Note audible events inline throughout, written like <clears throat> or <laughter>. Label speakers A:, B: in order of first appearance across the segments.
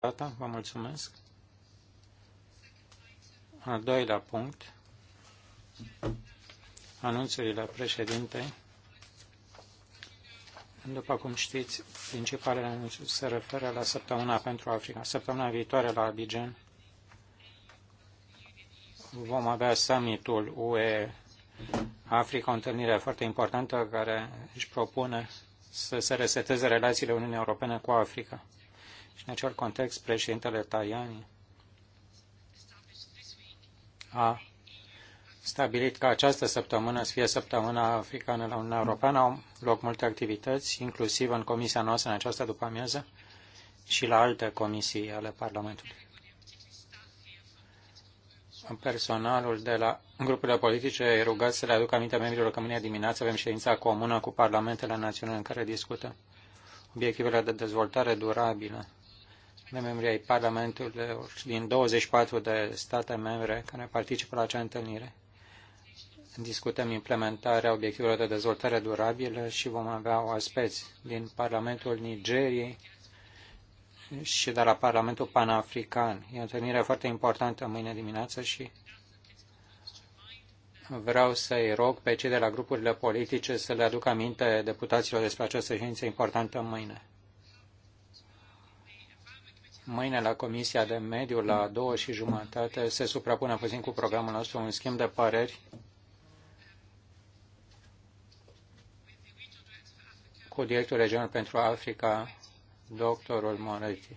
A: dată. Vă mulțumesc. Al doilea punct, anunțurile președinte. După cum știți, principalele anunțuri se referă la săptămâna pentru Africa. Săptămâna viitoare la Abidjan vom avea summitul UE Africa, o întâlnire foarte importantă care își propune să se reseteze relațiile Uniunii Europene cu Africa. Și în acel context, președintele Tajani a stabilit ca această săptămână să fie săptămâna africană la Uniunea Europeană. Au loc multe activități, inclusiv în comisia noastră în această după-amiază și la alte comisii ale Parlamentului. Personalul de la grupurile politice e rugat să le aducă aminte membrilor că mâine dimineață avem ședința comună cu Parlamentele Naționale în care discută obiectivele de dezvoltare durabilă de membri ai Parlamentului din 24 de state membre care participă la acea întâlnire. Discutăm implementarea obiectivelor de dezvoltare durabilă și vom avea oaspeți din Parlamentul Nigeriei și de la Parlamentul Panafrican. E o întâlnire foarte importantă mâine dimineață și vreau să-i rog pe cei de la grupurile politice să le aducă aminte deputaților despre această ședință importantă mâine. Mâine la Comisia de Mediu, la două și jumătate, se suprapune puțin cu programul nostru un schimb de păreri cu directorul regional pentru Africa, doctorul Moretti,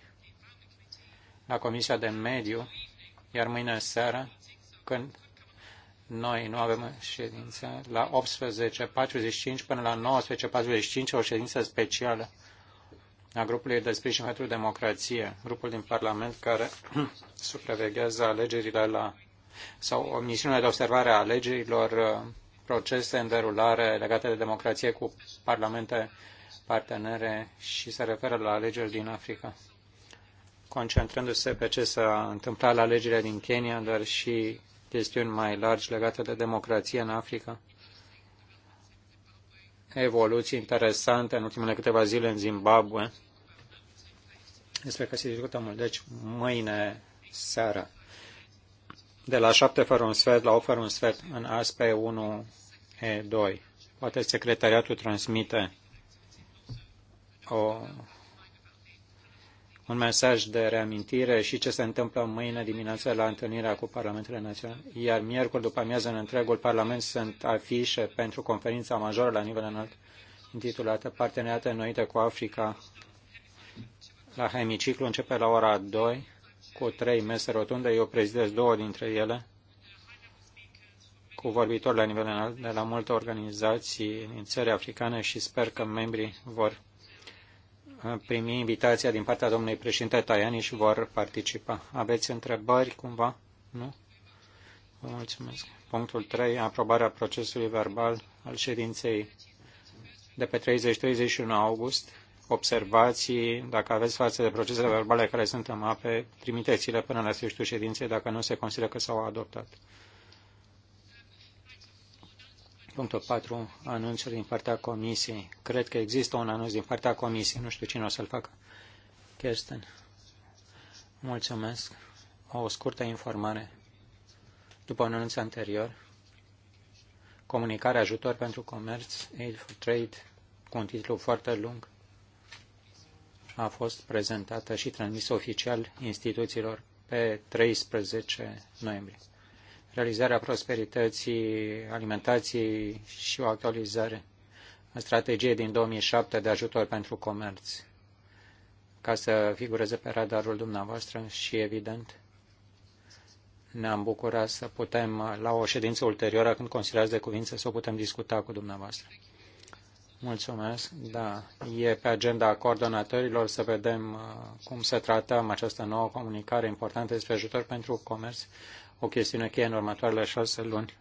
A: la Comisia de Mediu, iar mâine seara, când noi nu avem ședință, la 18.45 până la 19.45, o ședință specială a grupului de sprijin pentru democrație, grupul din Parlament care <clears throat> supraveghează alegerile la sau o misiune de observare a alegerilor, uh, procese în derulare legate de democrație cu parlamente partenere și se referă la alegeri din Africa, concentrându-se pe ce s-a întâmplat la alegerile din Kenya, dar și chestiuni mai largi legate de democrație în Africa evoluții interesante în ultimele câteva zile în Zimbabwe, despre că se discută mult. Deci, mâine seara, de la 7 fără un sfert la 8 fără un sfert, în asp 1 E2. Poate secretariatul transmite o un mesaj de reamintire și ce se întâmplă mâine dimineață la întâlnirea cu Parlamentele Naționale. Iar miercuri după amiază în întregul Parlament sunt afișe pentru conferința majoră la nivel înalt intitulată Parteneriate Înnoite cu Africa la hemiciclu începe la ora 2 cu trei mese rotunde. Eu prezidez două dintre ele cu vorbitori la nivel înalt de la multe organizații din țări africane și sper că membrii vor primi invitația din partea domnului președinte Tajani și vor participa. Aveți întrebări cumva? Nu? Vă mulțumesc. Punctul 3. Aprobarea procesului verbal al ședinței de pe 30-31 august. Observații, dacă aveți față de procesele verbale care sunt în mape, trimiteți-le până la sfârșitul ședinței dacă nu se consideră că s-au adoptat. Punctul 4. Anunțuri din partea Comisiei. Cred că există un anunț din partea Comisiei. Nu știu cine o să-l facă. Kirsten. Mulțumesc. O scurtă informare. După un anunț anterior, comunicare ajutor pentru comerț, Aid for Trade, cu un titlu foarte lung, a fost prezentată și transmisă oficial instituțiilor pe 13 noiembrie realizarea prosperității, alimentației și o actualizare a strategiei din 2007 de ajutor pentru comerț, ca să figureze pe radarul dumneavoastră și, evident, ne-am bucurat să putem, la o ședință ulterioară, când considerați de cuvință, să o putem discuta cu dumneavoastră. Mulțumesc. Da, e pe agenda coordonatorilor să vedem uh, cum să tratăm această nouă comunicare importantă despre ajutor pentru comerț o chestiune cheie în următoarele șase luni.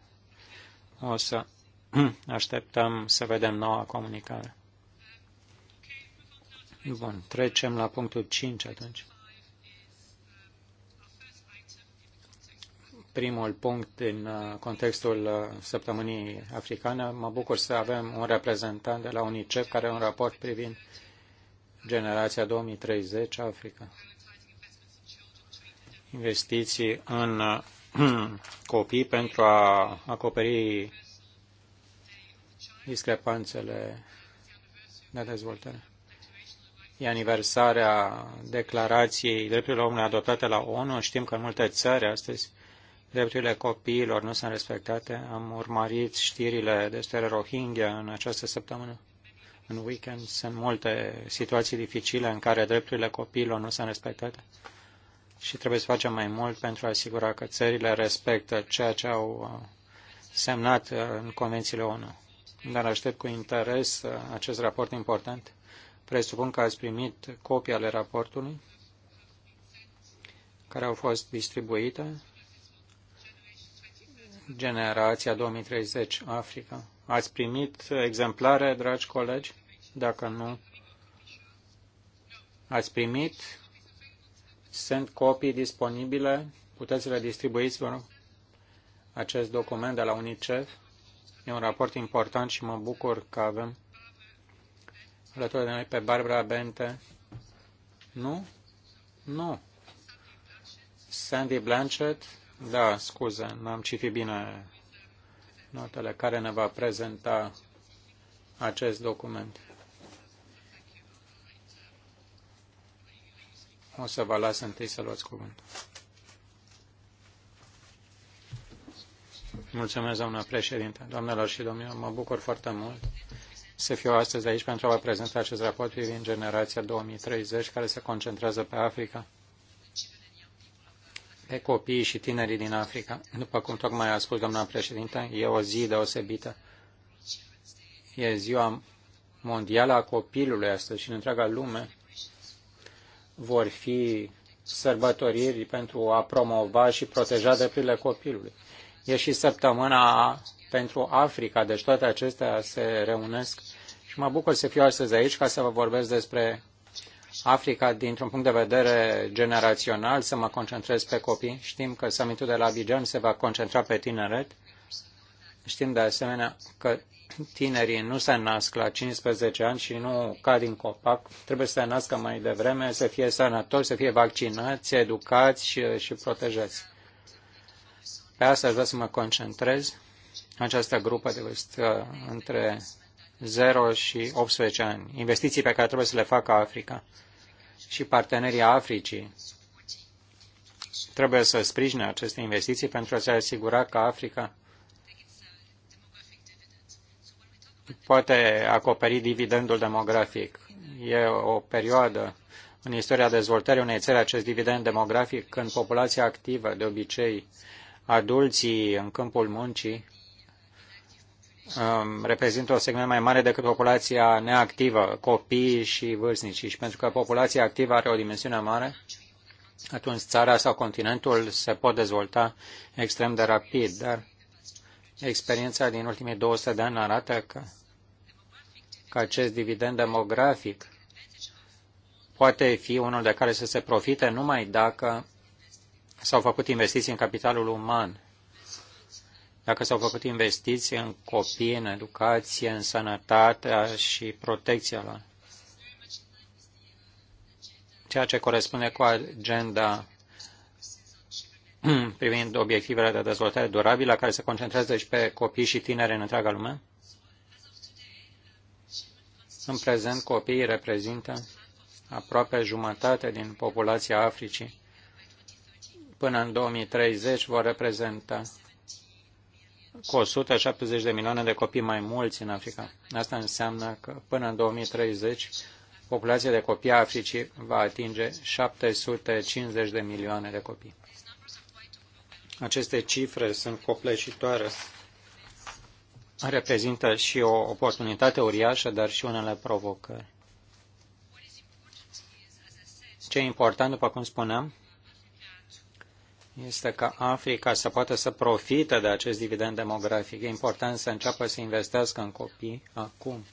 A: O să <clears throat> așteptăm să vedem noua comunicare. Bun, trecem la punctul 5 atunci. Primul punct din uh, contextul uh, săptămânii africane. Mă bucur să avem un reprezentant de la UNICEF care are un raport privind generația 2030 Africa investiții în uh, <clears throat> copii pentru a acoperi discrepanțele de dezvoltare. E aniversarea declarației drepturilor omului adoptate la ONU. Știm că în multe țări astăzi drepturile copiilor nu sunt respectate. Am urmărit știrile despre Rohingya în această săptămână. În weekend sunt multe situații dificile în care drepturile copiilor nu sunt respectate și trebuie să facem mai mult pentru a asigura că țările respectă ceea ce au uh, semnat uh, în convențiile ONU. Dar aștept cu interes uh, acest raport important. Presupun că ați primit copii ale raportului care au fost distribuite. Generația 2030 Africa. Ați primit exemplare, dragi colegi? Dacă nu, ați primit sunt copii disponibile, puteți să le distribuiți, vă rog, acest document de la UNICEF. E un raport important și mă bucur că avem alături de noi pe Barbara Bente. Nu? Nu. Sandy Blanchett? Da, scuze, n-am citit bine notele care ne va prezenta acest document. O să vă las întâi să luați cuvântul. Mulțumesc, doamna președinte. Doamnelor și domnilor, mă bucur foarte mult să fiu astăzi aici pentru a vă prezenta acest raport privind generația 2030, care se concentrează pe Africa, pe copiii și tinerii din Africa. După cum tocmai a spus doamna președinte, e o zi deosebită. E ziua mondială a copilului astăzi și în întreaga lume vor fi sărbătoriri pentru a promova și proteja drepturile copilului. E și săptămâna pentru Africa, deci toate acestea se reunesc și mă bucur să fiu astăzi aici ca să vă vorbesc despre Africa dintr-un punct de vedere generațional, să mă concentrez pe copii. Știm că summitul de la Abidjan se va concentra pe tineret. Știm de asemenea că tinerii nu se nasc la 15 ani și nu cad din copac, trebuie să se nască mai devreme, să fie sănătoși, să fie vaccinați, educați și, și protejați. Pe asta aș vrea să mă concentrez, această grupă de vârstă între 0 și 18 ani, investiții pe care trebuie să le facă Africa și partenerii Africii trebuie să sprijine aceste investiții pentru a se asigura că Africa poate acoperi dividendul demografic. E o perioadă în istoria dezvoltării unei țări acest dividend demografic când populația activă, de obicei adulții în câmpul muncii, um, reprezintă o segment mai mare decât populația neactivă, copiii și vârstnicii. Și pentru că populația activă are o dimensiune mare, atunci țara sau continentul se pot dezvolta extrem de rapid, dar experiența din ultimii 200 de ani arată că că acest dividend demografic poate fi unul de care să se profite numai dacă s-au făcut investiții în capitalul uman, dacă s-au făcut investiții în copii, în educație, în sănătate și protecția lor. Ceea ce corespunde cu agenda <clears throat> privind obiectivele de dezvoltare durabilă, care se concentrează și pe copii și tineri în întreaga lume. În prezent, copiii reprezintă aproape jumătate din populația Africii. Până în 2030 vor reprezenta cu 170 de milioane de copii mai mulți în Africa. Asta înseamnă că până în 2030 populația de copii a Africii va atinge 750 de milioane de copii. Aceste cifre sunt copleșitoare reprezintă și o oportunitate uriașă, dar și unele provocări. Ce e important, după cum spuneam, este ca Africa să poată să profite de acest dividend demografic. E important să înceapă să investească în copii acum.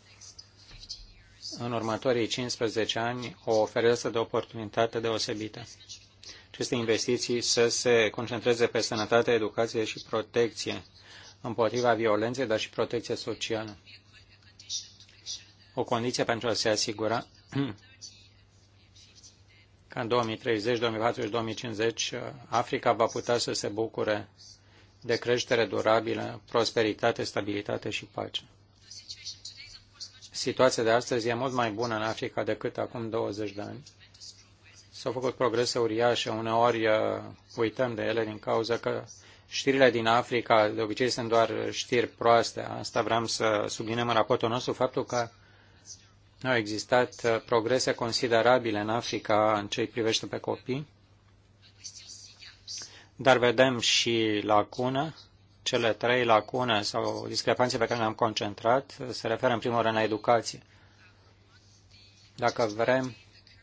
A: În următorii 15 ani o oferă de oportunitate deosebită. Aceste investiții să se concentreze pe sănătate, educație și protecție împotriva violenței, dar și protecție socială. O condiție pentru a se asigura că <clears throat> în 2030, 2040, 2050 Africa va putea să se bucure de creștere durabilă, prosperitate, stabilitate și pace. Situația de astăzi e mult mai bună în Africa decât acum 20 de ani. S-au făcut progrese uriașe, uneori uh, uităm de ele din cauza că Știrile din Africa de obicei sunt doar știri proaste. Asta vreau să subliniem în raportul nostru, faptul că au existat uh, progrese considerabile în Africa în ce privește pe copii, dar vedem și lacune. Cele trei lacune sau discrepanțe pe care ne am concentrat se referă în primul rând la educație. Dacă vrem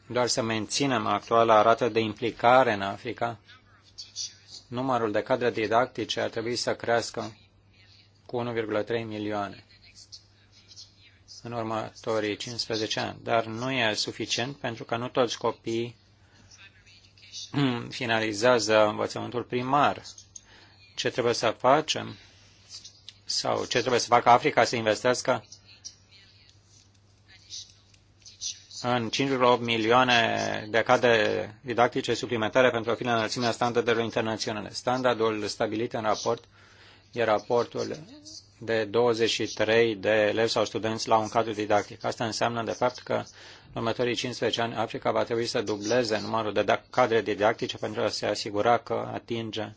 A: doar să menținem actuala rată de implicare în Africa, numărul de cadre didactice ar trebui să crească cu 1,3 milioane în următorii 15 ani, dar nu e suficient pentru că nu toți copiii <clears throat> finalizează învățământul primar. Ce trebuie să facem sau ce trebuie să facă Africa să investească în 5,8 milioane de cadre didactice suplimentare pentru a fi la înălțimea standardelor internaționale. Standardul stabilit în raport e raportul de 23 de elevi sau studenți la un cadru didactic. Asta înseamnă, de fapt, că în următorii 15 ani Africa va trebui să dubleze numărul de da- cadre didactice pentru a se asigura că atinge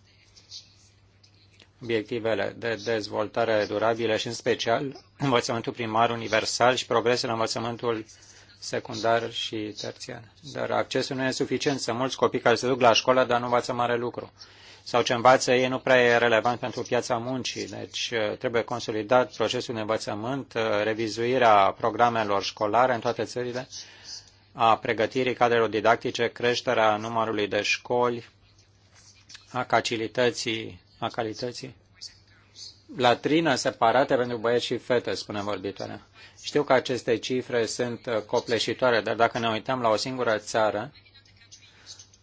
A: obiectivele de dezvoltare durabilă și, în special, învățământul primar universal și progresul în învățământul secundar și terțiar. Dar accesul nu e suficient. Sunt mulți copii care se duc la școală, dar nu învață mare lucru. Sau ce învață ei nu prea e relevant pentru piața muncii. Deci uh, trebuie consolidat procesul de învățământ, uh, revizuirea programelor școlare în toate țările, a pregătirii cadrelor didactice, creșterea numărului de școli, a calității, a calității. Latrină separate pentru băieți și fete, spune vorbitoarea. Știu că aceste cifre sunt uh, copleșitoare, dar dacă ne uităm la o singură țară,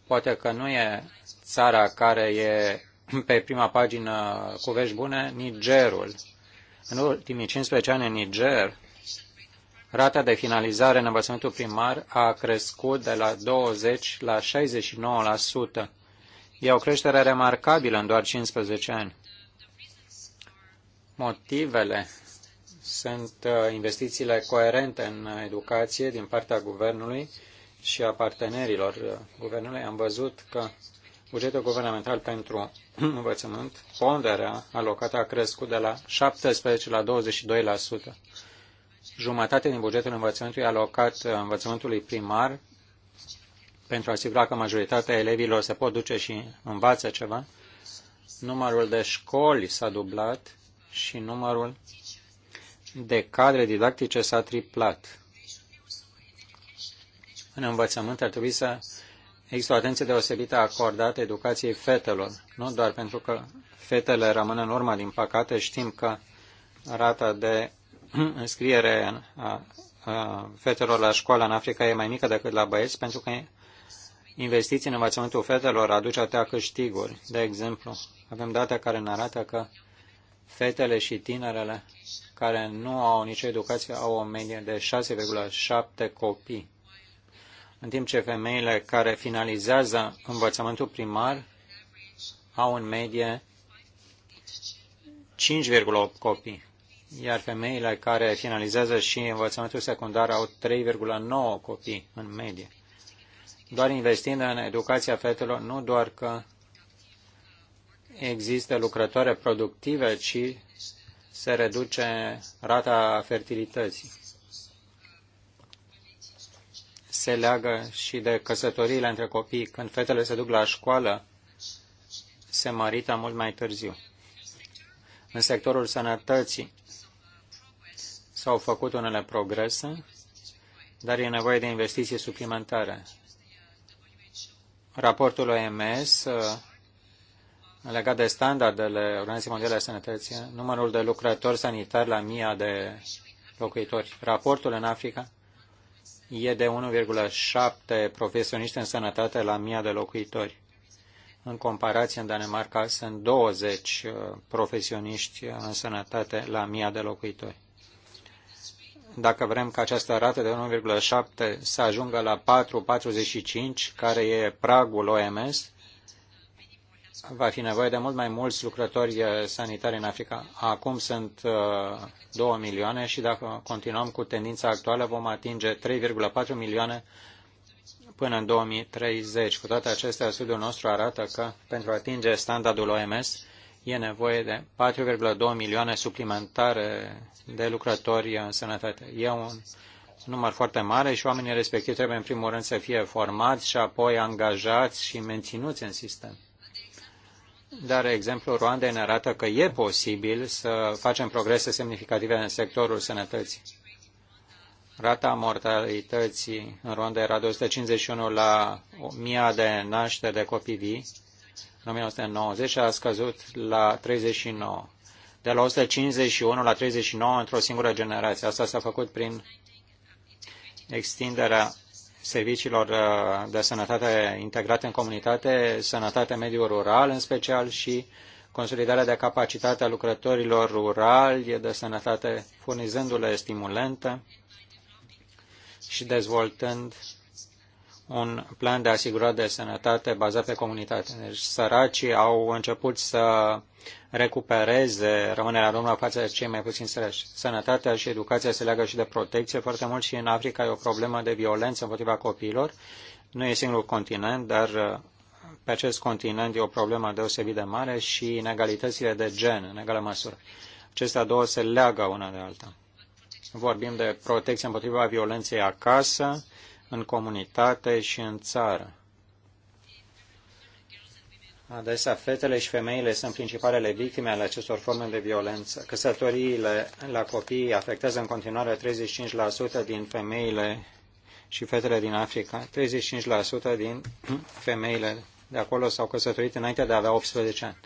A: poate că nu e țara care e <clears throat> pe prima pagină cu vești bune, Nigerul. În ultimii 15 ani în Niger, rata de finalizare în învățământul primar a crescut de la 20 la 69%. E o creștere remarcabilă în doar 15 ani. Motivele sunt uh, investițiile coerente în educație din partea guvernului și a partenerilor uh, guvernului. Am văzut că bugetul guvernamental pentru <clears throat> învățământ, ponderea alocată a crescut de la 17 la 22%. Jumătate din bugetul învățământului alocat uh, învățământului primar pentru a asigura că majoritatea elevilor se pot duce și învață ceva. Numărul de școli s-a dublat și numărul de cadre didactice s-a triplat. În învățământ ar trebui să există o atenție deosebită acordată educației fetelor, nu doar pentru că fetele rămân în urmă, din păcate știm că rata de <clears throat> înscriere a, fetelor la școală în Africa e mai mică decât la băieți, pentru că investiții în învățământul fetelor aduce atâtea câștiguri. De exemplu, avem date care ne arată că fetele și tinerele care nu au nicio educație au o medie de 6,7 copii, în timp ce femeile care finalizează învățământul primar au în medie 5,8 copii, iar femeile care finalizează și învățământul secundar au 3,9 copii în medie. Doar investind în educația fetelor, nu doar că există lucrătoare productive, ci se reduce rata fertilității. Se leagă și de căsătoriile între copii. Când fetele se duc la școală, se marită mult mai târziu. În sectorul sănătății s-au făcut unele progrese, dar e nevoie de investiții suplimentare. Raportul OMS legat de standardele Organizației Mondiale a Sănătății, numărul de lucrători sanitari la mii de locuitori. Raportul în Africa e de 1,7 profesioniști în sănătate la mii de locuitori. În comparație, în Danemarca sunt 20 uh, profesioniști uh, în sănătate la mii de locuitori. Dacă vrem ca această rată de 1,7 să ajungă la 4,45, care e pragul OMS, va fi nevoie de mult mai mulți lucrători eh, sanitari în Africa. Acum sunt 2 eh, milioane și dacă continuăm cu tendința actuală vom atinge 3,4 milioane până în 2030. Cu toate acestea, studiul nostru arată că pentru a atinge standardul OMS e nevoie de 4,2 milioane suplimentare de lucrători în sănătate. E un număr foarte mare și oamenii respectivi trebuie în primul rând să fie formați și apoi angajați și menținuți în sistem dar exemplul Rwandei ne arată că e posibil să facem progrese semnificative în sectorul sănătății. Rata mortalității în Rwanda era 251 la 1000 de nașteri de copii vii în 1990 a scăzut la 39. De la 151 la 39 într-o singură generație. Asta s-a făcut prin extinderea serviciilor uh, de sănătate integrate în comunitate, sănătate mediul rural în special și consolidarea de capacitate a lucrătorilor rurali de sănătate, furnizându-le stimulente și dezvoltând un plan de asigurare de sănătate bazat pe comunitate. Deci săracii au început să recupereze rămânerea lor la față de cei mai puțin săraci. Sănătatea și educația se leagă și de protecție foarte mult și în Africa e o problemă de violență împotriva copiilor. Nu e singurul continent, dar uh, pe acest continent e o problemă deosebit de mare și inegalitățile de gen, în egală măsură. Acestea două se leagă una de alta. Vorbim de protecție împotriva violenței acasă, în comunitate și în țară. Adesea, fetele și femeile sunt principalele victime ale acestor forme de violență. Căsătoriile la copii afectează în continuare 35% din femeile și fetele din Africa. 35% din <clears throat> femeile de acolo s-au căsătorit înainte de a avea 18 ani.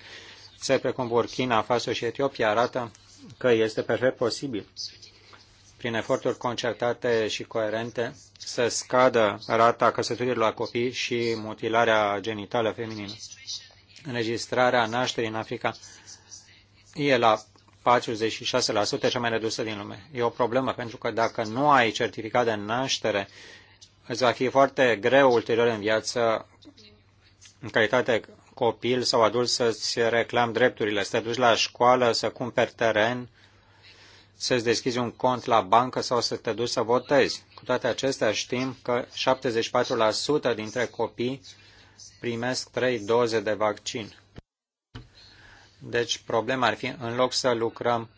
A: Țări precum Burkina Faso și Etiopia arată că este perfect posibil prin eforturi concertate și coerente, să scadă rata căsătorilor la copii și mutilarea genitală feminină. Înregistrarea nașterii în Africa e la 46% cea mai redusă din lume. E o problemă pentru că dacă nu ai certificat de naștere, îți va fi foarte greu ulterior în viață, în calitate copil sau adult, să-ți reclam drepturile, să te duci la școală, să cumperi teren, să-ți deschizi un cont la bancă sau să te duci să votezi. Cu toate acestea știm că 74% dintre copii primesc 3 doze de vaccin. Deci problema ar fi, în loc să lucrăm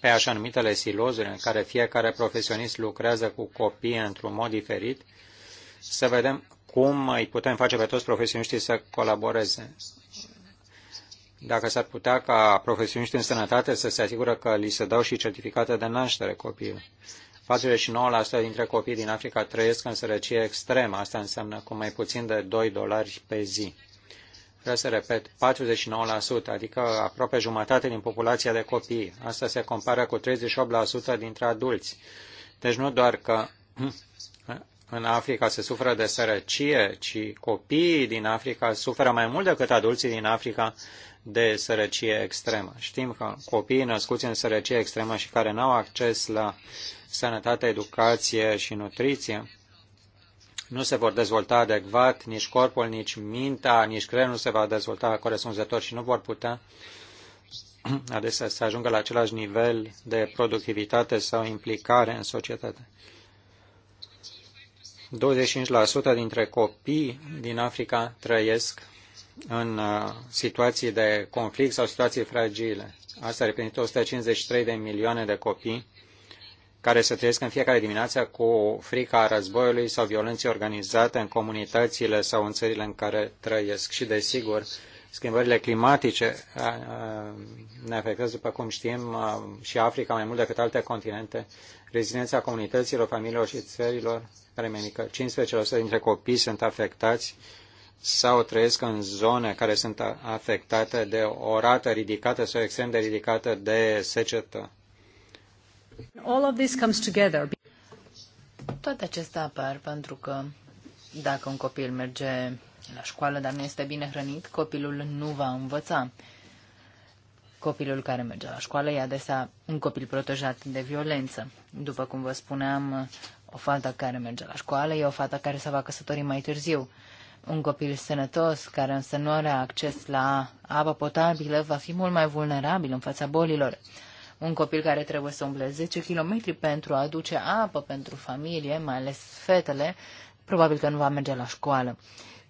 A: pe așa numitele silozuri în care fiecare profesionist lucrează cu copii într-un mod diferit, să vedem cum îi putem face pe toți profesioniștii să colaboreze dacă s-ar putea ca profesioniști în sănătate să se asigură că li se dau și certificate de naștere copil, 49% dintre copiii din Africa trăiesc în sărăcie extremă. Asta înseamnă cu mai puțin de 2 dolari pe zi. Vreau să repet, 49%, adică aproape jumătate din populația de copii. Asta se compară cu 38% dintre adulți. Deci nu doar că <clears throat> în Africa se suferă de sărăcie, ci copiii din Africa suferă mai mult decât adulții din Africa de sărăcie extremă. Știm că copiii născuți în sărăcie extremă și care n-au acces la sănătate, educație și nutriție, nu se vor dezvolta adecvat, nici corpul, nici mintea, nici creierul nu se va dezvolta corespunzător și nu vor putea <clears throat> adesea să ajungă la același nivel de productivitate sau implicare în societate. 25% dintre copii din Africa trăiesc în uh, situații de conflict sau situații fragile. Asta reprezintă 153 de milioane de copii care se trăiesc în fiecare dimineață cu frica războiului sau violenței organizate în comunitățile sau în țările în care trăiesc. Și, desigur, schimbările climatice uh, uh, ne afectează, după cum știm, și Africa mai mult decât alte continente. Rezidența comunităților, familiilor și țărilor care mai mică. 15% dintre copii sunt afectați sau trăiesc în zone care sunt afectate de o rată ridicată sau extrem de ridicată de secetă.
B: All of this comes together. Toate acestea apar pentru că dacă un copil merge la școală, dar nu este bine hrănit, copilul nu va învăța. Copilul care merge la școală e adesea un copil protejat de violență. După cum vă spuneam, o fată care merge la școală e o fată care se va căsători mai târziu. Un copil sănătos care însă nu are acces la apă potabilă va fi mult mai vulnerabil în fața bolilor. Un copil care trebuie să umble 10 km pentru a aduce apă pentru familie, mai ales fetele, probabil că nu va merge la școală.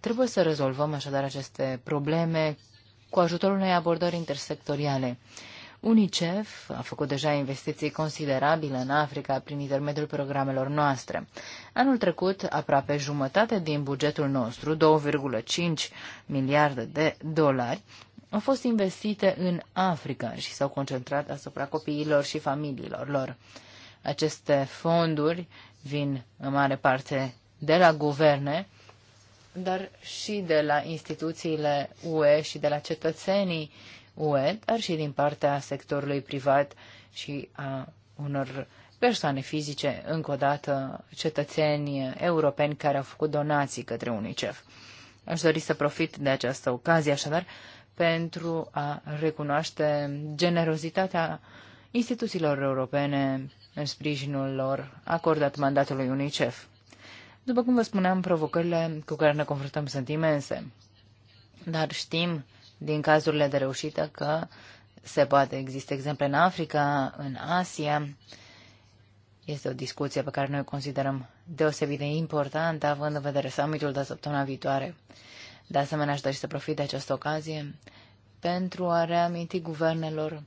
B: Trebuie să rezolvăm așadar aceste probleme cu ajutorul unei abordări intersectoriale. UNICEF a făcut deja investiții considerabile în Africa prin intermediul programelor noastre. Anul trecut, aproape jumătate din bugetul nostru, 2,5 miliarde de dolari, au fost investite în Africa și s-au concentrat asupra copiilor și familiilor lor. Aceste fonduri vin în mare parte de la guverne, dar și de la instituțiile UE și de la cetățenii UE, dar și din partea sectorului privat și a unor persoane fizice, încă o dată cetățeni europeni care au făcut donații către UNICEF. Aș dori să profit de această ocazie, așadar, pentru a recunoaște generozitatea instituțiilor europene în sprijinul lor acordat mandatului UNICEF. După cum vă spuneam, provocările cu care ne confruntăm sunt imense, dar știm din cazurile de reușită că se poate. Există exemple în Africa, în Asia. Este o discuție pe care noi o considerăm deosebit de importantă, având în vedere summitul de săptămâna viitoare. De asemenea, aș dori să profit de această ocazie pentru a reaminti guvernelor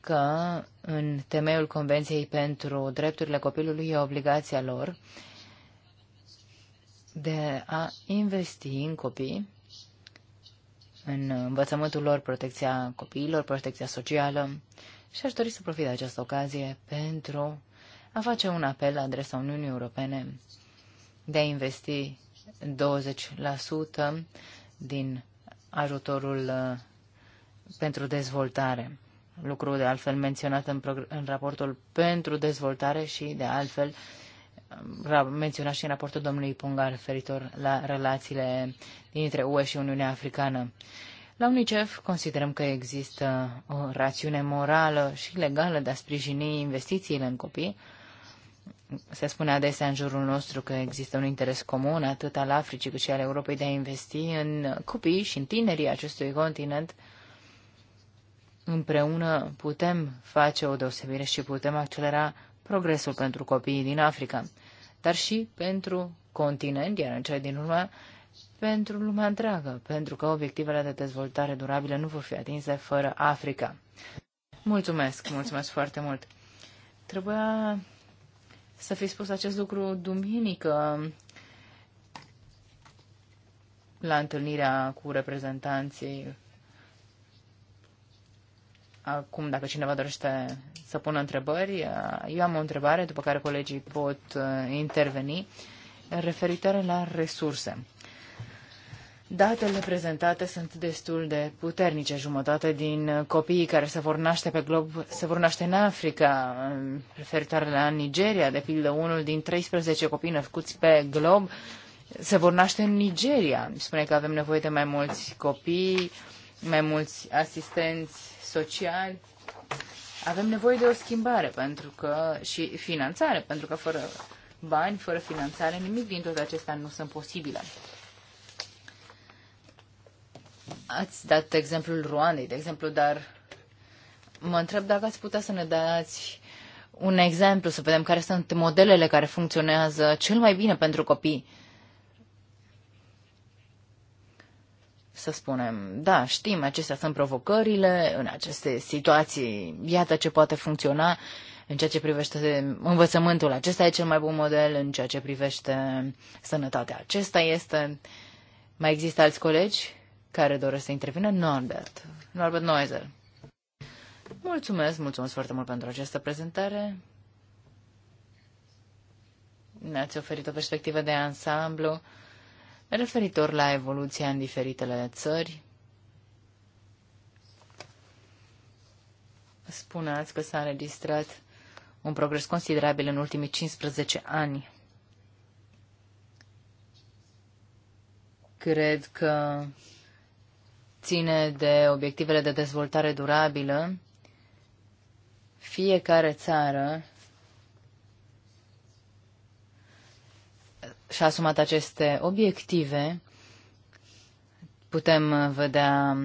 B: că în temeiul Convenției pentru Drepturile Copilului e obligația lor de a investi în copii în învățământul lor, protecția copiilor, protecția socială și aș dori să profit de această ocazie pentru a face un apel la adresa Uniunii Europene de a investi 20% din ajutorul uh, pentru dezvoltare. Lucru de altfel menționat în, în raportul pentru dezvoltare și de altfel uh, menționat și în raportul domnului Punga referitor la relațiile dintre UE și Uniunea Africană. La UNICEF considerăm că există o rațiune morală și legală de a sprijini investițiile în copii. Se spune adesea în jurul nostru că există un interes comun atât al Africii cât și al Europei de a investi în copii și în tinerii acestui continent. Împreună putem face o deosebire și putem accelera progresul pentru copiii din Africa, dar și pentru continent, iar în cea din urmă, pentru lumea întreagă, pentru că obiectivele de dezvoltare durabilă nu vor fi atinse fără Africa. Mulțumesc, mulțumesc foarte mult. Trebuia să fi spus acest lucru duminică la întâlnirea cu reprezentanții Acum, dacă cineva dorește să pună întrebări, eu am o întrebare, după care colegii pot uh, interveni, referitoare la resurse. Datele prezentate sunt destul de puternice. Jumătate din copiii care se vor naște pe glob se vor naște în Africa, uh, referitoare la Nigeria, de pildă unul din 13 copii născuți pe glob se vor naște în Nigeria. Spune că avem nevoie de mai mulți copii, mai mulți asistenți sociali. Avem nevoie de o schimbare pentru că, și finanțare, pentru că fără bani, fără finanțare, nimic din toate acestea nu sunt posibile. Ați dat exemplul Ruandei, de exemplu, dar mă întreb dacă ați putea să ne dați un exemplu, să vedem care sunt modelele care funcționează cel mai bine pentru copii să spunem, da, știm, acestea sunt provocările, în aceste situații, iată ce poate funcționa în ceea ce privește învățământul, acesta e cel mai bun model, în ceea ce privește sănătatea, acesta este. Mai există alți colegi care doresc să intervină? Norbert, Norbert Noizer. Mulțumesc, mulțumesc foarte mult pentru această prezentare. Ne-ați oferit o perspectivă de ansamblu referitor la evoluția în diferitele țări. Spuneați că s-a înregistrat un progres considerabil în ultimii 15 ani. Cred că ține de obiectivele de dezvoltare durabilă. Fiecare țară și-a asumat aceste obiective, putem vedea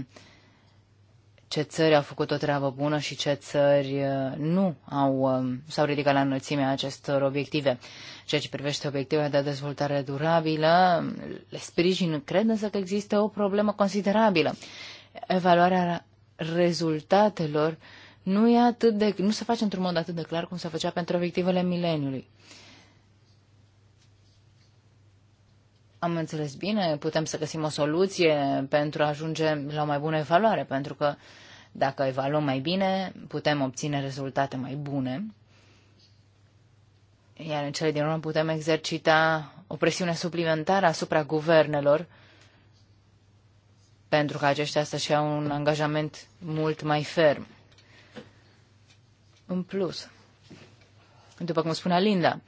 B: ce țări au făcut o treabă bună și ce țări uh, nu au, um, s-au ridicat la înălțimea acestor obiective. Ceea ce privește obiectivele de dezvoltare durabilă, le sprijin, cred însă că există o problemă considerabilă. Evaluarea rezultatelor nu, e atât de, nu se face într-un mod atât de clar cum se făcea pentru obiectivele mileniului. Am înțeles bine, putem să găsim o soluție pentru a ajunge la o mai bună evaluare, pentru că dacă evaluăm mai bine, putem obține rezultate mai bune, iar în cele din urmă putem exercita o presiune suplimentară asupra guvernelor pentru ca aceștia să-și iau un angajament mult mai ferm. În plus, după cum spunea Linda,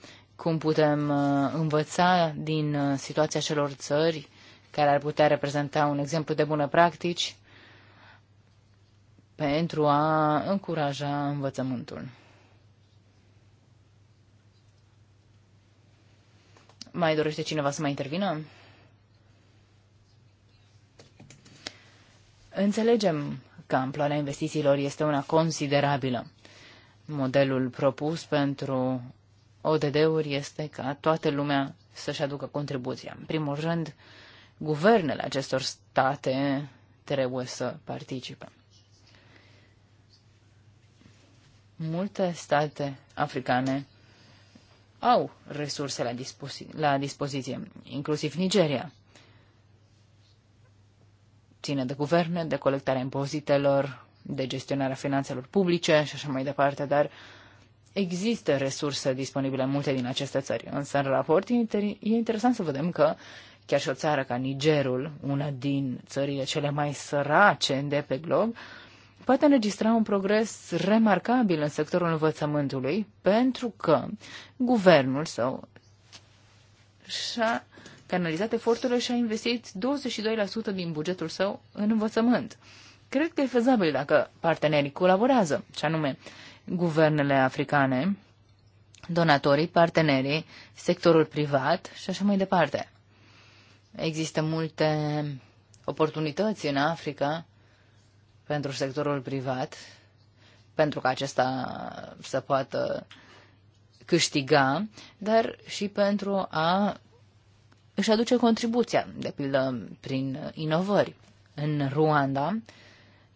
B: cum putem uh, învăța din uh, situația celor țări care ar putea reprezenta un exemplu de bună practici pentru a încuraja învățământul. Mai dorește cineva să mai intervină? Înțelegem că amploarea investițiilor este una considerabilă. Modelul propus pentru ODD-uri este ca toată lumea să-și aducă contribuția. În primul rând, guvernele acestor state trebuie să participe. Multe state africane au resurse la, dispozi- la dispoziție, inclusiv Nigeria. Ține de guverne, de colectarea impozitelor, de gestionarea finanțelor publice și așa mai departe, dar uh, Există resurse disponibile în multe din aceste țări, însă în raport e, e interesant să vedem că chiar și o țară ca Nigerul, una din țările cele mai sărace de pe glob, poate înregistra un progres remarcabil în sectorul învățământului pentru că guvernul său și-a canalizat eforturile și a investit 22% din bugetul său în învățământ. Cred că e fezabil dacă partenerii colaborează, ce anume guvernele africane, donatorii, partenerii, sectorul privat și așa mai departe. Există multe oportunități în Africa pentru sectorul privat, pentru ca acesta să poată câștiga, dar și pentru a își aduce contribuția, de pildă prin inovări. În Ruanda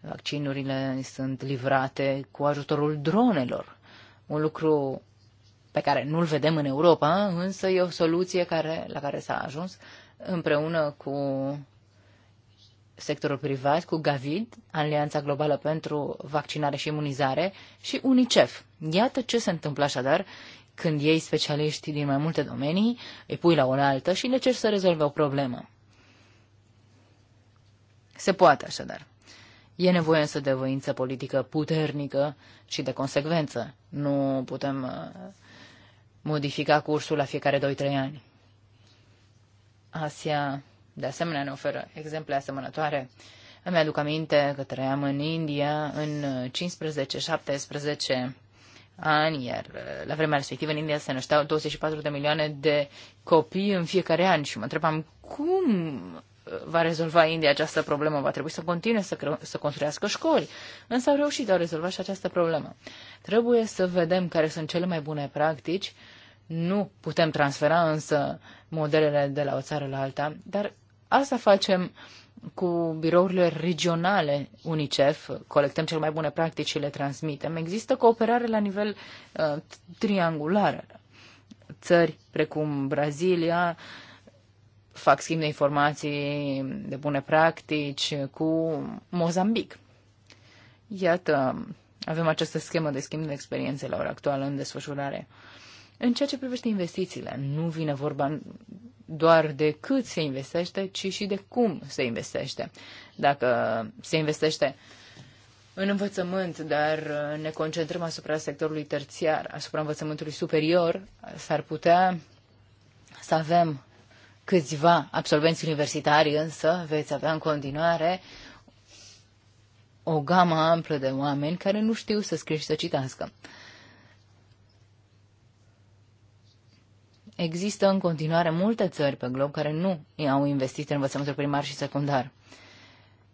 B: Vaccinurile sunt livrate cu ajutorul dronelor. Un lucru pe care nu-l vedem în Europa, însă e o soluție care, la care s-a ajuns împreună cu sectorul privat, cu Gavid, Alianța Globală pentru Vaccinare și Imunizare și UNICEF. Iată ce se întâmplă așadar când iei specialiștii din mai multe domenii, îi pui la oaltă și le ceri să rezolve o problemă. Se poate așadar. E nevoie însă de voință politică puternică și de consecvență. Nu putem uh, modifica cursul la fiecare 2-3 ani. Asia, de asemenea, ne oferă exemple asemănătoare. Îmi aduc aminte că trăiam în India în 15-17 uh, ani, iar uh, la vremea respectivă în India se nășteau 24 de milioane de copii în fiecare an și mă întrebam cum va rezolva India această problemă, va trebui să continue să, să construiască școli, însă au reușit, au rezolvat și această problemă. Trebuie să vedem care sunt cele mai bune practici, nu putem transfera însă modelele de la o țară la alta, dar asta facem cu birourile regionale UNICEF, colectăm cele mai bune practici și le transmitem. Există cooperare la nivel uh, triangular. Țări precum Brazilia, uh, fac schimb de informații de bune practici cu Mozambic. Iată, avem această schemă de schimb de experiențe la ora actuală în desfășurare. În ceea ce privește investițiile, nu vine vorba doar de cât se investește, ci și de cum se investește. Dacă se investește în învățământ, dar ne concentrăm asupra sectorului terțiar, asupra învățământului superior, s-ar putea să avem câțiva absolvenți universitari, însă veți avea în continuare o gamă amplă de oameni care nu știu să scrie și să citească. Există în continuare multe țări pe glob care nu au investit în învățământul primar și secundar.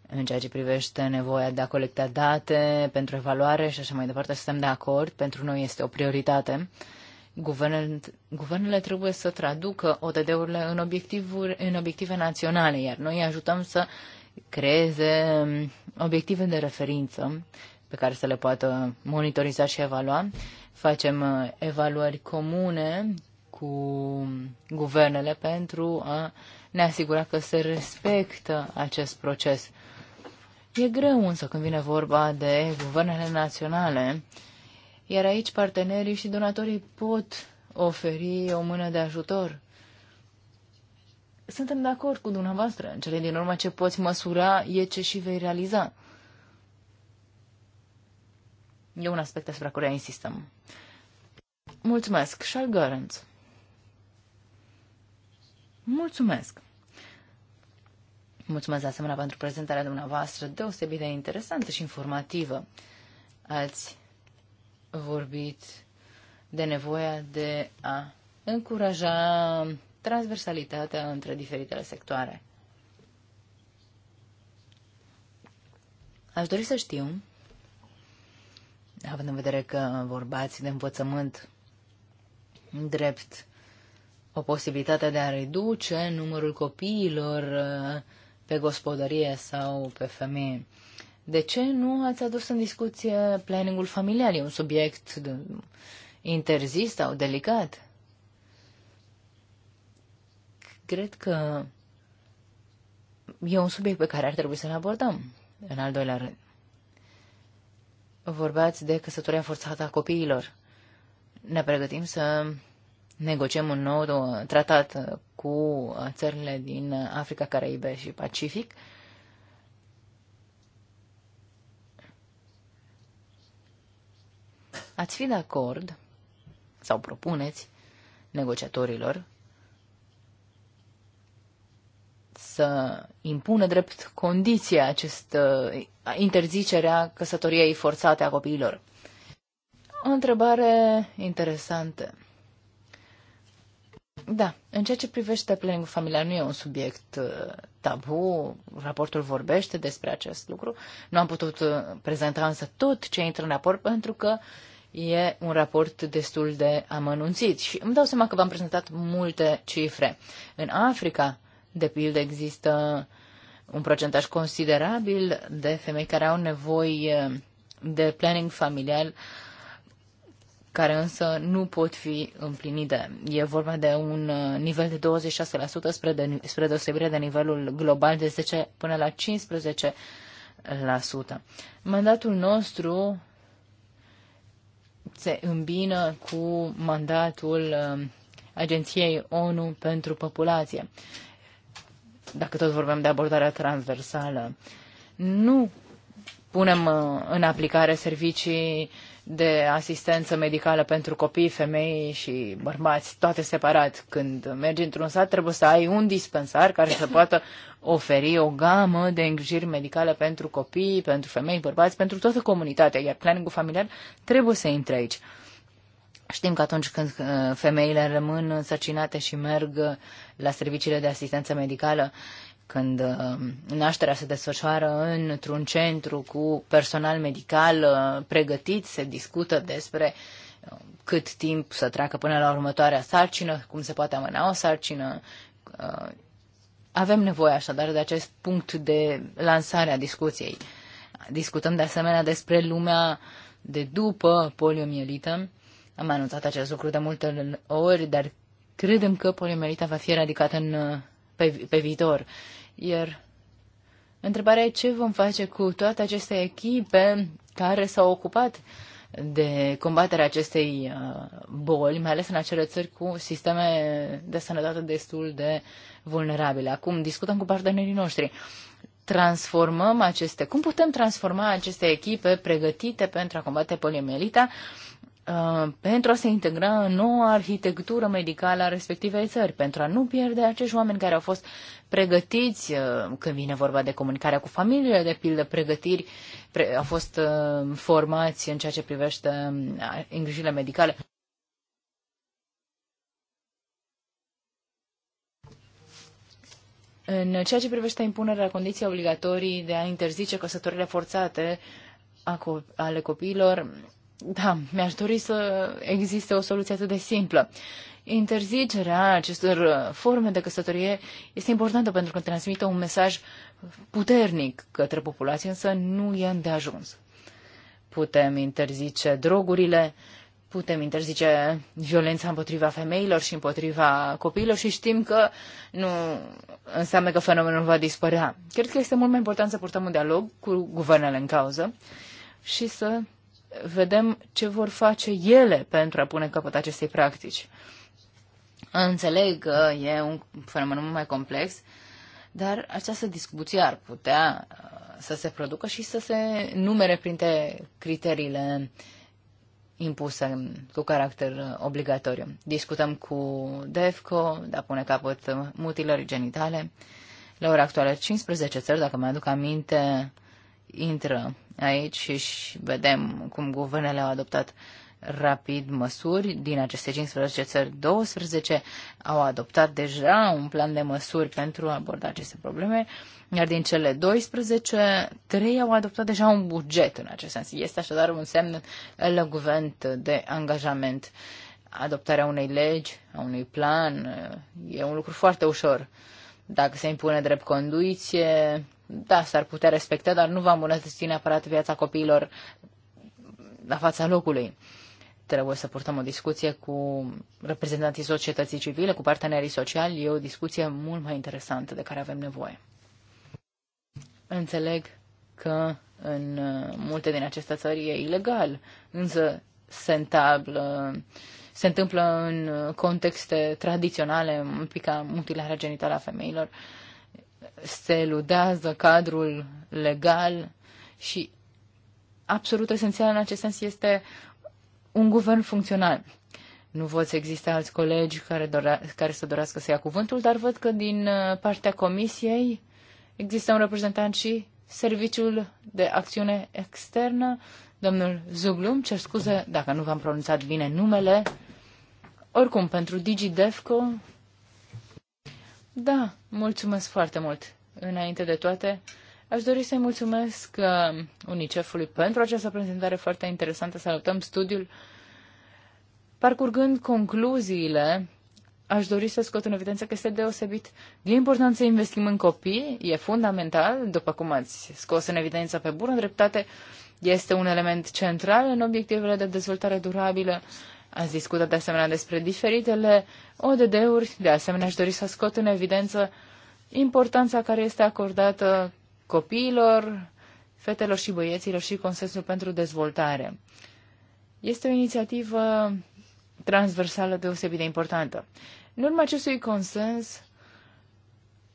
B: În ceea ce privește nevoia de a colecta date pentru evaluare și așa mai departe, suntem de acord, pentru noi este o prioritate. Uh, Guvernele, guvernele trebuie să traducă ODD-urile în, în obiective naționale, iar noi ajutăm să creeze um, obiective de referință pe care să le poată monitoriza și evalua. Facem uh, evaluări comune cu guvernele pentru a ne asigura că se respectă acest proces. E greu însă când vine vorba de guvernele naționale iar aici partenerii și donatorii pot oferi o mână de ajutor. Suntem de acord cu dumneavoastră. În cele din urmă ce poți măsura e ce și vei realiza. E un aspect asupra care insistăm. Mulțumesc, Charles Gurens. Mulțumesc. Mulțumesc de asemenea pentru prezentarea dumneavoastră deosebit de interesantă și informativă. Ați vorbit de nevoia de a încuraja transversalitatea între diferitele sectoare. Aș dori să știu, având în vedere că vorbați de învățământ drept o posibilitate de a reduce numărul copiilor uh, pe gospodărie sau pe femeie. De ce nu ați adus în discuție planningul familial? E un subiect interzis sau delicat? Cred că e un subiect pe care ar trebui să-l abordăm. În al doilea rând, vorbeați de căsătoria forțată a copiilor. Ne pregătim să negociem un nou tratat cu țările din Africa, Caraibe și Pacific ați fi de acord sau propuneți negociatorilor să impună drept condiție acest, uh, interzicerea căsătoriei forțate a copiilor. O întrebare interesantă. Da, în ceea ce privește planning familiar nu e un subiect uh, tabu, raportul vorbește despre acest lucru. Nu am putut uh, prezenta însă tot ce intră în raport pentru că uh, E un raport destul de amănunțit și îmi dau seama că v-am prezentat multe cifre. În Africa, de pildă, există un procentaj considerabil de femei care au nevoie eh, de planning familial care însă nu pot fi împlinite. E vorba de un eh, nivel de 26% spre, de, spre deosebire de nivelul global de 10 până la 15%. Mandatul nostru se îmbină cu mandatul um, Agenției ONU pentru Populație. Dacă tot vorbeam de abordarea transversală, nu punem uh, în aplicare servicii uh, de asistență medicală pentru copii, femei și bărbați, toate separat. Când mergi într-un sat, trebuie să ai un dispensar care să poată oferi o gamă de îngrijiri medicale pentru copii, pentru femei, bărbați, pentru toată comunitatea, iar planningul familial trebuie să intre aici. Știm că atunci când uh, femeile rămân însărcinate și merg la serviciile de asistență medicală, când um, nașterea se desfășoară într-un centru cu personal medical uh, pregătit, se discută despre uh, cât timp să treacă până la următoarea sarcină, cum se poate amâna o sarcină. Uh, avem nevoie așadar de acest punct de lansare a discuției. Discutăm de asemenea despre lumea de după poliomielită. Am anunțat acest lucru de multe ori, dar credem că poliomielita va fi eradicată în pe, pe viitor. Iar întrebarea e ce vom face cu toate aceste echipe care s-au ocupat de combaterea acestei uh, boli, mai ales în acele țări cu sisteme de sănătate destul de vulnerabile. Acum discutăm cu partenerii noștri. Transformăm aceste, cum putem transforma aceste echipe pregătite pentru a combate poliomielita Uh, pentru a se integra în noua arhitectură medicală a respectivei țări, pentru a nu pierde acești oameni care au fost pregătiți, uh, când vine vorba de comunicarea cu familiile, de pildă, pregătiri, pre, au fost uh, formați în ceea ce privește um, îngrijirile medicale. În ceea ce privește impunerea condiției obligatorii de a interzice căsătorile forțate ale copiilor, da, mi-aș dori să existe o soluție atât de simplă. Interzicerea acestor uh, forme de căsătorie este importantă pentru că transmite un mesaj puternic către populație, însă nu e îndeajuns. Putem interzice drogurile, putem interzice violența împotriva femeilor și împotriva copiilor și știm că nu înseamnă că fenomenul va dispărea. Cred că este mult mai important să purtăm un dialog cu guvernele în cauză și să vedem ce vor face ele pentru a pune capăt acestei practici. Înțeleg că e un fenomen mult mai complex, dar această discuție ar putea uh, să se producă și să se numere printre criteriile impuse cu caracter uh, obligatoriu. Discutăm cu DEFCO, de a pune capăt mutilării genitale. La ora actuală, 15 țări, dacă mă aduc aminte, intră aici și vedem cum guvernele au adoptat rapid măsuri. Din aceste 15 țări, 12 au adoptat deja un plan de măsuri pentru a aborda aceste probleme, iar din cele 12, 3 au adoptat deja un buget în acest sens. Este așadar un semn elogvent de angajament. Adoptarea unei legi, a unui plan, e un lucru foarte ușor. Dacă se impune drept conduiție, da, s-ar putea respecta, dar nu va îmbunătăți neapărat viața copiilor la fața locului. Trebuie să purtăm o discuție cu reprezentanții societății civile, cu partenerii sociali. E o discuție mult mai interesantă de care avem nevoie. Înțeleg că în multe din aceste țări e ilegal, însă se întâmplă, se întâmplă în contexte tradiționale, un pic ca mutilarea genitală a femeilor. Uh, se eludează cadrul legal și absolut esențial în acest sens este un guvern funcțional. Nu văd să existe alți colegi care, dorea, care să dorească să ia cuvântul, dar văd că din uh, partea comisiei există un reprezentant și Serviciul de Acțiune Externă, domnul Zuglum, cer scuze dacă nu v-am pronunțat bine numele. Oricum, pentru DigiDefco da, mulțumesc foarte mult. Înainte de toate, aș dori să-i mulțumesc uh, UNICEF-ului pentru această prezentare foarte interesantă. Salutăm studiul. Parcurgând concluziile, aș dori să scot în evidență că este deosebit de important să investim în copii. E fundamental, după cum ați scos în evidență pe bună dreptate, este un element central în obiectivele de dezvoltare durabilă Ați discutat de asemenea despre diferitele ODD-uri. De asemenea, aș dori să scot în evidență importanța care este acordată copiilor, fetelor și băieților și Consensul pentru Dezvoltare. Este o inițiativă transversală deosebit de importantă. În urma acestui consens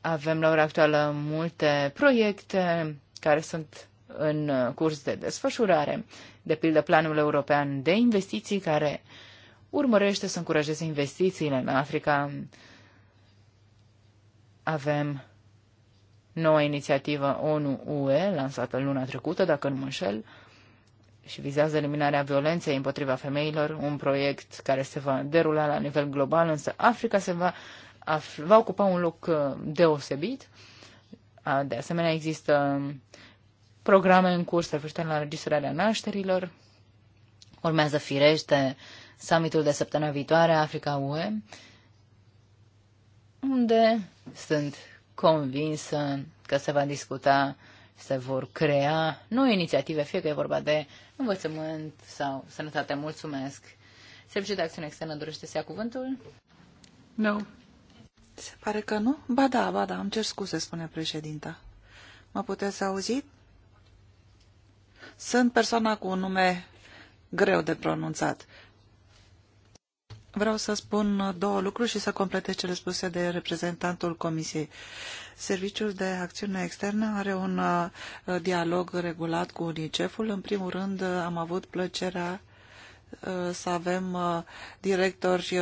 B: avem la ora actuală multe proiecte care sunt în curs de desfășurare, de pildă Planul European de Investiții, care urmărește să încurajeze investițiile în Africa. Avem noua inițiativă ONU-UE, lansată luna trecută, dacă nu mă înșel, și vizează eliminarea violenței împotriva femeilor, un proiect care se va derula la nivel global, însă Africa se va, va ocupa un loc uh, deosebit. De asemenea, există programe în curs referitoare la înregistrarea nașterilor. Urmează firește summitul de săptămâna viitoare Africa-UE, unde sunt convinsă că se va discuta, se vor crea noi inițiative, fie că e vorba de învățământ sau sănătate. Mulțumesc! Serviciul de Acțiune Externă dorește să ia cuvântul?
C: Nu. No. Se pare că nu? Ba da, ba da, am cer scuze, spune președinta. Mă puteți auzi? Sunt persoana cu un nume greu de pronunțat. Vreau să spun două lucruri și să completez cele spuse de reprezentantul Comisiei. Serviciul de acțiune externă are un uh, dialog regulat cu UNICEF-ul. În primul rând, uh, am avut plăcerea uh, să avem directori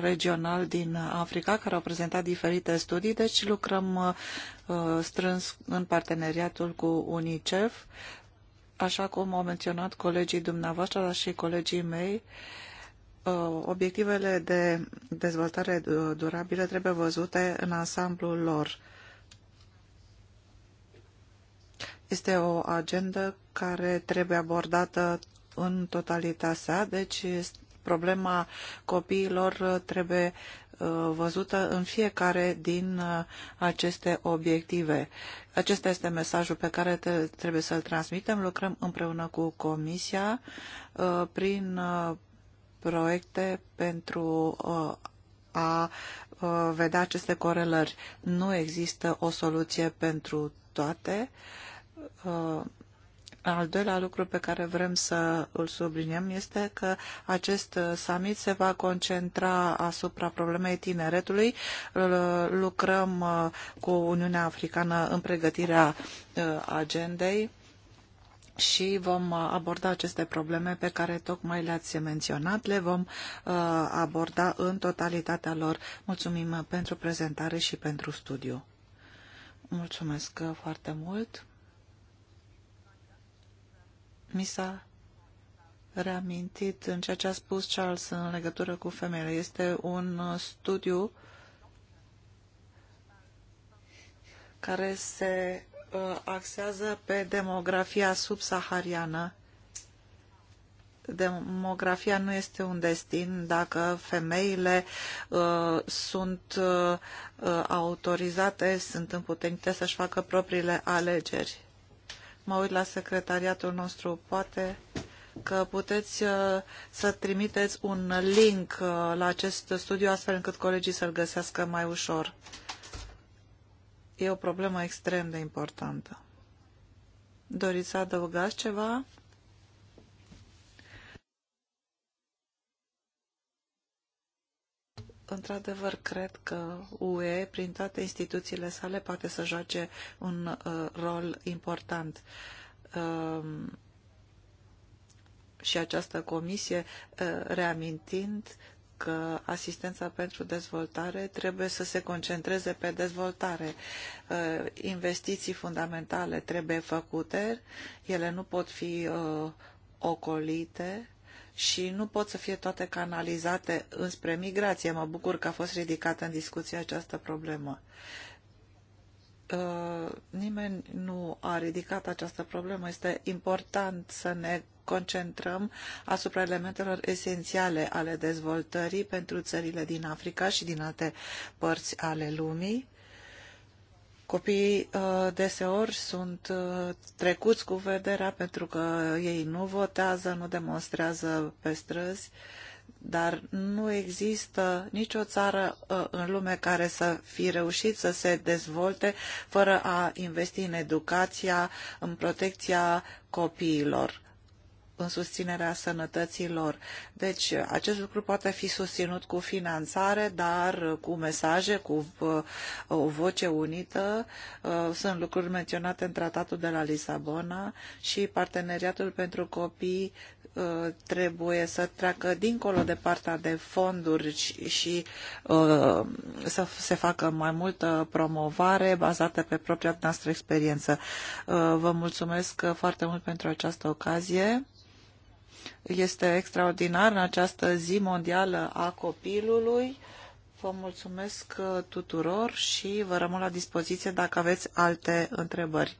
C: regionali din Africa care au prezentat diferite studii, deci lucrăm strâns în parteneriatul cu UNICEF, așa cum au menționat colegii dumneavoastră, dar și colegii mei Uh, obiectivele de dezvoltare uh, durabilă trebuie văzute în ansamblul lor. Este o agendă care trebuie abordată în totalitatea sa, deci problema copiilor trebuie uh, văzută în fiecare din aceste obiective. Acesta este mesajul pe care trebuie să-l transmitem. Lucrăm împreună cu Comisia prin proiecte pentru uh, a uh, vedea aceste corelări. Nu există o soluție pentru toate. Uh, al doilea lucru pe care vrem să îl subliniem este că acest summit se va concentra asupra problemei tineretului. Lucrăm cu Uniunea Africană în pregătirea agendei și vom uh, aborda aceste probleme pe care tocmai le-ați menționat, le vom uh, aborda în totalitatea lor. Mulțumim uh, pentru prezentare și pentru studiu. Mulțumesc uh, foarte mult. Mi s-a reamintit în ceea ce a spus Charles în legătură cu femeile. Este un studiu care se Uh, axează pe demografia subsahariană. Demografia nu este un destin dacă femeile uh, sunt uh, uh autorizate, sunt împuternite să-și facă propriile alegeri. Mă uit la secretariatul nostru, poate că puteți uh, să trimiteți un link uh, la acest studiu astfel încât colegii să-l găsească mai ușor. E o problemă extrem de importantă. Doriți să adăugați ceva? într-adevăr cred că UE, prin toate instituțiile sale, poate să joace un uh, rol important. Uh, și această comisie, uh, reamintind că asistența pentru dezvoltare trebuie să se concentreze pe dezvoltare. Uh, investiții fundamentale trebuie făcute, ele nu pot fi uh, ocolite și nu pot să fie toate canalizate înspre migrație. Mă bucur că a fost ridicată în discuție această problemă. Ă, nimeni nu a ridicat această problemă. Este important să ne concentrăm asupra elementelor esențiale ale dezvoltării pentru țările din Africa și din alte părți ale lumii. Copiii ă, deseori sunt ă, trecuți cu vederea pentru că ei nu votează, nu demonstrează pe străzi dar nu există nicio țară uh, în lume care să fi reușit să se dezvolte fără a investi în educația, în protecția copiilor în susținerea sănătății lor. Deci acest lucru poate fi susținut cu finanțare, dar cu mesaje, cu uh, o voce unită. Uh, sunt lucruri menționate în tratatul de la Lisabona și parteneriatul pentru copii uh, trebuie să treacă dincolo de partea de fonduri și, și să se facă mai multă promovare bazată pe propria noastră experiență. vă mulțumesc foarte mult pentru această ocazie. Este extraordinar în această zi mondială a copilului. Vă mulțumesc uh, tuturor și vă rămân la dispoziție dacă aveți alte întrebări.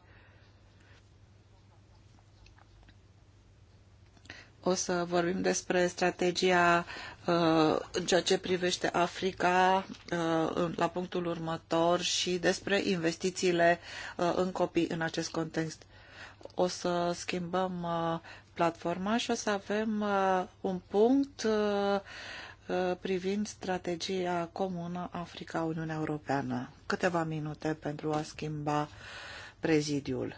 C: O să vorbim despre strategia uh, în ceea ce privește Africa uh, la punctul următor și despre investițiile în copii în acest context. O să schimbăm platforma și o să avem uh, un punct uh, uh, privind strategia comună Africa-Uniunea Europeană. Câteva minute pentru a schimba prezidiul.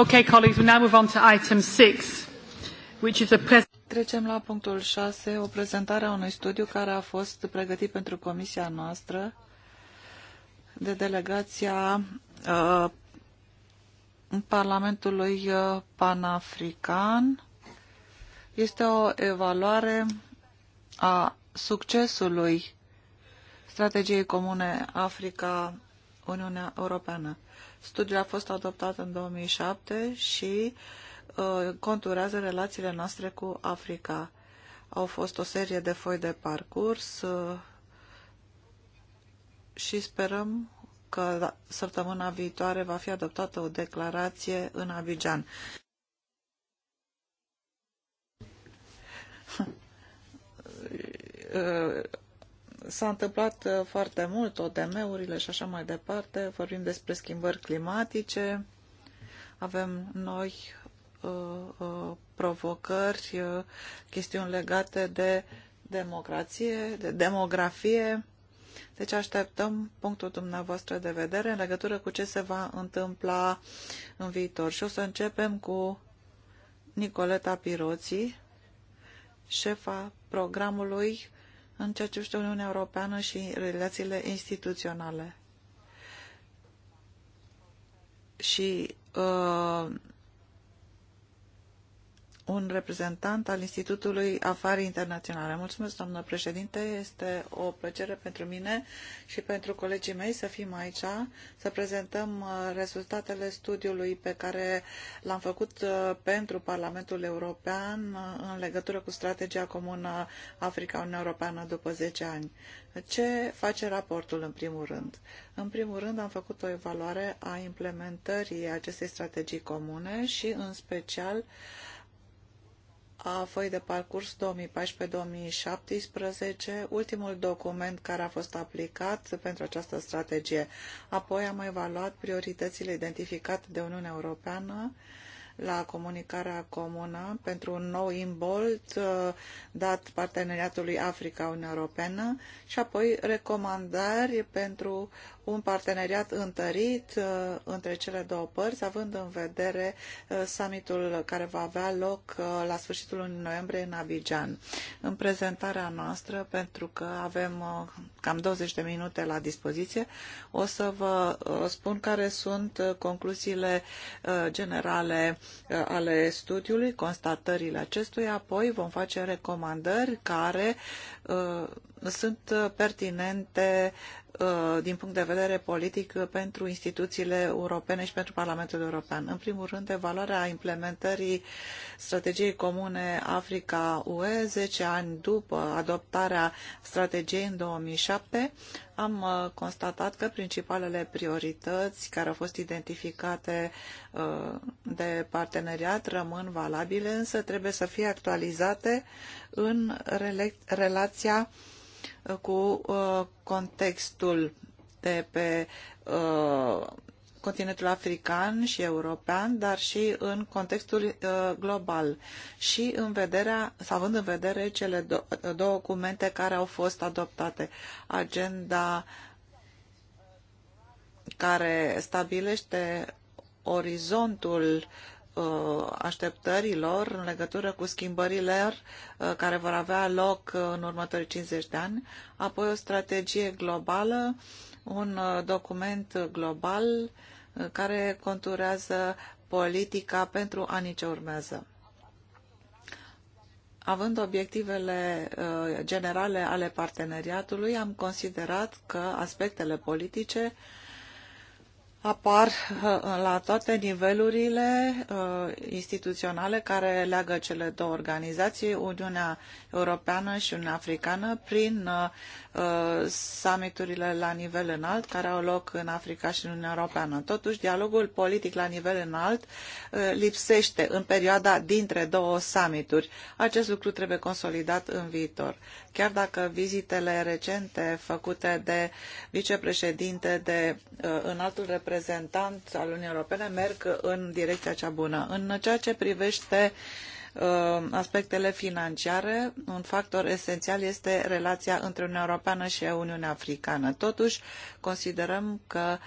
D: Okay, colleagues, we now move on to item six, which is a
C: Trecem la punctul 6, o prezentare a unui studiu care a fost pregătit pentru comisia noastră de delegația uh, Parlamentului uh, Panafrican. Este o evaluare a succesului strategiei comune Africa Uniunea Europeană. Studiul a fost adoptat în 2007 și uh, conturează relațiile noastre cu Africa. Au fost o serie de foi de parcurs uh, și sperăm că da, săptămâna viitoare va fi adoptată o declarație în Abidjan. <laughs> Uh, S-a întâmplat uh, foarte mult, ODM-urile și așa mai departe, vorbim despre schimbări climatice, avem noi uh, uh, provocări, uh, chestiuni legate de democrație, de demografie. Deci așteptăm punctul dumneavoastră de vedere în legătură cu ce se va întâmpla în viitor. Și o să începem cu Nicoleta Piroții, șefa programului în ceea ce Uniunea Europeană și relațiile instituționale. Și uh, un reprezentant al Institutului Afarii Internaționale. Mulțumesc, doamnă președinte, este o plăcere pentru mine și pentru colegii mei să fim aici, să prezentăm uh, rezultatele studiului pe care l-am făcut uh, pentru Parlamentul European uh, în legătură cu strategia comună Africa-Uniunea Europeană după 10 ani. Ce face raportul în primul rând? În primul rând am făcut o evaluare a implementării acestei strategii comune și în special a foi de parcurs 2014-2017, ultimul document care a fost aplicat pentru această strategie. Apoi am evaluat prioritățile identificate de Uniunea Europeană la comunicarea comună pentru un nou imbolt uh, dat parteneriatului Africa-Uniunea Europeană și apoi recomandări pentru un parteneriat întărit uh, între cele două părți, având în vedere uh, summitul care va avea loc la sfârșitul lunii noiembrie în Abidjan. În prezentarea noastră, pentru că avem cam 20 de minute la dispoziție, o să vă spun care sunt concluziile generale Uh, ale studiului, constatările acestuia, apoi vom face recomandări care uh, sunt uh, pertinente uh, din punct de vedere politic uh, pentru instituțiile europene și pentru Parlamentul European. În primul rând, evaluarea implementării strategiei comune Africa-UE, 10 ani după adoptarea strategiei în 2007, am constatat că principalele priorități care au fost identificate de parteneriat rămân valabile, însă trebuie să fie actualizate în relația Uh, cu uh, contextul de pe uh, continentul african și european, dar și în contextul uh, global și în vederea, sau având în vedere cele do- documente care au fost adoptate. Agenda care stabilește orizontul Uh, așteptărilor în legătură cu schimbările uh, care vor avea loc uh, în următorii 50 de ani, apoi o strategie globală, un document global care conturează politica pentru anii ce urmează. Având obiectivele generale ale parteneriatului, am considerat că aspectele politice apar uh, la toate nivelurile uh, instituționale care leagă cele două organizații, Uniunea Europeană și Uniunea Africană, prin uh, summiturile la nivel înalt care au loc în Africa și în Uniunea Europeană. Totuși, dialogul politic la nivel înalt lipsește în perioada dintre două summituri. Acest lucru trebuie consolidat în viitor. Chiar dacă vizitele recente făcute de vicepreședinte de înaltul reprezentant reprezentant al Uniunii Europene merg în direcția cea bună. În ceea ce privește uh, aspectele financiare, un factor esențial este relația între Uniunea Europeană și Uniunea Africană. Totuși, considerăm că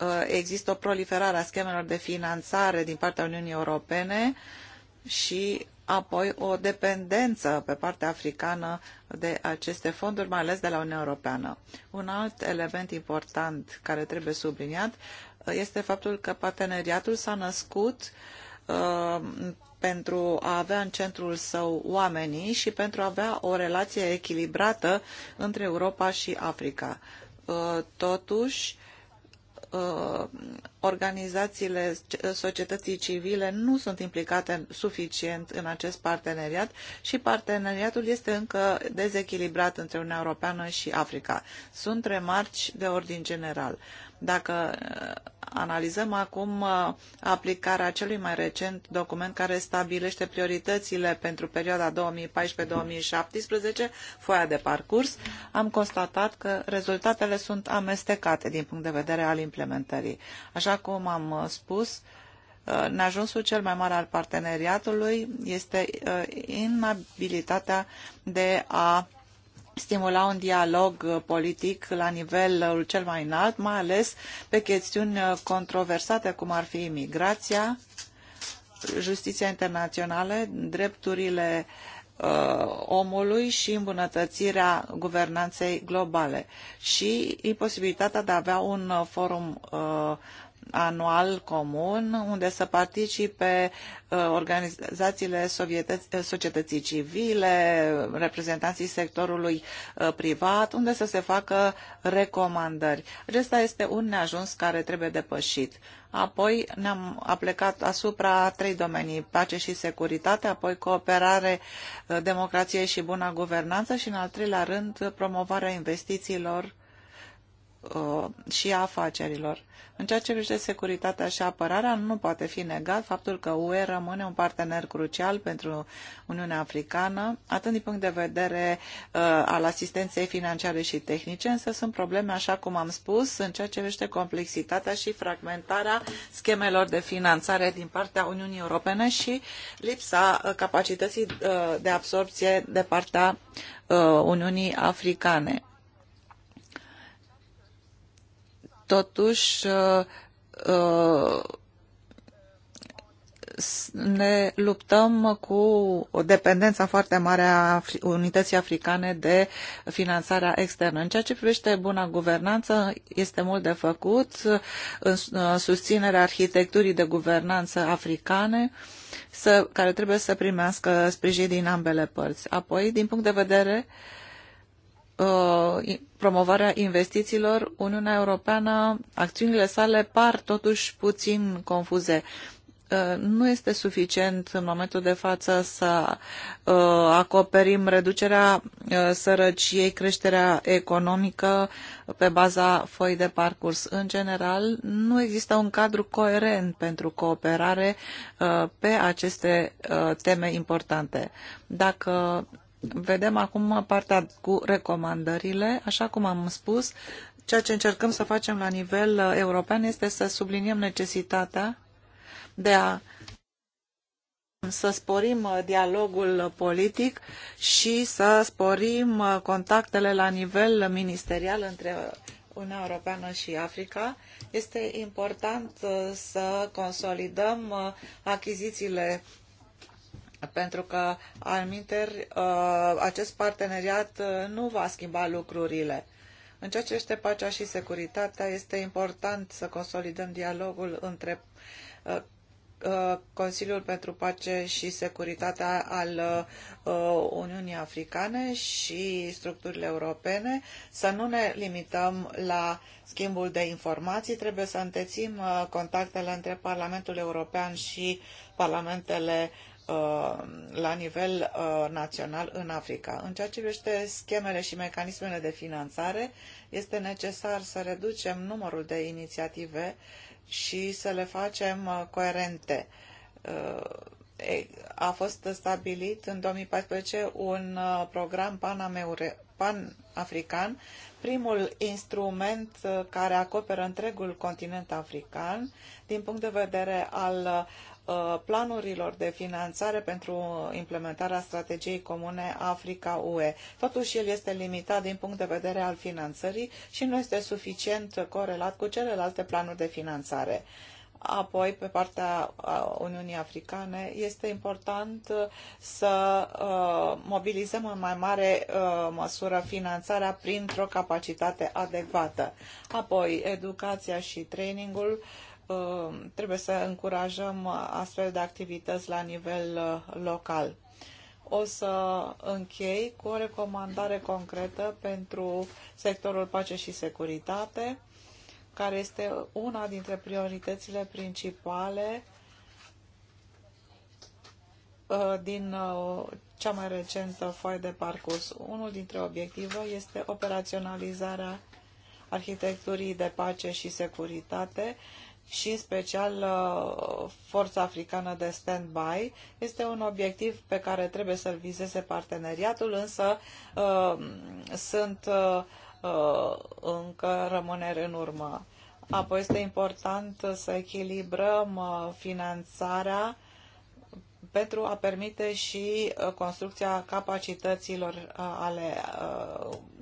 C: uh, există o proliferare a schemelor de finanțare din partea Uniunii Europene și apoi o dependență pe partea africană de aceste fonduri, mai ales de la Uniunea Europeană. Un alt element important care trebuie subliniat uh, este faptul că parteneriatul s-a născut uh, pentru a avea în centrul său oamenii și pentru a avea o relație echilibrată între Europa și Africa. Uh, totuși, uh, Uh, organizațiile societății civile nu sunt implicate suficient în acest parteneriat și parteneriatul este încă dezechilibrat între Uniunea Europeană și Africa. Sunt remarci de ordin general. Uh, dacă uh, analizăm acum uh, aplicarea celui mai recent document care stabilește prioritățile pentru perioada 2014-2017, foaia de parcurs, am constatat că rezultatele sunt amestecate din punct de vedere al implementării. Așa cum am uh, spus, Neajunsul cel mai mare al parteneriatului este inabilitatea de a stimula un dialog uh, politic la nivelul cel mai înalt, mai ales pe chestiuni uh, controversate, cum ar fi imigrația, justiția internațională, drepturile uh, omului și îmbunătățirea guvernanței globale și imposibilitatea de a avea un forum uh, anual comun unde să participe uh, organizațiile uh, societății civile, reprezentanții sectorului uh, privat, unde să se facă recomandări. Acesta este un neajuns care trebuie depășit. Apoi ne-am aplecat asupra trei domenii, pace și securitate, apoi cooperare, democrație și bună guvernanță și, în al treilea rând, promovarea investițiilor Uh, și a afacerilor. În ceea ce privește securitatea și apărarea, nu poate fi negat faptul că UE rămâne un partener crucial pentru Uniunea Africană, atât din punct de vedere uh, al asistenței financiare și tehnice, însă sunt probleme, așa cum am spus, în ceea ce privește complexitatea și fragmentarea schemelor de finanțare din partea Uniunii Europene și lipsa uh, capacității uh, de absorpție de partea Uniunii Africane totuși uh, uh, ne luptăm cu o dependență foarte mare a unității africane de finanțarea externă. În ceea ce privește buna guvernanță, este mult de făcut în uh, susținerea arhitecturii de guvernanță africane să, care trebuie să primească sprijin din ambele părți. Apoi, din punct de vedere uh, Uh, promovarea investițiilor, Uniunea Europeană, acțiunile sale par totuși puțin confuze. Uh, nu este suficient în momentul de față să uh, acoperim reducerea sărăciei, creșterea economică pe baza foii de parcurs. În general, nu există un cadru coerent pentru cooperare pe aceste teme importante. Dacă Vedem acum partea cu recomandările. Așa cum am spus, ceea ce încercăm să facem la nivel uh, european este să subliniem necesitatea de a să sporim uh, dialogul politic și să sporim uh, contactele la nivel ministerial între Uniunea Europeană și Africa. Este important să consolidăm achizițiile pentru că, alminter, uh, acest parteneriat uh, nu va schimba lucrurile. În ceea ce este pacea și securitatea, este important să consolidăm dialogul între uh, Consiliul pentru Pace și Securitatea al Uniunii Africane și structurile europene, să nu ne limităm la schimbul de informații, trebuie să întețim contactele între Parlamentul European și Parlamentele Uh, la nivel uh, național în Africa. În ceea ce privește schemele și mecanismele de finanțare, este necesar să reducem numărul de inițiative și să le facem uh, coerente. A fost stabilit în 2014 un program pan-african, primul instrument care acoperă întregul continent african din punct de vedere al Uh, planurilor de finanțare pentru implementarea strategiei comune Africa-UE. Totuși, el este limitat din punct de vedere al finanțării și nu este suficient corelat cu celelalte planuri de finanțare. Apoi, pe partea Uniunii Africane, este important uh, să uh, mobilizăm în mai mare măsură finanțarea printr-o capacitate adecvată. Apoi, educația și trainingul Uh, trebuie să încurajăm astfel de activități la nivel uh, local. O să închei cu o recomandare concretă pentru sectorul pace și securitate, care este una dintre prioritățile principale uh, din cea mai recentă foaie de parcurs. Unul dintre obiective este operaționalizarea arhitecturii de pace și securitate, și în special uh, forța africană de stand-by. Este un obiectiv pe care trebuie să-l vizeze parteneriatul, însă uh, sunt uh, încă rămâneri în urmă. Apoi este important să echilibrăm finanțarea pentru a permite și construcția capacităților ale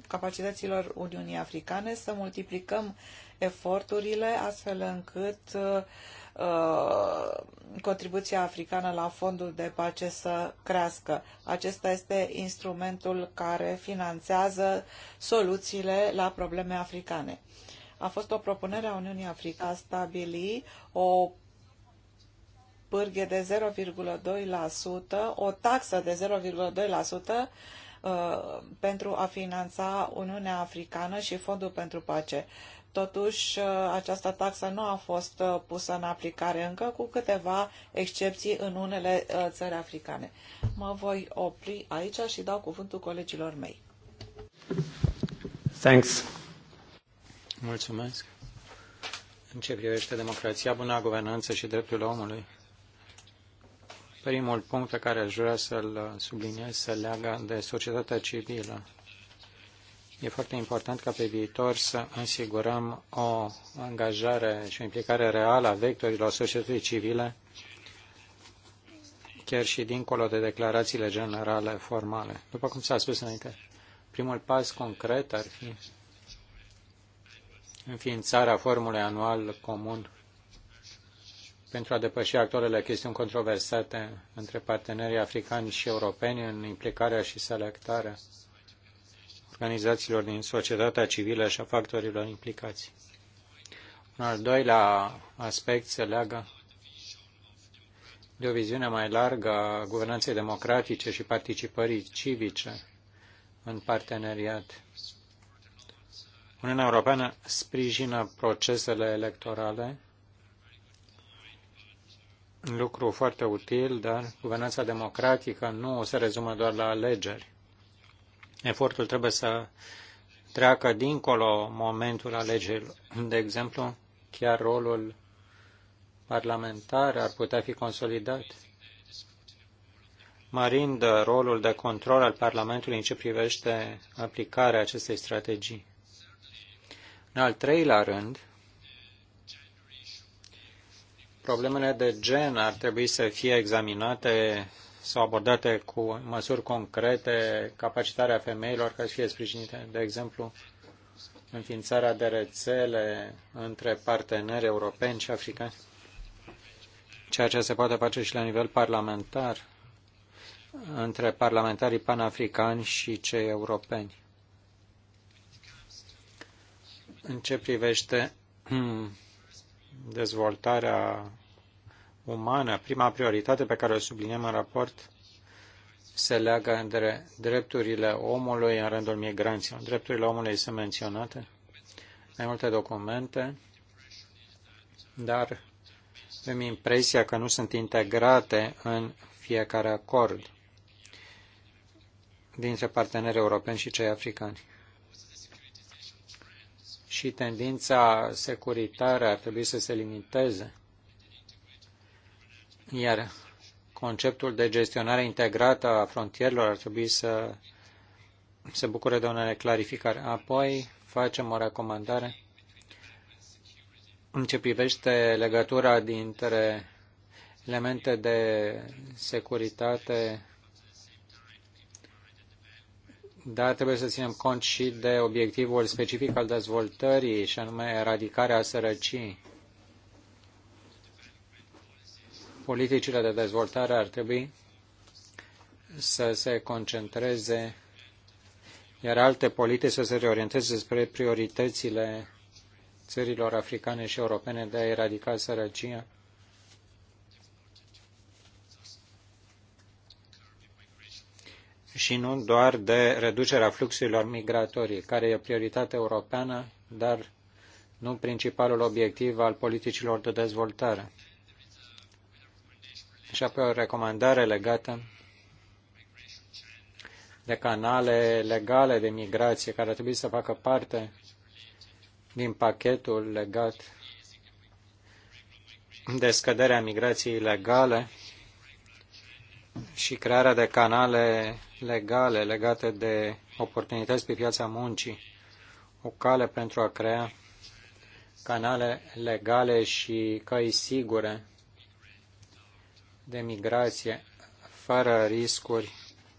C: capacităților Uniunii Africane, să multiplicăm eforturile astfel încât uh, contribuția africană la fondul de pace să crească. Acesta este instrumentul care finanțează soluțiile la probleme africane. A fost o propunere a Uniunii Africane a stabili o pârghie de 0,2%, o taxă de 0,2% uh, pentru a finanța Uniunea Africană și Fondul pentru Pace. Totuși, uh, această taxă nu a fost uh, pusă în aplicare încă, cu câteva excepții în unele uh, țări africane. Mă voi opri aici și dau cuvântul colegilor mei.
A: Thanks. Mulțumesc. În ce privește democrația, buna guvernanță și dreptul omului, primul punct pe care aș vrea să-l subliniez se leagă de societatea civilă E foarte important ca pe viitor să asigurăm o angajare și o implicare reală a vectorilor societății civile, chiar și dincolo de declarațiile generale formale. După cum s-a spus înainte, primul pas concret ar fi înființarea formulei anual comun pentru a depăși actualele chestiuni controversate între partenerii africani și europeni în implicarea și selectarea organizațiilor din societatea civilă și a factorilor implicați. Un al doilea aspect se leagă de o viziune mai largă a guvernanței democratice și participării civice în parteneriat. Uniunea Europeană sprijină procesele electorale, un lucru foarte util, dar guvernanța democratică nu se rezumă doar la alegeri. Efortul trebuie să treacă dincolo momentul alegerilor. De exemplu, chiar rolul parlamentar ar putea fi consolidat, mărind rolul de control al Parlamentului în ce privește aplicarea acestei strategii. În al treilea rând, problemele de gen ar trebui să fie examinate sau abordate cu măsuri concrete, capacitarea femeilor ca să fie sprijinite, de exemplu, înființarea de rețele între parteneri europeni și africani, ceea ce se poate face și la nivel parlamentar, între parlamentarii panafricani și cei europeni. În ce privește <clears throat> dezvoltarea umană, prima prioritate pe care o subliniem în raport, se leagă între drepturile omului în rândul migranților. Drepturile omului sunt menționate mai multe documente, dar avem impresia că nu sunt integrate în fiecare acord dintre parteneri europeni și cei africani. Și tendința securitară ar trebui să se limiteze iar conceptul de gestionare integrată a frontierelor ar trebui să se bucure de unele clarificări. Apoi facem o recomandare în ce privește legătura dintre elemente de securitate, dar trebuie să ținem cont și de obiectivul specific al dezvoltării, și anume eradicarea sărăcii. politicile de dezvoltare ar trebui să se concentreze, iar alte politici să se reorienteze spre prioritățile țărilor africane și europene de a eradica sărăcia. și nu doar de reducerea fluxurilor migratorii, care e prioritate europeană, dar nu principalul obiectiv al politicilor de dezvoltare și apoi o recomandare legată de canale legale de migrație care ar trebui să facă parte din pachetul legat de scăderea migrației ilegale și crearea de canale legale legate de oportunități pe piața muncii, o cale pentru a crea canale legale și căi sigure de migrație, fără riscuri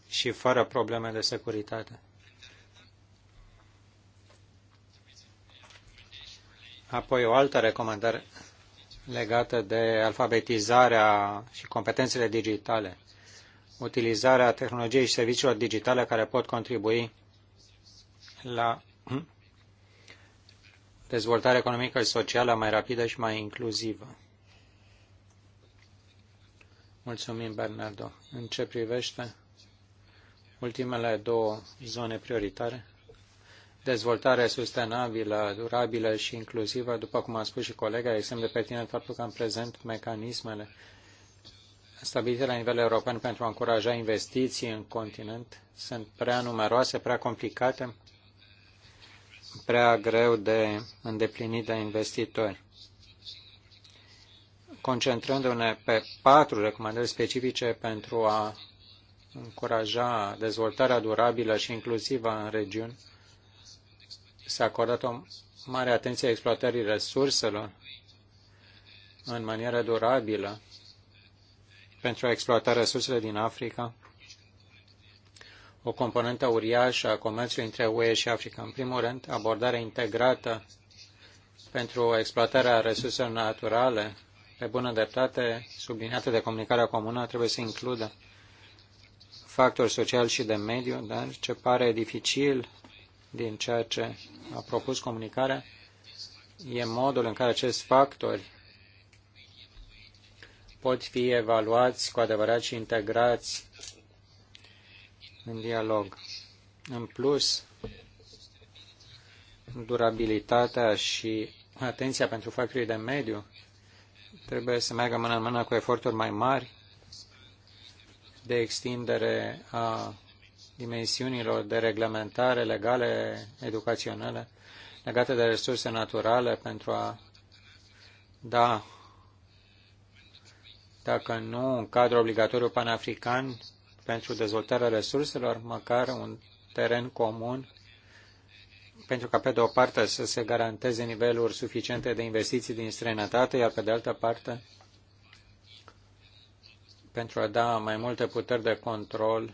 A: și fără probleme de securitate. Apoi o altă recomandare legată de alfabetizarea și competențele digitale, utilizarea tehnologiei și serviciilor digitale care pot contribui la <clears throat> dezvoltare economică și socială mai rapidă și mai inclusivă. Mulțumim, Bernardo. În ce privește ultimele două zone prioritare, dezvoltare sustenabilă, durabilă și inclusivă, după cum a spus și colega, este de pertinent faptul că în prezent mecanismele stabilite la nivel european pentru a încuraja investiții în continent sunt prea numeroase, prea complicate, prea greu de îndeplinit de investitori concentrându-ne pe patru recomandări specifice pentru a încuraja dezvoltarea durabilă și inclusivă în regiuni. S-a acordat o mare atenție exploatării resurselor în manieră durabilă pentru a exploata resursele din Africa, o componentă uriașă a comerțului între UE și Africa. În primul rând, abordarea integrată pentru exploatarea resurselor naturale pe bună dreptate subliniate de comunicarea comună trebuie să includă factori social și de mediu, dar ce pare dificil din ceea ce a propus comunicarea e modul în care acești factori pot fi evaluați cu adevărat și integrați în dialog. În plus, durabilitatea și atenția pentru factorii de mediu trebuie să meargă mână în mână cu eforturi mai mari de extindere a dimensiunilor de reglementare legale, educaționale, legate de resurse naturale pentru a da, dacă nu, un cadru obligatoriu panafrican pentru dezvoltarea resurselor, măcar un teren comun pentru ca pe de o parte să se garanteze niveluri suficiente de investiții din străinătate, iar pe de altă parte pentru a da mai multe puteri de control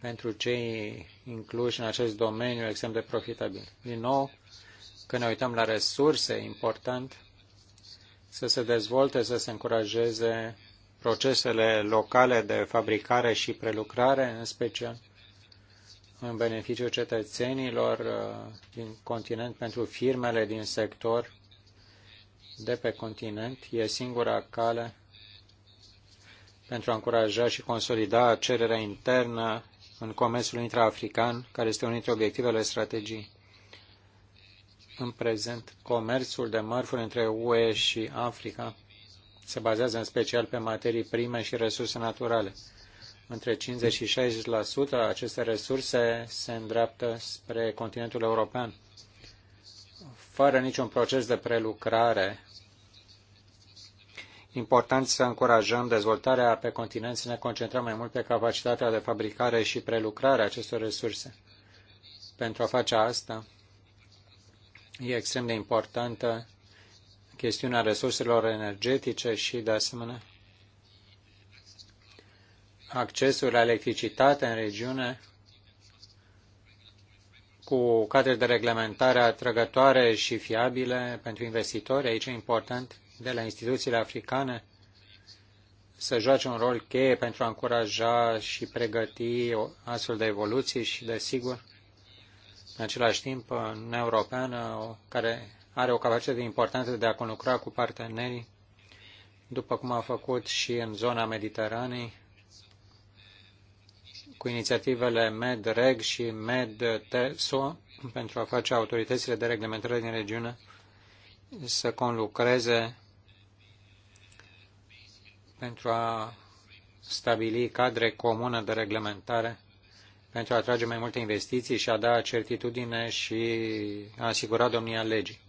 A: pentru cei incluși în acest domeniu extrem de profitabil. Din nou, când ne uităm la resurse, important să se dezvolte, să se încurajeze procesele locale de fabricare și prelucrare, în special în beneficiul cetățenilor uh, din continent pentru firmele din sector de pe continent. E singura cale pentru a încuraja și consolida cererea internă în comerțul intraafrican, care este unul dintre obiectivele strategiei. În prezent, comerțul de mărfuri între UE și Africa se bazează în special pe materii prime și resurse naturale. Între 50 și 60% aceste resurse se îndreaptă spre continentul european, fără niciun proces de prelucrare. Important să încurajăm dezvoltarea pe continent, să ne concentrăm mai mult pe capacitatea de fabricare și prelucrare a acestor resurse. Pentru a face asta, e extrem de importantă chestiunea resurselor energetice și, de asemenea, accesul la electricitate în regiune cu cadre de reglementare atrăgătoare și fiabile pentru investitori. Aici e important de la instituțiile africane să joace un rol cheie pentru a încuraja și pregăti o astfel de evoluții și, desigur, în același timp, Uniunea Europeană, care are o capacitate importantă de a conlucra cu partenerii, după cum a făcut și în zona Mediteranei, cu inițiativele MedReg și MedTESO pentru a face autoritățile de reglementare din regiune să conlucreze pentru a stabili cadre comune de reglementare pentru a atrage mai multe investiții și a da certitudine și a asigura domnia legii.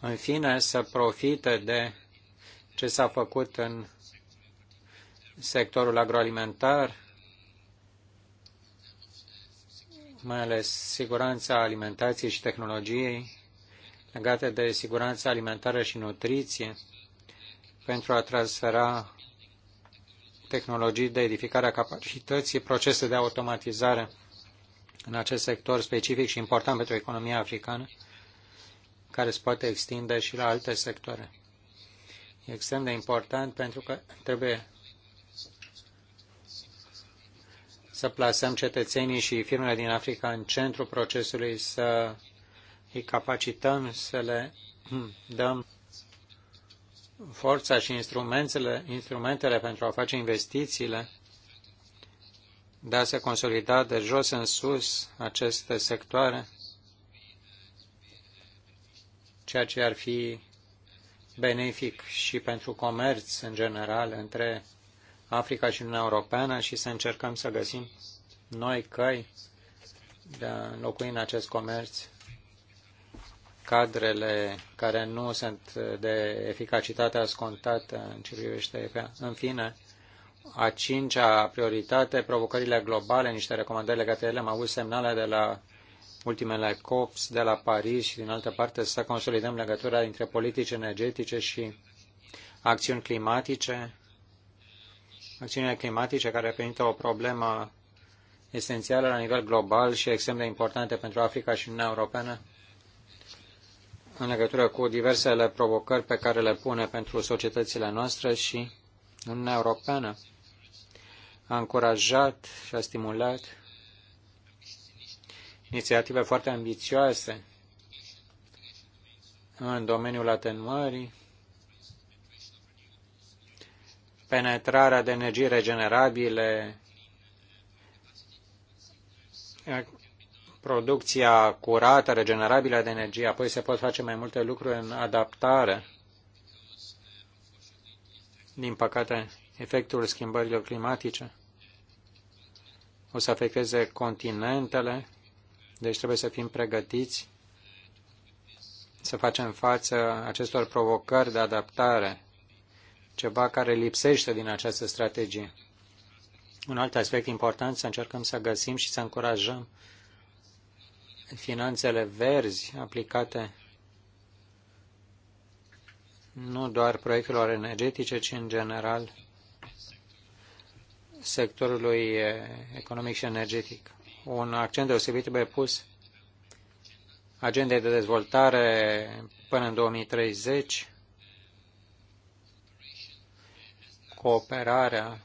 A: În fine, să profite de ce s-a făcut în sectorul agroalimentar, mai ales siguranța alimentației și tehnologiei legate de siguranța alimentară și nutriție pentru a transfera tehnologii de edificare a capacității, procese de automatizare în acest sector specific și important pentru economia africană, care se poate extinde și la alte sectoare. E extrem de important pentru că trebuie să plasăm cetățenii și firmele din Africa în centrul procesului, să îi capacităm, să le <clears throat> dăm forța și instrumentele, instrumentele pentru a face investițiile, de a se consolida de jos în sus aceste sectoare, ceea ce ar fi benefic și pentru comerț în general între Africa și Uniunea Europeană și să încercăm să găsim noi căi de a înlocui în acest comerț cadrele care nu sunt de eficacitate ascontată în ce privește EPA. În fine, a cincea prioritate, provocările globale, niște recomandări legate de ele. Am avut semnale de la ultimele COPS, de la Paris și din altă parte să consolidăm legătura dintre politici energetice și acțiuni climatice acțiunile climatice care reprezintă o problemă esențială la nivel global și extrem de importante pentru Africa și Uniunea Europeană în legătură cu diversele provocări pe care le pune pentru societățile noastre și Uniunea Europeană a încurajat și a stimulat inițiative foarte ambițioase în domeniul atenuării penetrarea de energii regenerabile, producția curată, regenerabilă de energie, apoi se pot face mai multe lucruri în adaptare. Din păcate, efectul schimbărilor climatice o să afecteze continentele, deci trebuie să fim pregătiți să facem față acestor provocări de adaptare ceva care lipsește din această strategie. Un alt aspect important, să încercăm să găsim și să încurajăm finanțele verzi aplicate nu doar proiectelor energetice, ci în general sectorului eh, economic și energetic. Un accent deosebit trebuie pus agendei de dezvoltare până în 2030 cooperarea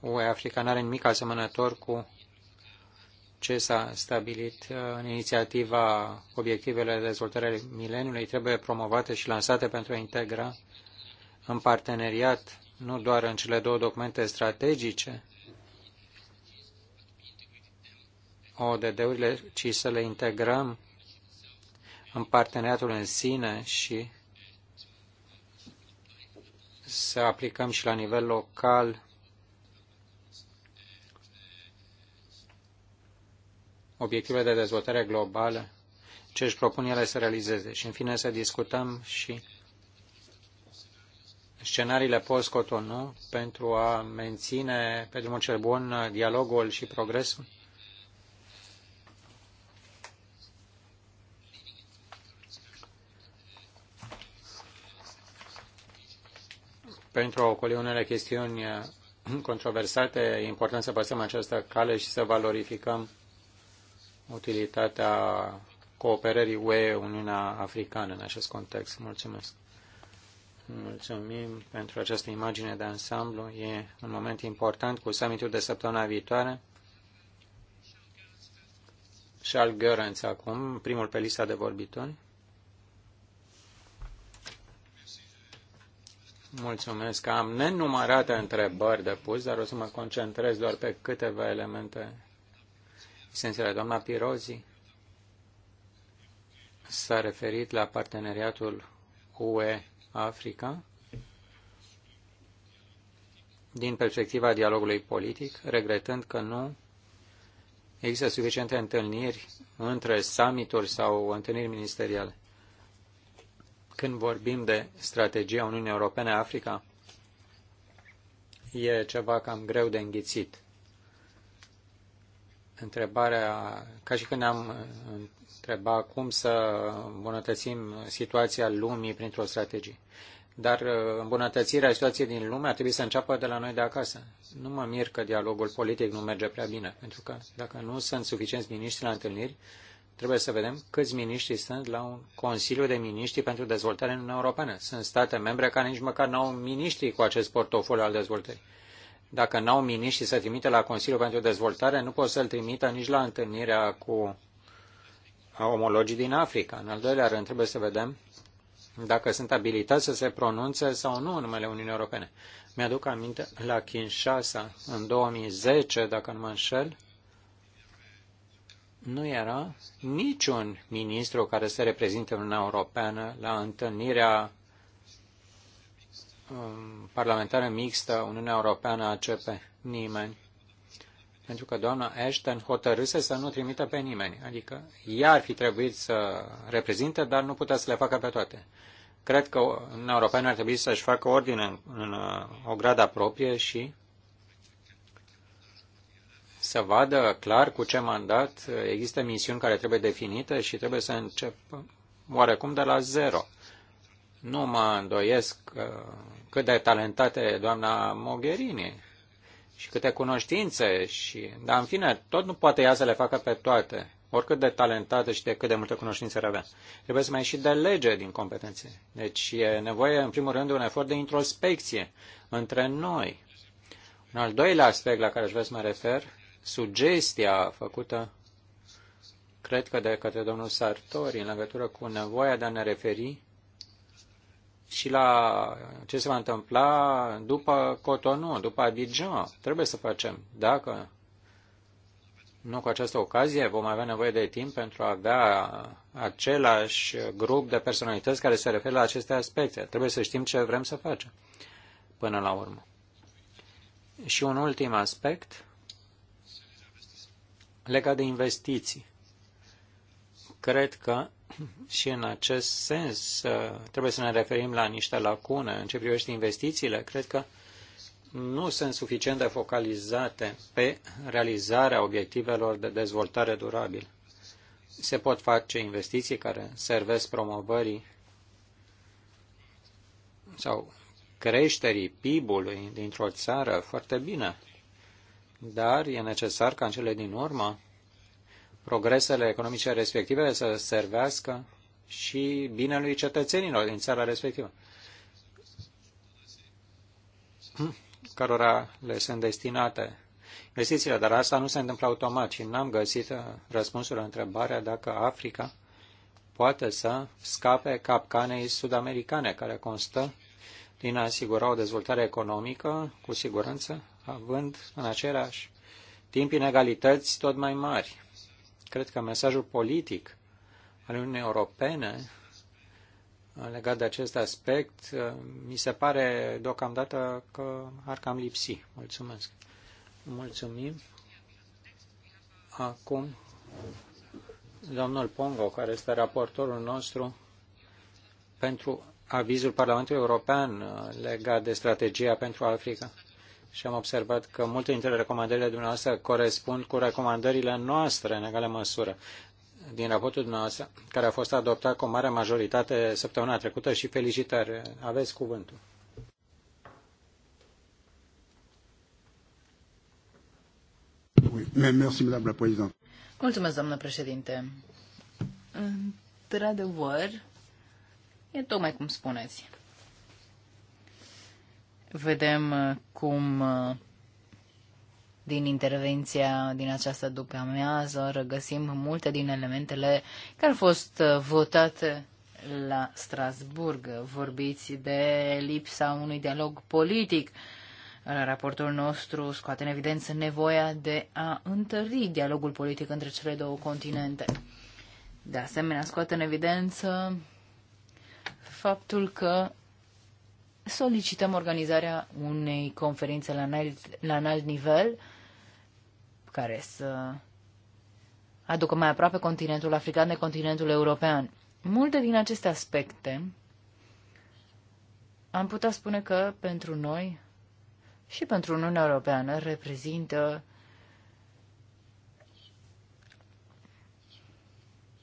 A: UE africană are nimic asemănător cu ce s-a stabilit uh, în inițiativa Obiectivele de dezvoltare mileniului trebuie promovate și lansate pentru a integra în parteneriat nu doar în cele două documente strategice, ODD-urile, ci să le integrăm în parteneriatul în sine și să aplicăm și la nivel local obiectivele de dezvoltare globală, ce își propun ele să realizeze și, în fine, să discutăm și scenariile post-Cotonou pentru a menține pe drumul cel bun dialogul și progresul pentru a ocoli unele chestiuni eh, controversate, e important să păstrăm această cale și să valorificăm utilitatea cooperării UE-Uniunea Africană în acest context. Mulțumesc! Mulțumim pentru această imagine de ansamblu. E un moment important cu summitul de săptămâna viitoare. Charles Görans acum, primul pe lista de vorbitori. Mulțumesc. Am nenumărate întrebări de pus, dar o să mă concentrez doar pe câteva elemente Sensele Doamna Pirozi s-a referit la parteneriatul UE-Africa din perspectiva dialogului politic, regretând că nu există suficiente întâlniri între summituri sau întâlniri ministeriale. Când vorbim de strategia Uniunii Europene Africa, e ceva cam greu de înghițit. Întrebarea, ca și când am uh, întrebat cum să îmbunătățim situația lumii printr-o strategie. Dar uh, îmbunătățirea situației din lume ar trebui să înceapă de la noi de acasă. Nu mă mir că dialogul politic nu merge prea bine, pentru că dacă nu sunt suficienți miniștri la întâlniri, Trebuie să vedem câți miniștri sunt la un Consiliu de Miniștri pentru Dezvoltare în Uniunea Europeană. Sunt state membre care nici măcar nu au miniștri cu acest portofoliu al dezvoltării. Dacă nu au miniștri să trimite la Consiliul pentru Dezvoltare, nu pot să-l trimită nici la întâlnirea cu omologii din Africa. În al doilea rând, trebuie să vedem dacă sunt abilitați să se pronunțe sau nu în numele Uniunii Europene. Mi-aduc aminte la Kinshasa în 2010, dacă nu mă înșel, nu era niciun ministru care să reprezinte Uniunea Europeană la întâlnirea um, parlamentară mixtă Uniunea Europeană-ACP. a Nimeni. Pentru că doamna Ashton hotărâse să nu trimită pe nimeni. Adică ea ar fi trebuit să reprezinte, dar nu putea să le facă pe toate. Cred că Uniunea Europeană ar trebui să-și facă ordine în, în uh, o grada proprie și să vadă clar cu ce mandat există misiuni care trebuie definite și trebuie să încep oarecum de la zero. Nu mă îndoiesc uh, cât de talentate e doamna Mogherini și câte cunoștințe și... Dar, în fine, tot nu poate ea să le facă pe toate, oricât de talentate și de cât de multe cunoștințe ar avea. Trebuie să mai și de lege din competențe. Deci e nevoie, în primul rând, de un efort de introspecție între noi. Un al doilea aspect la care aș vrea să mă refer sugestia făcută, cred că de către domnul Sartori, în legătură cu nevoia de a ne referi și la ce se va întâmpla după Cotonou, după Abidjan. Trebuie să facem. Dacă nu cu această ocazie vom avea nevoie de timp pentru a avea același grup de personalități care se referă la aceste aspecte. Trebuie să știm ce vrem să facem până la urmă. Și un ultim aspect Legat de investiții, cred că și în acest sens uh, trebuie să ne referim la niște lacune în ce privește investițiile. Cred că nu sunt suficient de focalizate pe realizarea obiectivelor de dezvoltare durabilă. Se pot face investiții care servesc promovării sau creșterii PIB-ului dintr-o țară foarte bine dar e necesar ca în cele din urmă progresele economice respective să servească și binelui cetățenilor din țara respectivă, hm, cărora le sunt destinate investițiile, dar asta nu se întâmplă automat și n-am găsit uh, răspunsul la întrebarea dacă Africa poate să scape capcanei sudamericane, care constă din a asigura o dezvoltare economică, cu siguranță, având în același timp inegalități tot mai mari. Cred că mesajul politic al Uniunii Europene legat de acest aspect, mi se pare deocamdată că ar cam lipsi. Mulțumesc. Mulțumim. Acum, domnul Pongo, care este raportorul nostru pentru avizul Parlamentului European legat de strategia pentru Africa și am observat că multe dintre recomandările dumneavoastră corespund cu recomandările noastre în egală măsură din raportul dumneavoastră, care a fost adoptat cu o mare majoritate săptămâna trecută și felicitări. Aveți cuvântul.
B: Mulțumesc, doamnă președinte. Într-adevăr, e tocmai cum spuneți. Vedem uh, cum uh, din intervenția din această după amiază regăsim multe din elementele care au fost uh, votate la Strasburg. Vorbiți de lipsa unui dialog politic. Raportul nostru scoate în evidență nevoia de a întări dialogul politic între cele două continente. De asemenea, scoate în evidență faptul că solicităm organizarea unei conferințe la înalt, la înalt nivel care să aducă mai aproape continentul african de continentul european. Multe din aceste aspecte am putea spune că pentru noi și pentru Uniunea Europeană reprezintă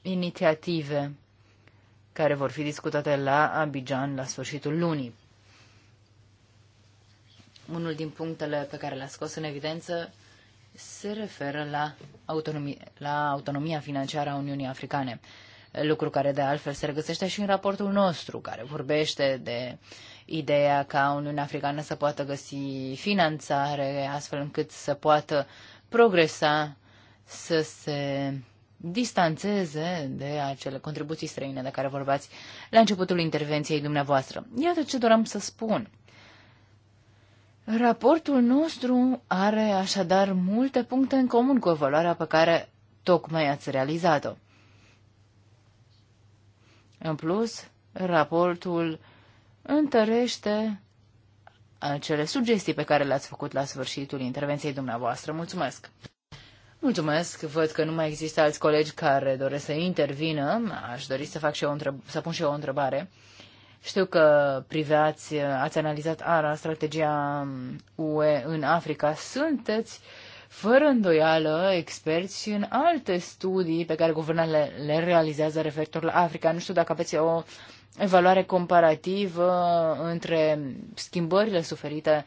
B: inițiative care vor fi discutate la Abidjan la sfârșitul lunii. Unul din punctele pe care le-a scos în evidență se referă la, autonomie, la autonomia financiară a Uniunii Africane, lucru care de altfel se regăsește și în raportul nostru, care vorbește de ideea ca Uniunea Africană să poată găsi finanțare astfel încât să poată progresa, să se distanțeze de acele contribuții străine de care vorbeați la începutul intervenției dumneavoastră. Iată ce doream să spun. Raportul nostru are așadar multe puncte în comun cu evaluarea pe care tocmai ați realizat-o. În plus, raportul întărește acele sugestii pe care le-ați făcut la sfârșitul intervenției dumneavoastră. Mulțumesc! Mulțumesc, văd că nu mai există alți colegi care doresc să intervină. Aș dori să, fac și eu o întreb- să pun și eu o întrebare. Știu că priveați, ați analizat ARA, strategia UE în Africa. Sunteți fără îndoială experți în alte studii pe care guvernele le realizează referitor la Africa. Nu știu dacă aveți o evaluare comparativă între schimbările suferite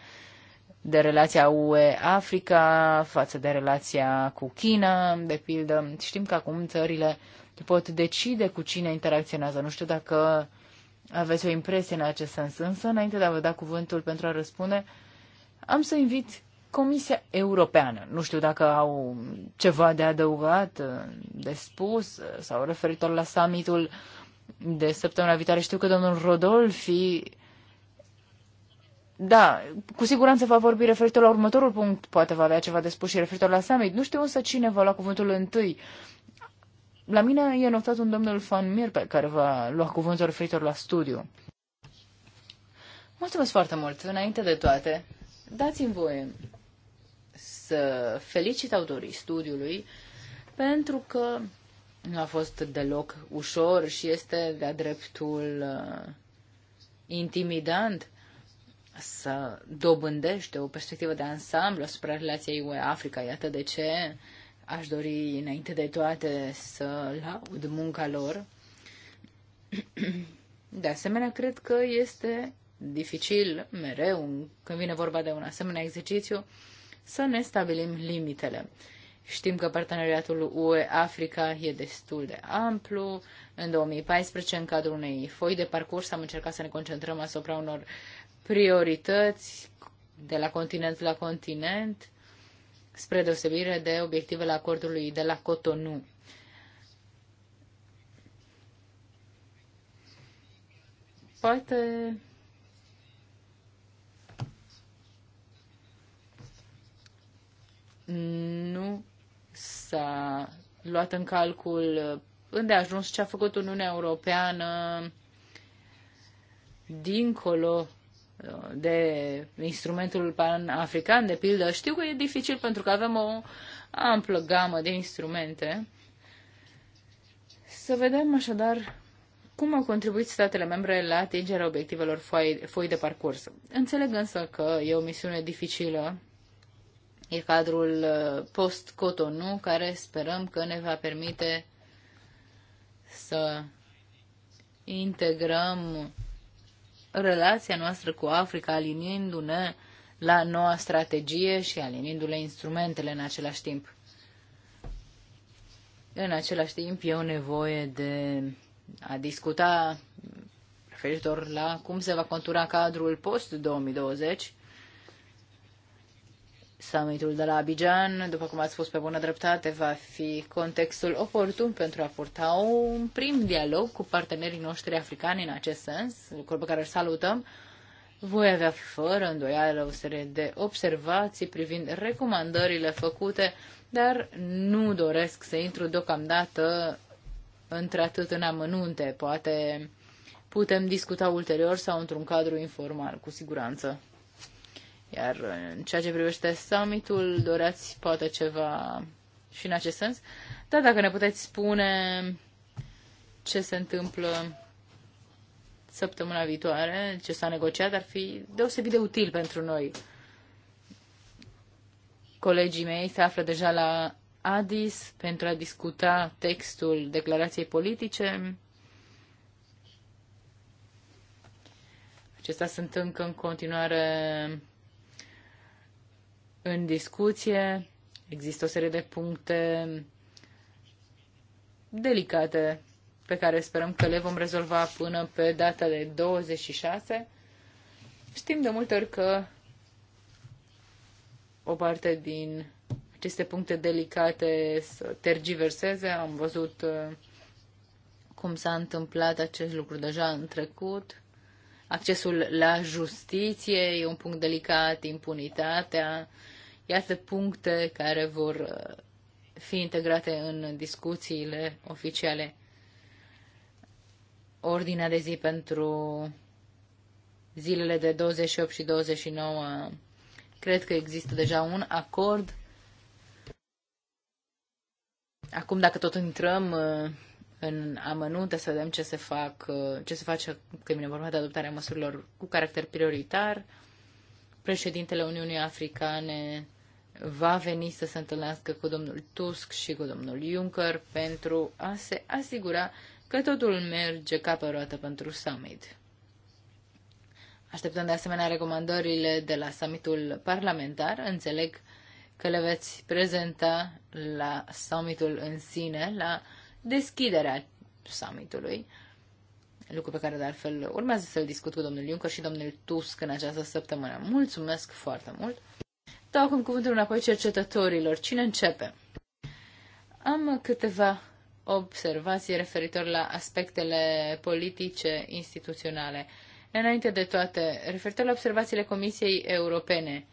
B: de relația UE-Africa față de relația cu China, de pildă. Știm că acum țările pot decide cu cine interacționează. Nu știu dacă aveți o impresie în acest sens. Însă, înainte de a vă da cuvântul pentru a răspunde, am să invit Comisia Europeană. Nu știu dacă au ceva de adăugat, de spus, sau referitor la summitul de săptămâna viitoare. Știu că domnul Rodolfi da, cu siguranță va vorbi referitor la următorul punct, poate va avea ceva de spus și referitor la summit. Nu știu însă cine va lua cuvântul întâi. La mine e notat un domnul Van Mirpe care va lua cuvântul referitor la studiu. Mulțumesc foarte mult. Înainte de toate, dați-mi voie să felicit autorii studiului pentru că nu a fost deloc ușor și este de-a dreptul uh, intimidant să dobândește o perspectivă de ansamblu asupra relației UE-Africa. Iată de ce uh, Aș dori, înainte de toate, să laud munca lor. De asemenea, cred că este dificil mereu, când vine vorba de un asemenea exercițiu, să ne stabilim limitele. Știm că parteneriatul UE-Africa e destul de amplu. În 2014, în cadrul unei foi de parcurs, am încercat să ne concentrăm asupra unor priorități de la continent la continent spre deosebire de obiectivele acordului de la Cotonou. Poate nu s-a luat în calcul unde a ajuns ce a făcut Uniunea Europeană dincolo de instrumentul pan-african, de pildă, știu că e dificil pentru că avem o amplă gamă de instrumente. Să vedem așadar cum au contribuit statele membre la atingerea obiectivelor foi, foi de parcurs. Înțeleg însă că e o misiune dificilă, e cadrul uh, post-Cotonou care sperăm că ne va permite să integrăm relația noastră cu Africa, aliniindu-ne la noua strategie și aliniindu-le instrumentele în același timp. În același timp, e o nevoie de a discuta referitor la cum se va contura cadrul post-2020 Summitul de la Abidjan, după cum ați spus pe bună dreptate, va fi contextul oportun pentru a purta un prim dialog cu partenerii noștri africani în acest sens, lucru pe care îl salutăm. Voi avea fără îndoială o serie de observații privind recomandările făcute, dar nu doresc să intru deocamdată într-atât în amănunte. Poate putem discuta ulterior sau într-un cadru informal, cu siguranță. Iar în ceea ce privește summitul, doreați poate ceva și în acest sens? Da, dacă ne puteți spune ce se întâmplă săptămâna viitoare, ce s-a negociat, ar fi deosebit de util pentru noi. Colegii mei se află deja la Addis pentru a discuta textul declarației politice. Acestea sunt încă în continuare în discuție. Există o serie de puncte delicate pe care sperăm că le vom rezolva până pe data de 26. Știm de multe ori că o parte din aceste puncte delicate să tergiverseze. Am văzut uh, cum s-a întâmplat acest lucru deja în trecut. Accesul la justiție e un punct delicat, impunitatea, Iată puncte care vor uh, fi integrate în discuțiile oficiale. Ordinea de zi pentru zilele de 28 și 29 cred că există deja un acord. Acum, dacă tot intrăm uh, în amănunte să vedem ce se, fac, uh, ce se face când vine vorba de adoptarea măsurilor cu caracter prioritar, președintele Uniunii Africane va veni să se întâlnească cu domnul Tusk și cu domnul Juncker pentru a se asigura că totul merge ca pe roată pentru summit. Așteptăm de asemenea recomandările de la summitul parlamentar. Înțeleg că le veți prezenta la summitul în sine, la deschiderea summitului, lucru pe care de altfel urmează să-l discut cu domnul Juncker și domnul Tusk în această săptămână. Mulțumesc foarte mult! Dau acum cuvântul înapoi cercetătorilor. Cine începe? Am câteva observații referitor la aspectele politice instituționale. Înainte de toate, referitor la observațiile Comisiei Europene,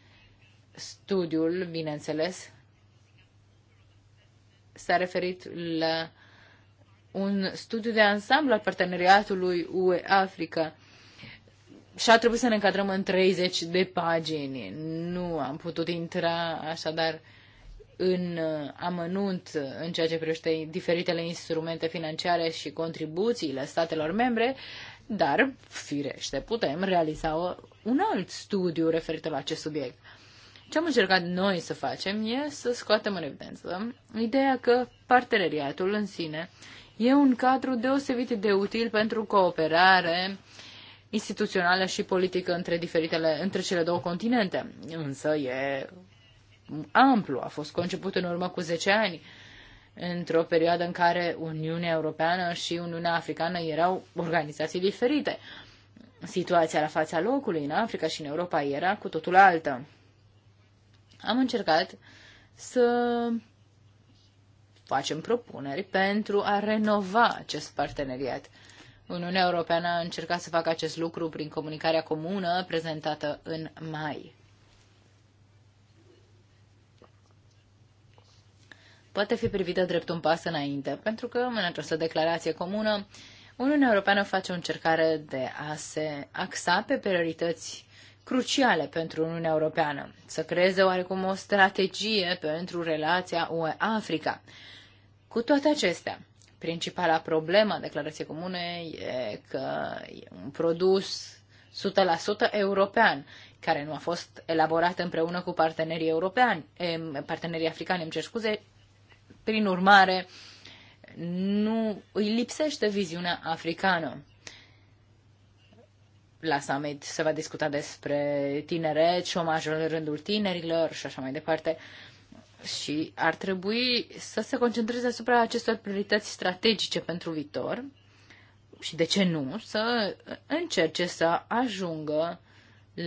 B: studiul, bineînțeles, s-a referit la un studiu de ansamblu al parteneriatului UE-Africa și a trebuit să ne încadrăm în 30 de pagini. Nu am putut intra așadar în uh, amănunt în ceea ce privește diferitele instrumente financiare și contribuțiile statelor membre, dar, firește, putem realiza un alt studiu referitor la acest subiect. Ce am încercat noi să facem e să scoatem în evidență ideea că parteneriatul în sine e un cadru deosebit de util pentru cooperare uh, instituțională și politică între, diferitele, între cele două continente. Însă e amplu, a fost conceput în urmă cu 10 ani, într-o perioadă în care Uniunea Europeană și Uniunea Africană erau organizații diferite. Situația la fața locului în Africa și în Europa era cu totul altă. Am încercat să facem propuneri pentru a renova acest parteneriat Uniunea Europeană a încercat să facă acest lucru prin comunicarea comună prezentată în mai. Poate fi privită drept un pas înainte, pentru că în această declarație comună Uniunea Europeană face o încercare de a se axa pe priorități cruciale pentru Uniunea Europeană, să creeze oarecum o strategie pentru relația UE-Africa. Cu toate acestea, Principala problemă a declarației comune e că e un produs 100% european, care nu a fost elaborat împreună cu partenerii europeani, partenerii africani, îmi cer scuze. Prin urmare, nu îi lipsește viziunea africană. La summit se va discuta despre tineret, șomajul în rândul tinerilor și așa mai departe. Uh, și ar trebui să se concentreze asupra acestor priorități strategice pentru viitor și, de ce nu, să încerce să ajungă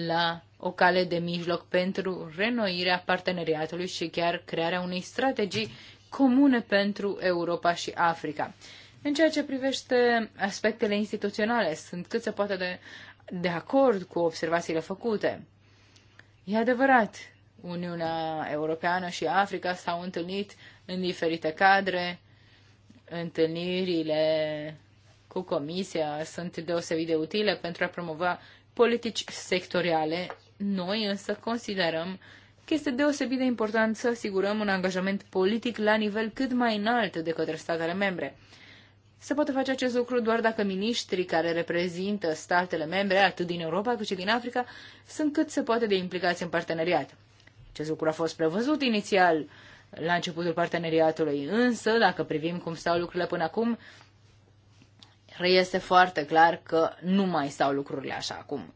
B: la o cale de mijloc pentru renoirea parteneriatului și chiar crearea unei strategii comune pentru Europa și Africa. În ceea ce privește aspectele instituționale, sunt cât se poate de, de acord cu observațiile făcute. E adevărat Uniunea Europeană și Africa s-au întâlnit în diferite cadre. Întâlnirile cu Comisia sunt deosebit de utile pentru a promova politici sectoriale. Noi însă considerăm că este deosebit de important să asigurăm un angajament politic la nivel cât mai înalt de către statele membre. Se poate face acest lucru doar dacă miniștrii care reprezintă statele membre, atât din Europa cât și din Africa, sunt cât se poate de implicați în parteneriat. Acest lucru a fost prevăzut inițial la începutul parteneriatului, însă, dacă privim cum stau lucrurile până acum, reiese foarte clar că nu mai stau lucrurile așa acum.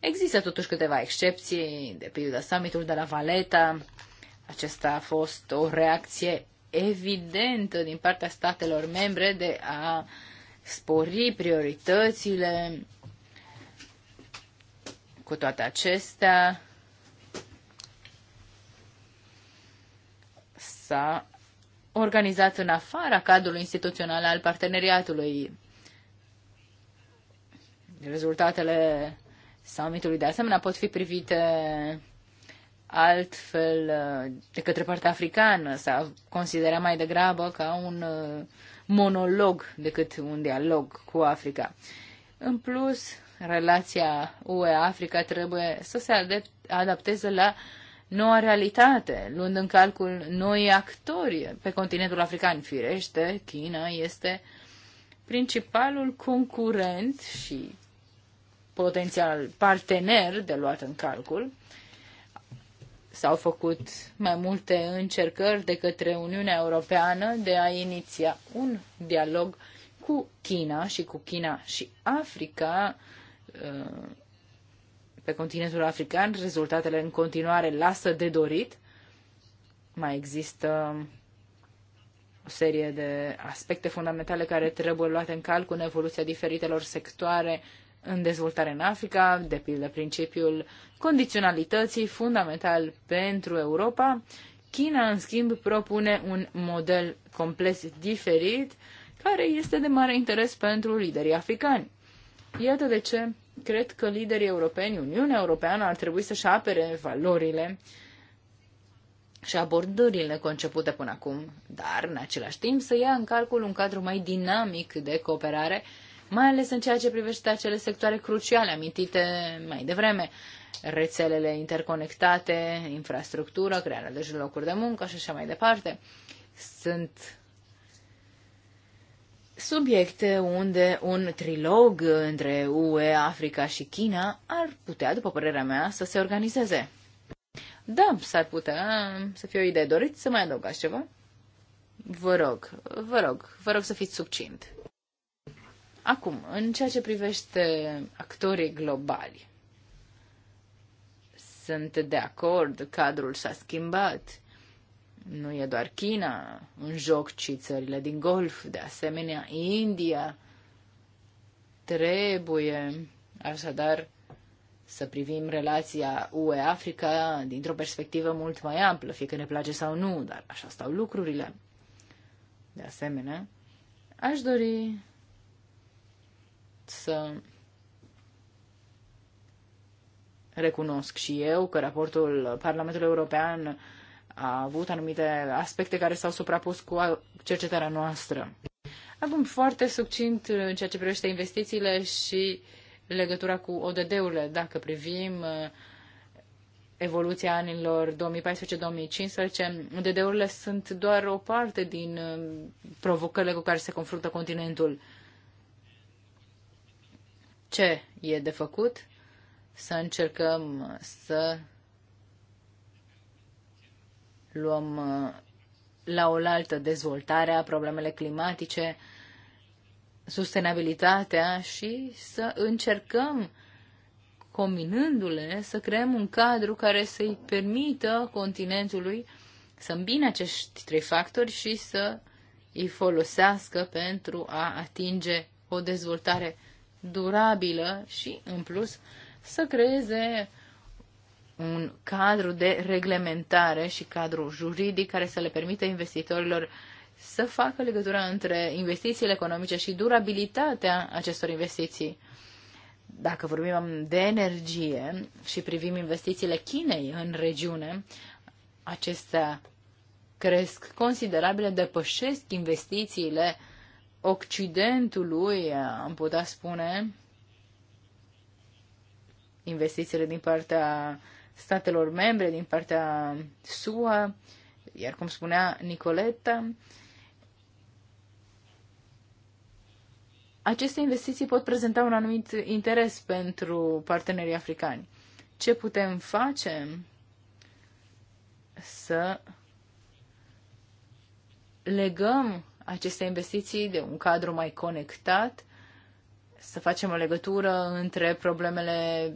B: Există totuși câteva excepții, de pildă summitul de la Valeta. Acesta a fost o reacție evidentă din partea statelor membre de a spori prioritățile. Cu toate acestea, sa organizat în afara cadrului instituțional al parteneriatului. Rezultatele summitului de asemenea pot fi privite altfel uh, de către partea africană, s-a considerat mai degrabă ca un uh, monolog decât un dialog cu Africa. În plus, relația UE-Africa trebuie să se adapteze la uh, noua realitate, luând în calcul noi actori pe continentul african. Firește, China este principalul concurent și potențial partener de luat în calcul. S-au făcut mai multe încercări de către Uniunea Europeană de a iniția un dialog cu China și cu China și Africa uh, pe continentul african, rezultatele în continuare lasă de dorit. Mai există o serie de aspecte fundamentale care trebuie luate în calcul în evoluția diferitelor sectoare în dezvoltare în Africa, de pildă principiul condiționalității fundamental pentru Europa. China, în schimb, propune un model complet diferit, care este de mare interes pentru liderii africani. Iată de ce Cred că liderii europeni, Uniunea Europeană, ar trebui să-și apere valorile și abordările concepute până acum, dar în același timp să ia în calcul un cadru mai dinamic de cooperare, mai ales în ceea ce privește acele sectoare cruciale amintite mai devreme, rețelele interconectate, infrastructură, crearea de locuri de muncă și așa mai departe. Sunt subiecte unde un trilog între UE, Africa și China ar putea, după părerea mea, să se organizeze. Da, s-ar putea um, să fie o idee. Doriți să mai adăugați ceva? Vă rog, vă rog, vă rog să fiți subcint. Acum, în ceea ce privește actorii globali, sunt de acord, cadrul s-a schimbat, nu e doar China în joc, ci țările din Golf, de asemenea India. Trebuie, așadar, să privim relația UE-Africa dintr-o perspectivă mult mai amplă, fie că ne place sau nu, dar așa stau lucrurile. De asemenea, aș dori să recunosc și eu că raportul Parlamentului European a avut anumite aspecte care s-au suprapus cu cercetarea noastră. Acum, foarte succint în ceea ce privește investițiile și legătura cu ODD-urile, dacă privim uh, evoluția anilor 2014-2015, ODD-urile sunt doar o parte din uh, provocările cu care se confruntă continentul. Ce e de făcut? Să încercăm să luăm uh, la oaltă dezvoltarea, problemele climatice, sustenabilitatea și să încercăm, combinându-le, să creăm un cadru care să-i permită continentului să îmbine acești trei factori și să îi folosească pentru a atinge o dezvoltare durabilă și, în plus, să creeze un cadru de reglementare și cadru juridic care să le permită investitorilor să facă legătura între investițiile economice și durabilitatea acestor investiții. Dacă vorbim de energie și privim investițiile Chinei în regiune, acestea cresc considerabil, depășesc investițiile Occidentului, am putea spune, investițiile din partea statelor membre din partea SUA, iar cum spunea Nicoleta, aceste investiții pot prezenta un anumit interes pentru partenerii africani. Ce putem face să legăm aceste investiții de un cadru mai conectat să facem o legătură între problemele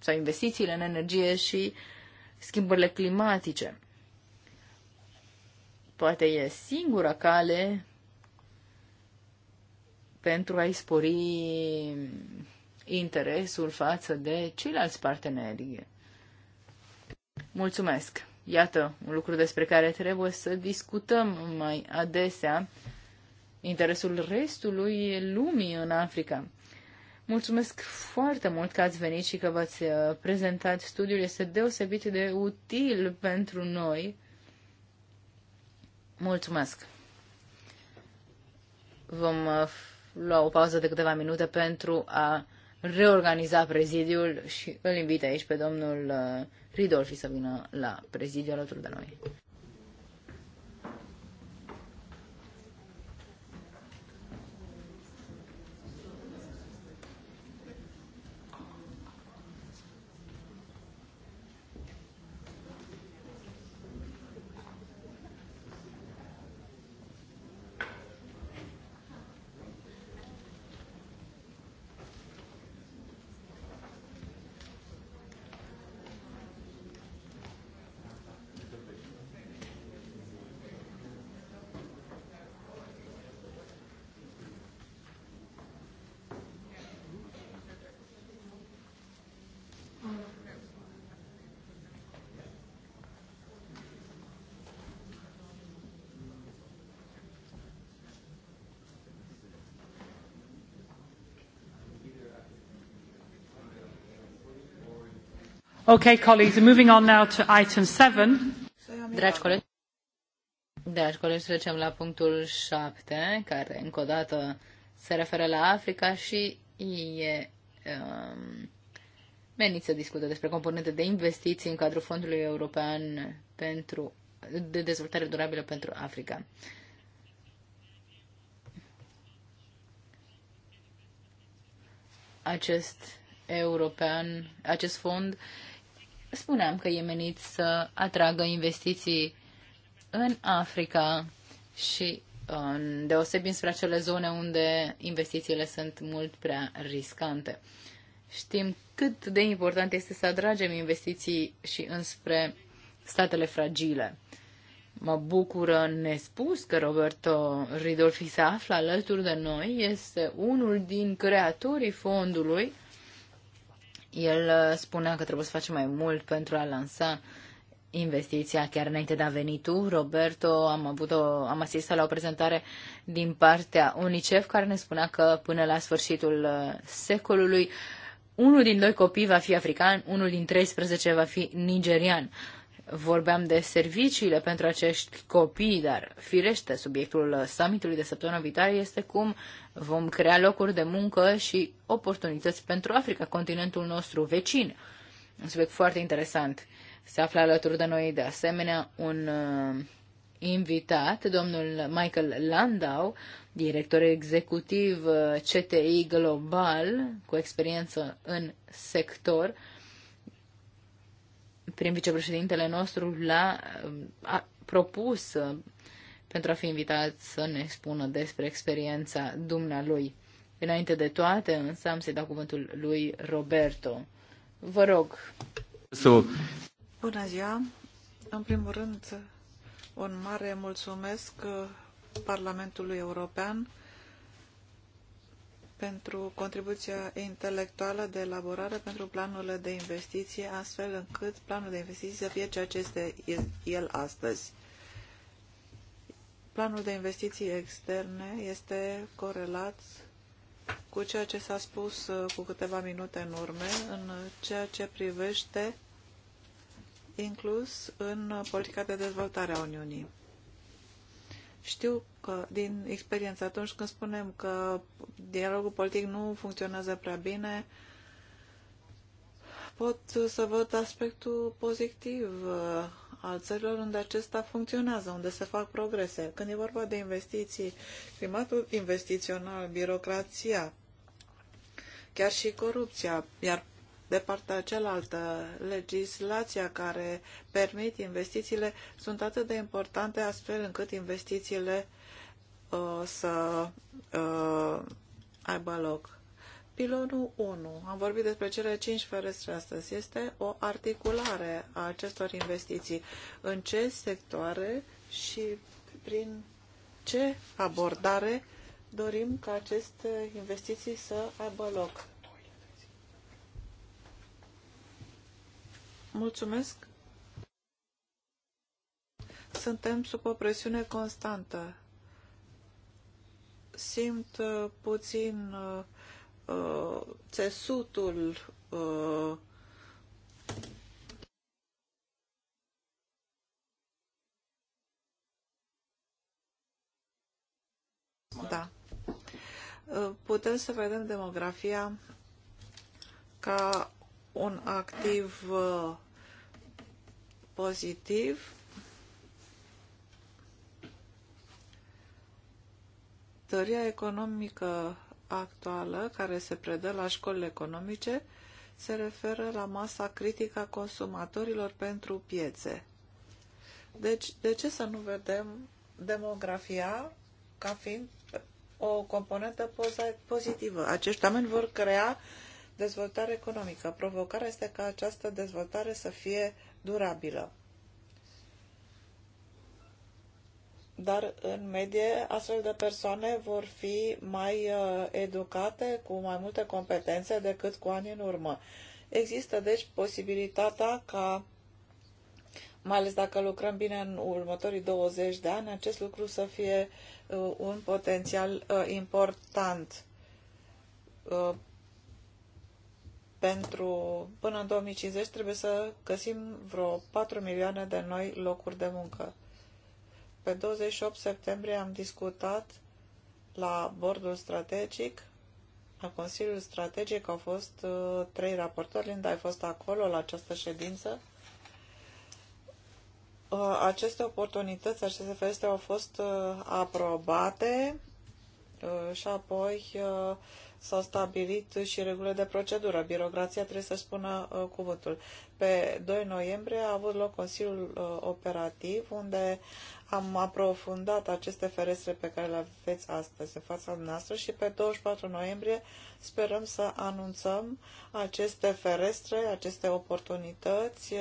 B: sau investițiile în energie și schimbările climatice. Poate e singura cale pentru a-i spori interesul față de ceilalți parteneri. Mulțumesc! Iată un lucru despre care trebuie să discutăm mai adesea interesul restului lumii în Africa. Mulțumesc foarte mult că ați venit și că v-ați uh, prezentat studiul. Este deosebit de util pentru noi. Mulțumesc! Vom uh, lua o pauză de câteva minute pentru a reorganiza prezidiul și îl invit aici pe domnul uh, Ridolfi să vină la prezidiu alături de noi.
D: Okay, colleagues, moving on now to item seven. Dragi
B: colegi, dragi colegi, trecem la punctul 7, care încă o dată se referă la Africa și e um, menit să discută despre componente de investiții în cadrul Fondului European pentru, de dezvoltare durabilă pentru Africa. Acest european, acest fond spuneam că e menit să atragă investiții în Africa și în deosebi spre acele zone unde investițiile sunt mult prea riscante. Știm cât de important este să atragem investiții și înspre statele fragile. Mă bucură nespus că Roberto Ridolfi se află alături de noi, este unul din creatorii fondului el uh, spunea că trebuie să facem mai mult pentru a lansa investiția chiar înainte de a veni tu, Roberto, am, avut o, am asistat la o prezentare din partea UNICEF care ne spunea că până la sfârșitul uh, secolului unul din doi copii va fi african, unul din 13 va fi nigerian vorbeam de serviciile pentru acești copii, dar firește, subiectul summitului de săptămâna viitoare este cum vom crea locuri de muncă și oportunități pentru Africa, continentul nostru vecin. Un subiect foarte interesant. Se află alături de noi, de asemenea, un uh, invitat, domnul Michael Landau, director executiv uh, CTI Global, cu experiență în sector, prim vicepreședintele nostru l-a um, propus uh, pentru a fi invitat să ne spună despre experiența dumnealui. Înainte de toate, însă, am să-i dau cuvântul lui Roberto. Vă rog. So. Bună
C: ziua! În primul rând, un mare mulțumesc uh, Parlamentului European pentru contribuția intelectuală de elaborare pentru planurile de investiție, astfel încât planul de investiție să fie ceea ce este el astăzi. Planul de investiții externe este corelat cu ceea ce s-a spus uh, cu câteva minute în urmă, în ceea ce privește inclus în politica de dezvoltare a Uniunii. Știu că din experiență atunci când spunem că dialogul politic nu funcționează prea bine, pot să văd aspectul pozitiv uh, al țărilor unde acesta funcționează, unde se fac progrese. Când e vorba de investiții, climatul investițional, birocrația, chiar și corupția, iar de partea cealaltă, legislația care permit investițiile sunt atât de importante astfel încât investițiile uh, să uh, aibă loc. Pilonul 1. Am vorbit despre cele 5 ferestre astăzi. Este o articulare a acestor investiții. În ce sectoare și prin ce abordare dorim ca aceste investiții să aibă loc. Mulțumesc. Suntem sub o presiune constantă. Simt uh, puțin uh, uh țesutul uh, Da. Uh, putem să vedem demografia ca un activ uh, pozitiv Teoria economică actuală, care se predă la școlile economice, se referă la masa critică a consumatorilor pentru piețe. Deci, de ce să nu vedem demografia ca fiind o componentă pozitivă? Acești oameni vor crea uh, Dezvoltare economică. Provocarea este ca această dezvoltare să fie durabilă. Dar, în medie, astfel de persoane vor fi mai uh, educate, cu mai multe competențe decât cu ani în urmă. Există, deci, posibilitatea ca mai ales dacă lucrăm bine în următorii 20 de ani, acest lucru să fie uh, un potențial uh, important. Uh, pentru până în 2050 trebuie să găsim vreo 4 milioane de noi locuri de muncă. Pe 28 septembrie am discutat la bordul strategic, la Consiliul Strategic au fost uh, trei raportori. Linda, ai fost acolo la această ședință. Uh, aceste oportunități, aceste feste au fost uh, aprobate și apoi S-au stabilit și regulile de procedură. Birocrația trebuie să spună uh, cuvântul. Pe 2 noiembrie a avut loc Consiliul uh, Operativ, unde am aprofundat aceste ferestre pe care le aveți astăzi în fața noastră și pe 24 noiembrie sperăm să anunțăm aceste ferestre, aceste oportunități uh,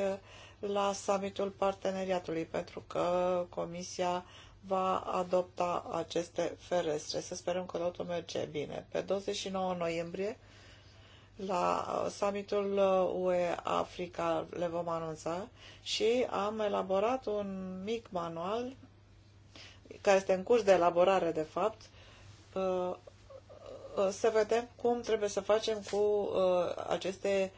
C: la summitul parteneriatului, pentru că Comisia va adopta aceste ferestre. Să sperăm că totul merge bine. Pe 29 noiembrie, la uh, summitul UE uh, Africa le vom anunța și am elaborat un mic manual care este în curs de elaborare, de fapt, uh, să vedem cum trebuie să facem cu aceste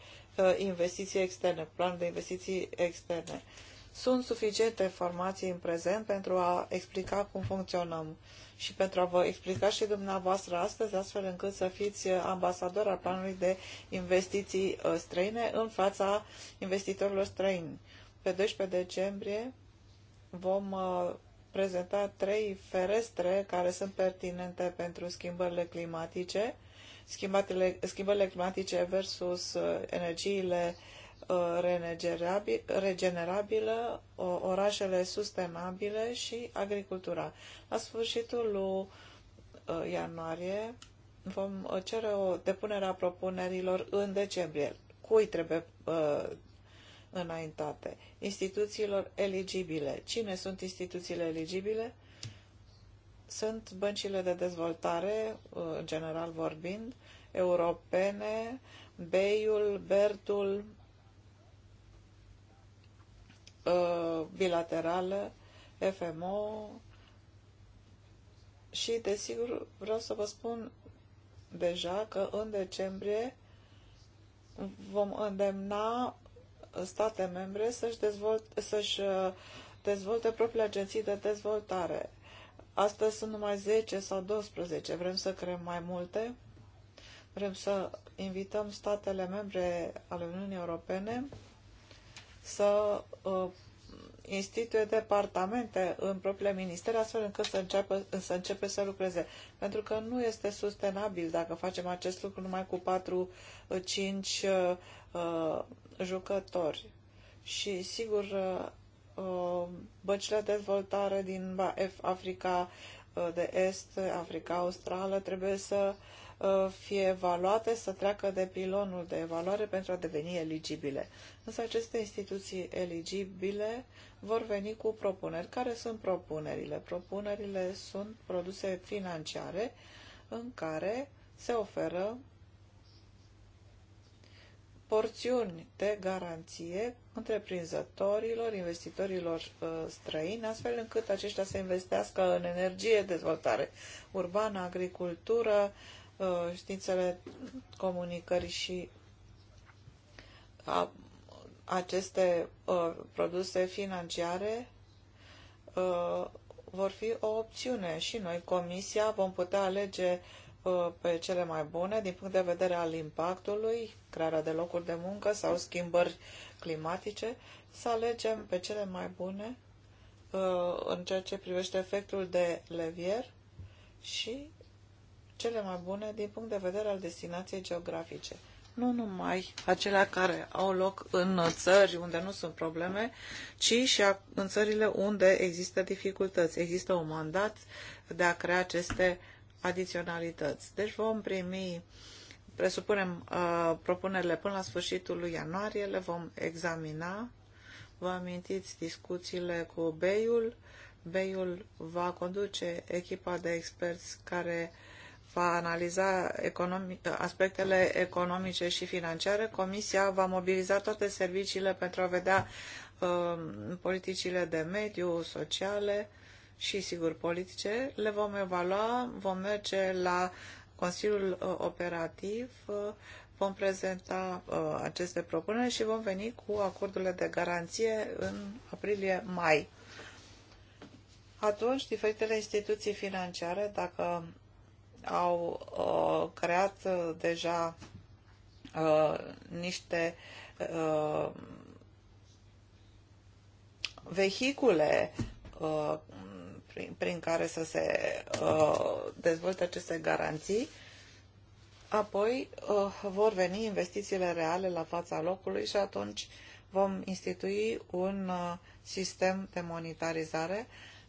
C: investiții externe, plan de investiții externe. Sunt suficiente informații în prezent pentru a explica cum funcționăm și pentru a vă explica și dumneavoastră astăzi, astfel încât să fiți ambasador al planului de investiții uh, străine în fața investitorilor străini. Pe 12 decembrie vom uh, prezenta trei ferestre care sunt pertinente pentru schimbările climatice, schimbările climatice versus uh, energiile regenerabilă, orașele sustenabile și agricultura. La sfârșitul lui uh, ianuarie vom uh, cere o depunere a propunerilor în decembrie. Cui trebuie uh, înaintate? Instituțiilor eligibile. Cine sunt instituțiile eligibile? Sunt băncile de dezvoltare, în general vorbind, europene, BEI-ul, BERT-ul, Uh, bilaterală, FMO și, desigur, vreau să vă spun deja că în decembrie vom îndemna state membre să-și, dezvolt, să-și uh, dezvolte propriile agenții de dezvoltare. Astăzi sunt numai 10 sau 12, vrem să creăm mai multe, vrem să invităm statele membre ale Uniunii Europene să uh, instituie departamente în propriile ministere, astfel încât să, înceapă, să începe să lucreze. Pentru că nu este sustenabil dacă facem acest lucru numai cu 4-5 uh, uh, uh, jucători. Și, sigur, uh, uh băcile de dezvoltare din Africa de Est, Africa Australă, trebuie să uh, Uh, fie evaluate, să treacă de pilonul de evaluare pentru a deveni eligibile. Însă aceste instituții eligibile vor veni cu propuneri. Care sunt propunerile? Propunerile sunt produse financiare în care se oferă porțiuni de garanție întreprinzătorilor, investitorilor uh, străini, astfel încât aceștia să investească în energie, dezvoltare urbană, agricultură, Uh, științele comunicării și a, aceste uh, produse financiare uh, vor fi o opțiune și noi, Comisia, vom putea alege uh, pe cele mai bune din punct de vedere al impactului, crearea de locuri de muncă sau schimbări climatice, să alegem pe cele mai bune uh, în ceea ce privește efectul de levier și cele mai bune din punct de vedere al destinației geografice. Nu numai acelea care au loc în țări unde nu sunt probleme, ci și în țările unde există dificultăți. Există un mandat de a crea aceste adiționalități. Deci vom primi, presupunem, uh, propunerile până la sfârșitul lui ianuarie, le vom examina. Vă amintiți discuțiile cu Beiul? Beiul va conduce echipa de experți care uh, va analiza aspectele economice și financiare, Comisia va mobiliza toate serviciile pentru a vedea uh, politicile de mediu, sociale și, sigur, politice. Le vom evalua, vom merge la Consiliul uh, Operativ, uh, vom prezenta uh, aceste propuneri și vom veni cu acordurile de garanție în aprilie-mai. Atunci, diferitele instituții financiare, dacă au uh, creat uh, deja uh, niște uh, vehicule uh, prin, prin care să se uh, dezvolte aceste garanții, apoi uh, vor veni investițiile reale la fața locului și atunci vom institui un uh, sistem de monitorizare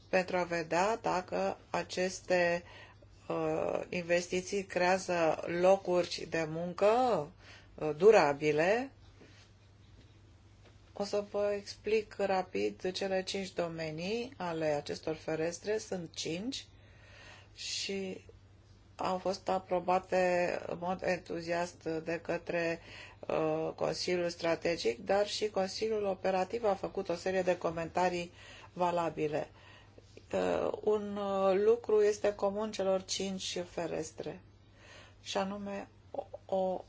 C: pentru a vedea dacă aceste uh, Uh, investiții creează locuri de muncă uh, durabile. O să vă explic rapid cele cinci domenii ale acestor ferestre. Sunt cinci și au fost aprobate în mod entuziast de către uh, Consiliul Strategic, dar și Consiliul Operativ a făcut o serie de comentarii valabile. Uh, un uh, lucru este comun celor cinci ferestre, și anume o,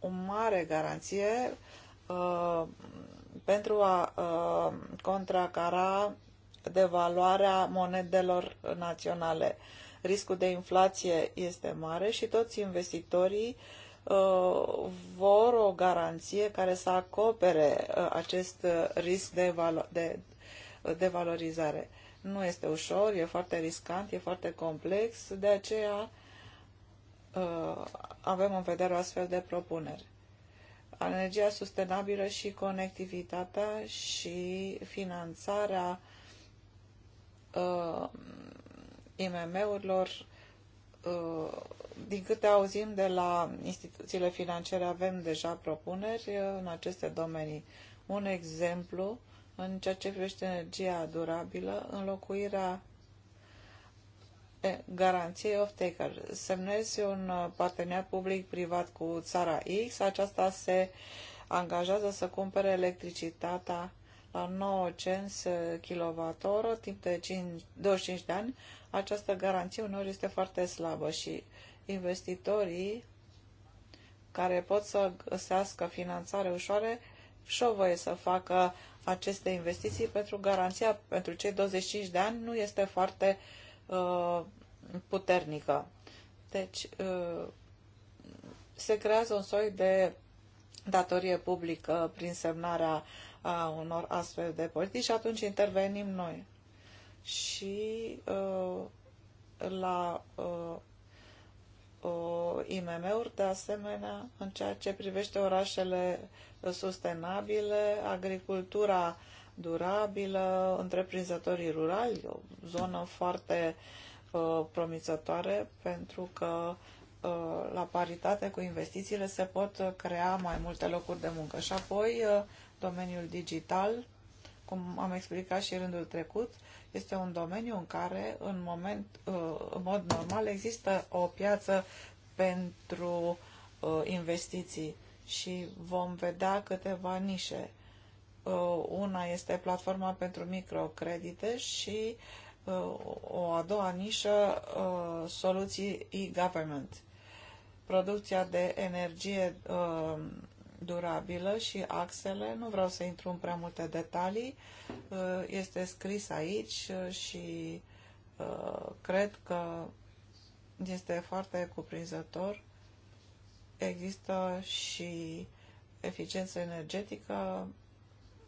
C: o mare garanție uh, pentru a uh, contracara devaluarea monedelor naționale. Riscul de inflație este mare și toți investitorii uh, vor o garanție care să acopere acest risc de, de devalorizare. Nu este ușor, e foarte riscant, e foarte complex, de aceea uh, avem în vedere o astfel de propuneri. Energia sustenabilă și conectivitatea și finanțarea uh, IMM-urilor, uh, din câte auzim de la instituțiile financiare, avem deja propuneri uh, în aceste domenii. Un exemplu în ceea ce privește energia durabilă, înlocuirea garanției off-taker. Semnezi un uh, parteneriat public-privat cu țara X, aceasta se angajează să cumpere electricitatea la 9 cents kWh uh, timp de 5, 25 de ani, această garanție uneori este foarte slabă și investitorii care pot să găsească finanțare ușoare și o voie să facă aceste investiții pentru garanția pentru cei 25 de ani nu este foarte uh, puternică. Deci uh, se creează un soi de datorie publică prin semnarea a unor astfel de politici și atunci intervenim noi. Și uh, la Uh, IMM-uri, de asemenea, în ceea ce privește orașele sustenabile, agricultura durabilă, întreprinzătorii rurali, o zonă foarte uh, promițătoare pentru că uh, la paritate cu investițiile se pot crea mai multe locuri de muncă. Și apoi uh, domeniul digital, cum am explicat și rândul trecut, uh, este un domeniu în care, în, moment, uh, în mod normal, există o piață pentru uh, investiții și vom vedea câteva nișe. Uh, una este platforma pentru microcredite și o a doua nișă, soluții e-government. Producția de energie durabilă și axele. Nu vreau să intru în prea multe detalii. Uh, este scris aici și uh, cred că este foarte cuprinzător. Există și eficiență energetică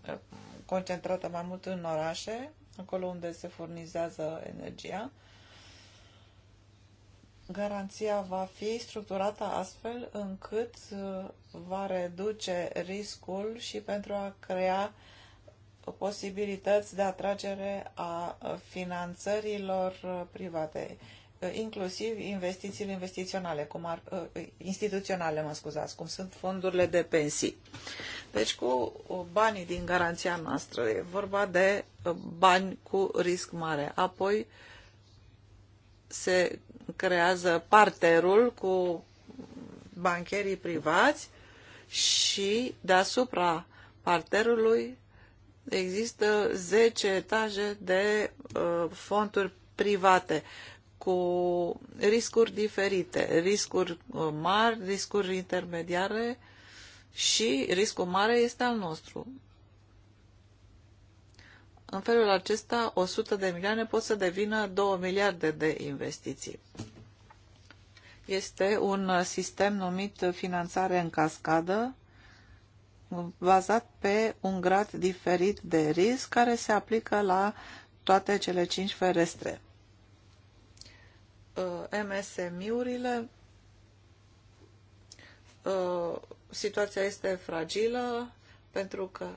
C: uh, concentrată mai mult în orașe, acolo unde se furnizează energia Garanția va fi structurată astfel încât uh, va reduce riscul și pentru a crea posibilități de atragere a finanțărilor uh, private, uh, inclusiv investițiile investiționale, cum ar, instituționale, mă scuzați, cum sunt fondurile de pensii. Deci cu banii din garanția noastră e vorba de bani cu risc mare. Apoi se creează parterul cu bancherii privați și deasupra parterului există 10 etaje de uh, fonduri private cu riscuri diferite, riscuri uh, mari, riscuri intermediare și riscul mare este al nostru. În felul acesta, 100 de milioane pot să devină 2 miliarde de investiții. Este un sistem numit finanțare în cascadă, bazat pe un grad diferit de risc care se aplică la toate cele cinci ferestre. Uh, MSM-urile, uh, situația este fragilă pentru că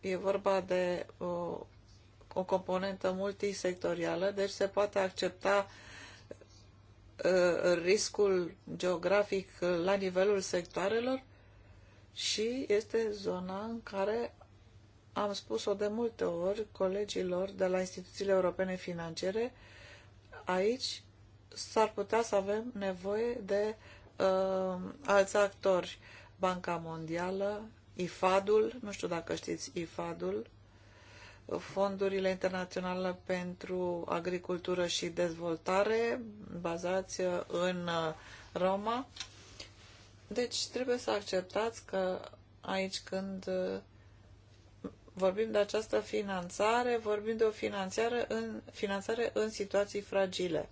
C: e vorba de uh, o componentă multisectorială, deci se poate accepta uh, riscul geografic la nivelul sectoarelor și este zona în care am spus-o de multe ori colegilor de la instituțiile europene financiare, aici s-ar putea să avem nevoie de uh, alți actori. Banca Mondială, IFAD-ul, nu știu dacă știți IFAD-ul, fondurile internaționale pentru agricultură și dezvoltare bazați în Roma. Deci trebuie să acceptați că aici când vorbim de această finanțare, vorbim de o finanțare în, finanțare în situații fragile.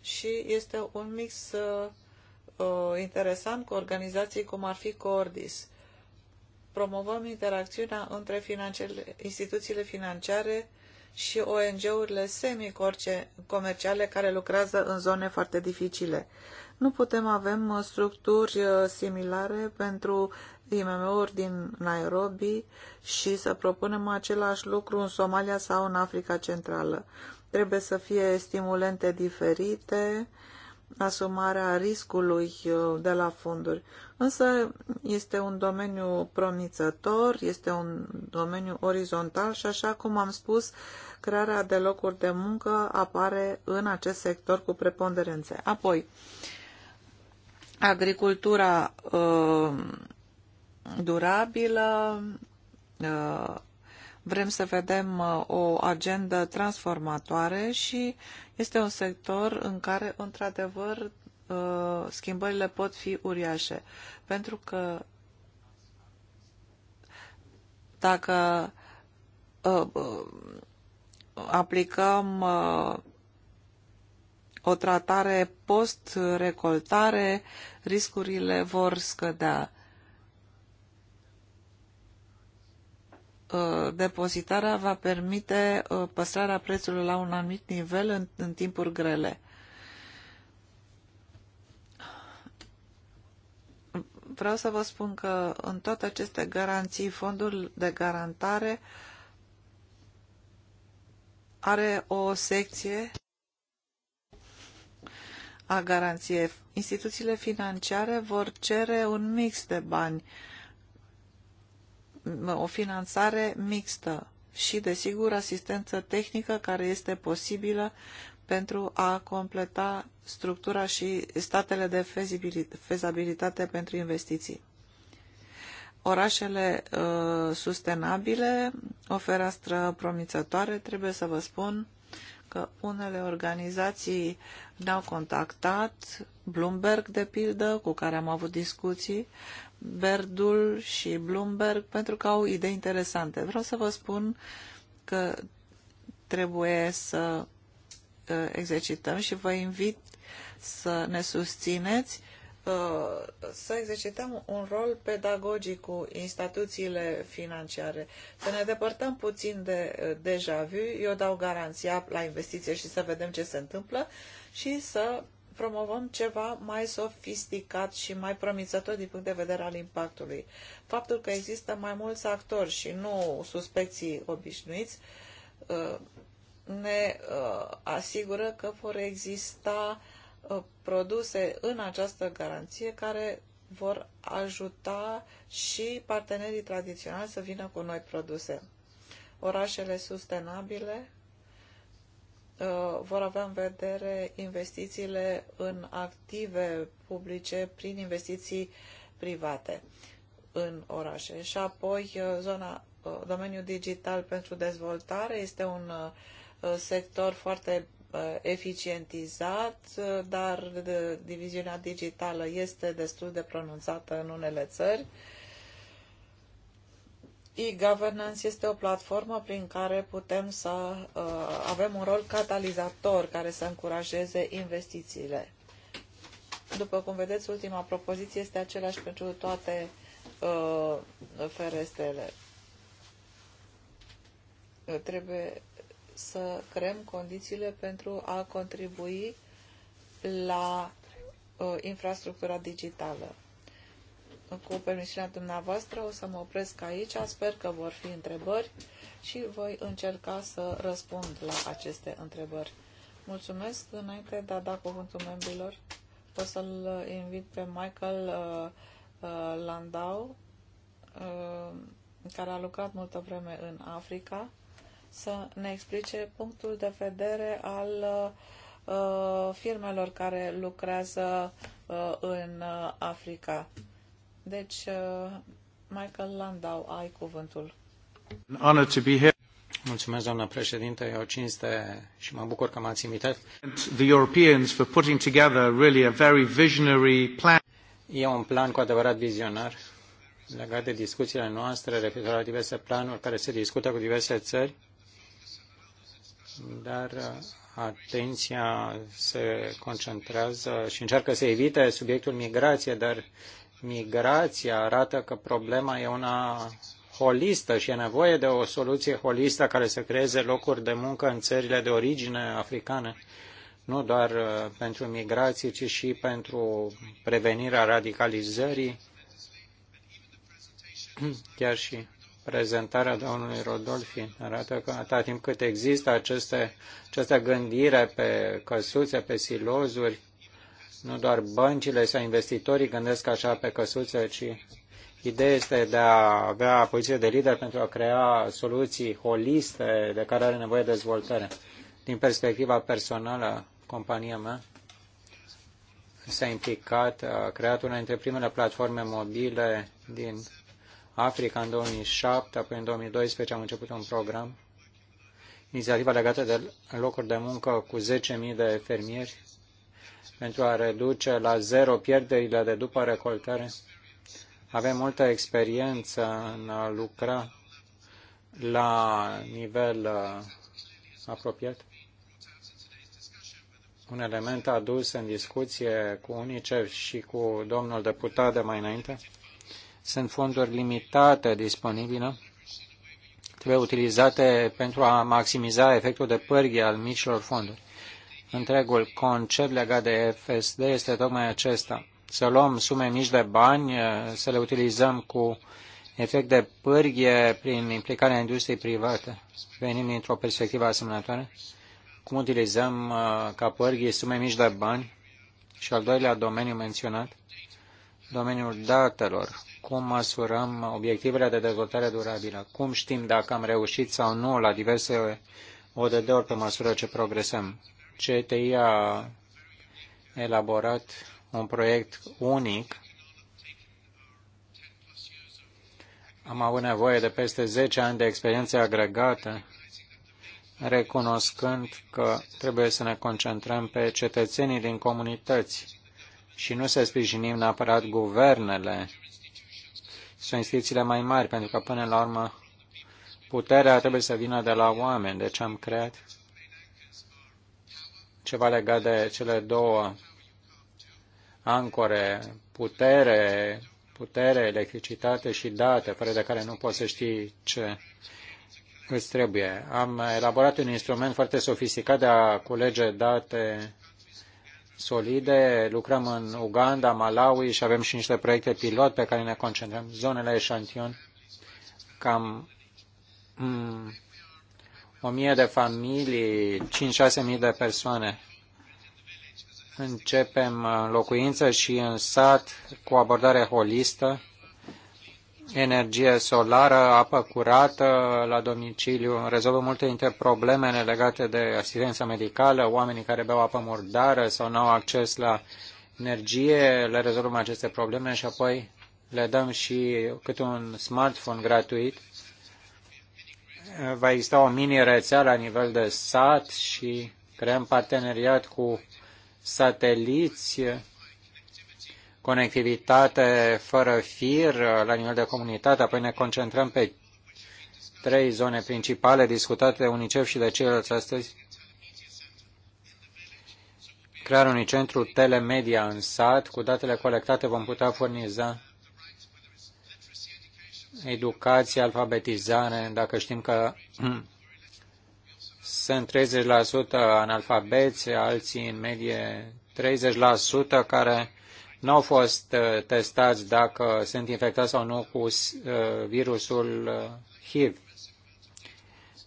C: Și este un mix uh, interesant cu organizații cum ar fi Cordis. Uh, promovăm interacțiunea între instituțiile financiare și ONG-urile semi-comerciale care lucrează în zone foarte dificile. Nu putem avem uh, structuri uh, similare pentru IMM-uri din Nairobi și să propunem același lucru în Somalia sau în Africa Centrală. Trebuie să fie stimulente diferite, asumarea riscului uh, de la fonduri. Însă este un domeniu promițător, este un domeniu orizontal și așa cum am spus, crearea de locuri de muncă apare în acest sector cu preponderențe. Apoi, agricultura uh, durabilă, uh, Vrem să vedem uh, o agendă transformatoare și este un sector în care, într-adevăr, uh, schimbările pot fi uriașe. Pentru că dacă uh, aplicăm o tratare post-recoltare, riscurile vor scădea. Uh, depozitarea va permite uh, păstrarea prețului la un anumit nivel în, în timpuri grele. Vreau să vă spun că în toate aceste garanții, fondul de garantare are o secție a garanției. Instituțiile financiare vor cere un mix de bani uh, o finanțare mixtă și, desigur, asistență tehnică care este posibilă pentru a completa structura și statele de fezabilitate pentru investiții. Orașele uh, sustenabile, o fereastră promițătoare, trebuie să vă spun că unele organizații ne-au contactat, Bloomberg, de pildă, cu care am avut discuții, Berdul și Bloomberg pentru că au idei interesante. Vreau să vă spun că trebuie să uh, exercităm și vă invit să ne susțineți uh, să exercităm un rol pedagogic cu instituțiile financiare, să ne depărtăm puțin de uh, deja vu, eu dau garanția la investiție și să vedem ce se întâmplă și să promovăm ceva mai sofisticat și mai promițător din punct de vedere al impactului. Faptul că există mai mulți actori și nu suspecții obișnuiți uh, ne uh, asigură că vor exista uh, produse în această garanție care vor ajuta și partenerii tradiționali să vină cu noi produse. Orașele sustenabile Uh, vor avea în vedere investițiile în active publice prin investiții private în orașe. Și apoi uh, zona, uh, domeniul digital pentru dezvoltare este un sector foarte eficientizat, dar diviziunea digitală este destul de pronunțată în unele țări e-governance este o platformă prin care putem să uh, avem un rol catalizator care să încurajeze investițiile. După cum vedeți, ultima propoziție este aceeași pentru toate uh, ferestrele. Uh, trebuie să creăm condițiile pentru a contribui la uh, infrastructura digitală cu permisiunea dumneavoastră, o să mă opresc aici. Sper că vor fi întrebări și voi încerca să răspund la aceste întrebări. Mulțumesc. Înainte de a da cuvântul membrilor, o să-l invit pe Michael uh, uh, Landau, uh, care a lucrat multă vreme în Africa, să ne explice punctul de vedere al uh, firmelor care lucrează uh, în Africa. Deci, uh, Michael Landau, ai cuvântul.
A: Honor to be here. Mulțumesc, doamna președinte. E o cinste și mă bucur că m-ați invitat. The Europeans for putting together really a very visionary plan. E un plan cu adevărat vizionar legat de discuțiile noastre referitor la diverse planuri care se discută cu diverse țări, dar uh, atenția se concentrează și încearcă să evite subiectul migrație, dar migrația arată că problema e una holistă și e nevoie de o soluție holistă care să creeze locuri de muncă în țările de origine africane, nu doar uh, pentru migrație, ci și pentru prevenirea radicalizării. <clears throat> Chiar și prezentarea domnului Rodolfi arată că atâta timp cât există aceste, această gândire pe căsuțe, pe silozuri, nu doar băncile sau investitorii gândesc așa pe căsuță, ci ideea este de a avea poziție de lider pentru a crea soluții holiste de care are nevoie de dezvoltare. Din perspectiva personală, compania mea s-a implicat, a creat una dintre primele platforme mobile din Africa în 2007, apoi în 2012 am început un program, inițiativa legată de locuri de muncă cu 10.000 de fermieri pentru a reduce la zero pierderile de după recoltare. Avem multă experiență în a lucra la nivel uh, apropiat. Un element adus în discuție cu UNICEF și cu domnul deputat de mai înainte sunt fonduri limitate disponibile trebuie utilizate pentru a maximiza efectul de pârghie al micilor fonduri întregul concept legat de FSD este tocmai acesta. Să luăm sume mici de bani, să le utilizăm cu efect de pârghie prin implicarea industriei private. Venim dintr-o perspectivă asemănătoare. Cum utilizăm uh, ca pârghie sume mici de bani? Și al doilea domeniu menționat, domeniul datelor. Cum măsurăm obiectivele de dezvoltare durabilă? Cum știm dacă am reușit sau nu la diverse ODD-uri pe măsură ce progresăm? CTI a elaborat un proiect unic. Am avut nevoie de peste 10 ani de experiență agregată, recunoscând că trebuie să ne concentrăm pe cetățenii din comunități și nu să sprijinim neapărat guvernele sau instituțiile mai mari, pentru că până la urmă puterea trebuie să vină de la oameni. Deci am creat ceva legat de cele două ancore, putere, putere, electricitate și date, fără de care nu poți să știi ce îți trebuie. Am elaborat un instrument foarte sofisticat de a culege date solide. Lucrăm în Uganda, Malawi și avem și niște proiecte pilot pe care ne concentrăm. Zonele eșantion, cam mm, o mie de familii, 5 mii de persoane. Începem în locuință și în sat cu abordare holistă, energie solară, apă curată la domiciliu, rezolvă multe dintre problemele legate de asistența medicală, oamenii care beau apă murdară sau nu au acces la energie, le rezolvăm aceste probleme și apoi le dăm și câte un smartphone gratuit va exista o mini-rețea la nivel de sat și creăm parteneriat cu sateliți, conectivitate fără fir la nivel de comunitate, apoi ne concentrăm pe trei zone principale discutate de UNICEF și de ceilalți astăzi. Crearea unui centru telemedia în sat, cu datele colectate vom putea furniza educație, alfabetizare, dacă știm că <clears throat> sunt 30% analfabeți, alții în medie 30% care nu au fost uh, testați dacă sunt infectați sau nu cu uh, virusul HIV. Uh,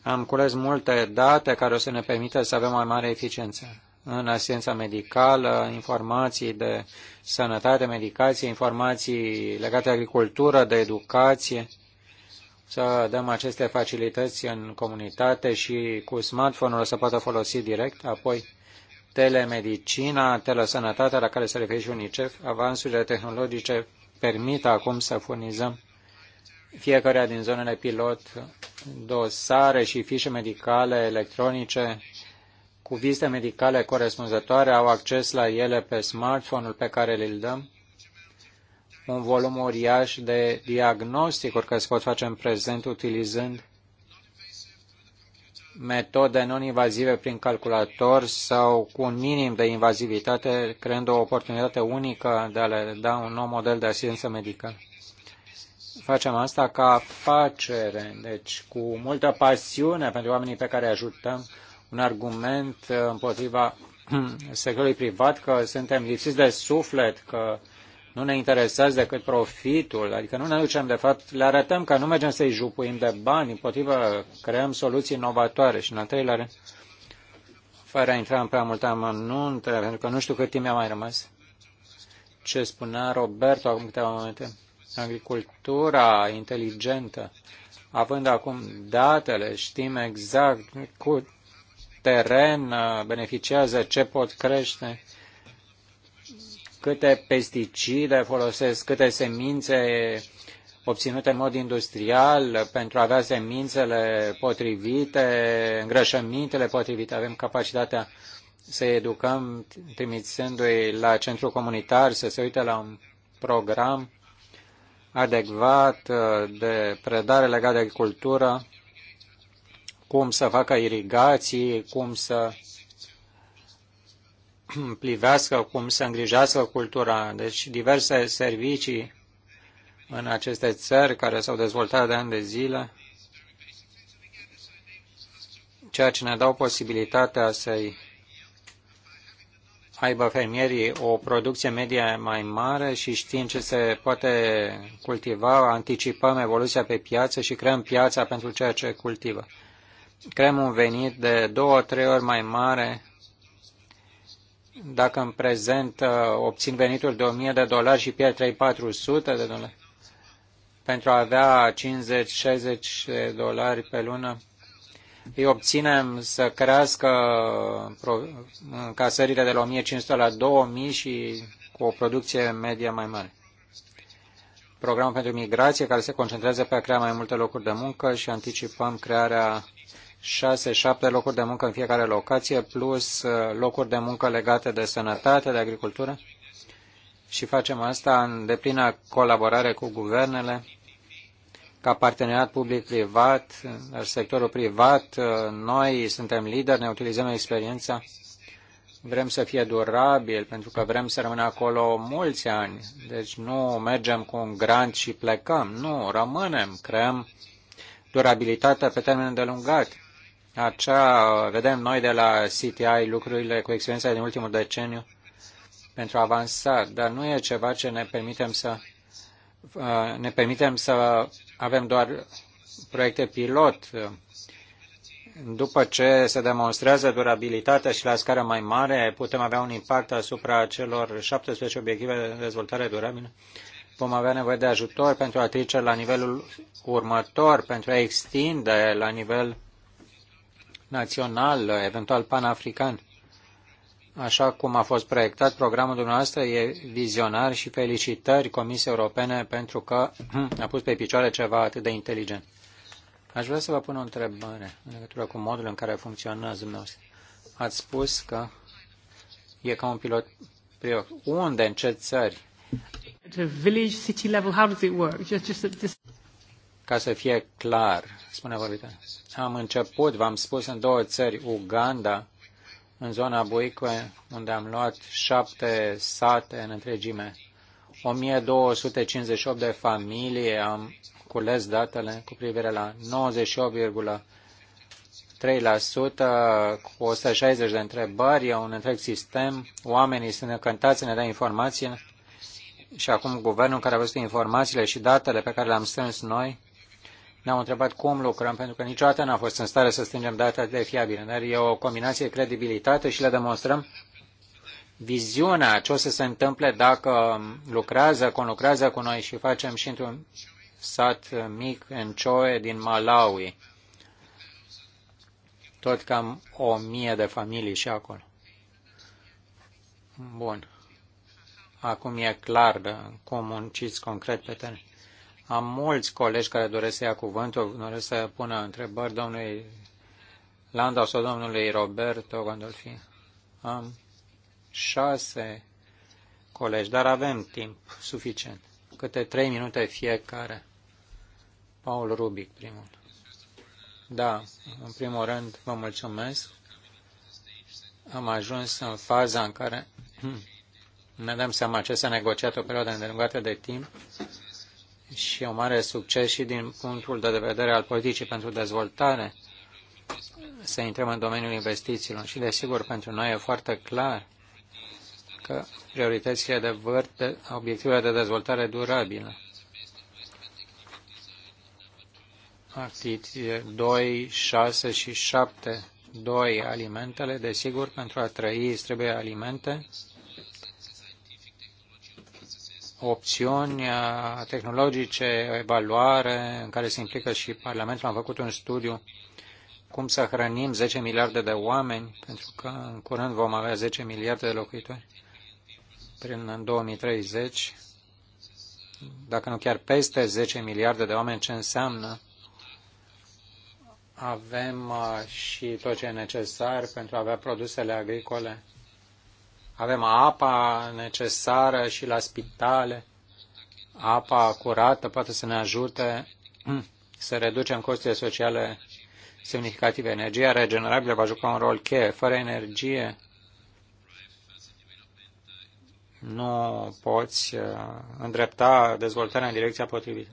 A: Am cules multe date care o să ne permită să avem mai mare eficiență în asistența medicală, informații de sănătate, medicație, informații legate de agricultură, de educație, să dăm aceste facilități în comunitate și cu smartphone-ul să poată folosi direct, apoi telemedicina, telesănătatea la care se referă și UNICEF, avansurile tehnologice permit acum să furnizăm fiecare din zonele pilot dosare și fișe medicale electronice cu vizite medicale corespunzătoare au acces la ele pe smartphone-ul pe care le le-l dăm, un volum uriaș de diagnosticuri care se pot face în prezent utilizând metode non-invazive prin calculator sau cu un minim de invazivitate, creând o oportunitate unică de a le da un nou model de asistență medicală. Facem asta ca afacere, deci cu multă pasiune pentru oamenii pe care ajutăm, un argument uh, împotriva <clears throat> sectorului privat că suntem lipsiți de suflet, că nu ne interesează decât profitul, adică nu ne ducem de fapt, le arătăm că nu mergem să-i jupuim de bani, împotriva creăm soluții inovatoare și în al treilea rând, fără a intra în prea multe amănunte, pentru că nu știu cât timp mi-a mai rămas, ce spunea Roberto acum câteva momente, agricultura inteligentă, având acum datele, știm exact cu teren uh, beneficiază, ce pot crește, câte pesticide folosesc, câte semințe obținute în mod industrial pentru a avea semințele potrivite, îngrășămintele potrivite. Avem capacitatea să educăm trimițându-i la centru comunitar, să se uite la un program adecvat uh, de predare legată de agricultură cum să facă irigații, cum să <clears throat> plivească, cum să îngrijească cultura. Deci diverse servicii în aceste țări care s-au dezvoltat de ani de zile, ceea ce ne dau posibilitatea să-i aibă fermierii o producție medie mai mare și știm ce se poate cultiva, anticipăm evoluția pe piață și creăm piața pentru ceea ce cultivă creăm un venit de două, trei ori mai mare dacă în prezent uh, obțin venituri de 1000 de dolari și pierd 400 de dolari pentru a avea 50-60 de dolari pe lună, îi obținem să crească uh, uh, încasările de la 1500 la 2000 și cu o producție medie mai mare. Programul pentru migrație care se concentrează pe a crea mai multe locuri de muncă și anticipăm crearea 6-7 locuri de muncă în fiecare locație, plus uh, locuri de muncă legate de sănătate, de agricultură. Și facem asta în deplină colaborare cu guvernele, ca parteneriat public-privat, sectorul privat, uh, noi suntem lideri, ne utilizăm experiența, vrem să fie durabil, pentru că vrem să rămânem acolo mulți ani. Deci nu mergem cu un grant și plecăm, nu, rămânem, creăm durabilitatea pe termen îndelungat. Acea vedem noi de la CTI lucrurile cu experiența din ultimul deceniu pentru a avansa, dar nu e ceva ce ne permitem să uh, ne permitem să avem doar proiecte pilot. După ce se demonstrează durabilitatea și la scară mai mare, putem avea un impact asupra celor 17 obiective de dezvoltare durabilă. Vom avea nevoie de ajutor pentru a trece la nivelul următor, pentru a extinde la nivel național, eventual panafrican. Așa cum a fost proiectat programul dumneavoastră, e vizionar și felicitări Comisiei Europene pentru că <clears throat> a pus pe picioare ceva atât de inteligent. Aș vrea să vă pun o întrebare în legătură cu modul în care funcționează dumneavoastră. Ați spus că e ca un pilot prior. Unde, în ce țări?
D: village, city level, how does it work? Just, just, just...
A: Ca să fie clar, spune vorbitorul. Am început, v-am spus, în două țări, Uganda, în zona Buicue, unde am luat șapte sate în întregime. 1258 de familii am cules datele cu privire la 98,3% cu 160 de întrebări, e un întreg sistem, oamenii sunt încântați, ne dă informații și acum guvernul care a văzut informațiile și datele pe care le-am strâns noi ne-au întrebat cum lucrăm, pentru că niciodată n-am fost în stare să strângem date de fiabile. Dar e o combinație de credibilitate și le demonstrăm viziunea ce o să se întâmple dacă lucrează, conlucrează cu noi și facem și într-un sat mic în Choe din Malawi. Tot cam o mie de familii și acolo. Bun. Acum e clar de cum munciți concret pe teren. Am mulți colegi care doresc să ia cuvântul, doresc să pună întrebări domnului Landau sau domnului Roberto Gandolfi. Am șase colegi, dar avem timp suficient. Câte trei minute fiecare. Paul Rubic, primul. Da, în primul rând vă mulțumesc. Am ajuns în faza în care hmm, ne dăm seama ce s-a negociat o perioadă îndelungată de timp și un mare succes și din punctul de vedere al politicii pentru dezvoltare să intrăm în domeniul investițiilor. Și, desigur, pentru noi e foarte clar că prioritățile de vârf, de obiectivele de dezvoltare durabilă. Actiții 2, 6 și 7. 2. Alimentele, desigur, pentru a trăi trebuie alimente opțiuni uh, tehnologice, o evaluare în care se implică și Parlamentul. Am făcut un studiu cum să hrănim 10 miliarde de oameni, pentru că în curând vom avea 10 miliarde de locuitori prin în 2030, dacă nu chiar peste 10 miliarde de oameni, ce înseamnă avem uh, și tot ce e necesar pentru a avea produsele agricole avem apa necesară și la spitale. Apa curată poate să ne ajute <clears throat> să reducem costurile sociale semnificative. Energia regenerabilă va juca un rol cheie. Fără energie nu poți uh, îndrepta dezvoltarea în direcția potrivită.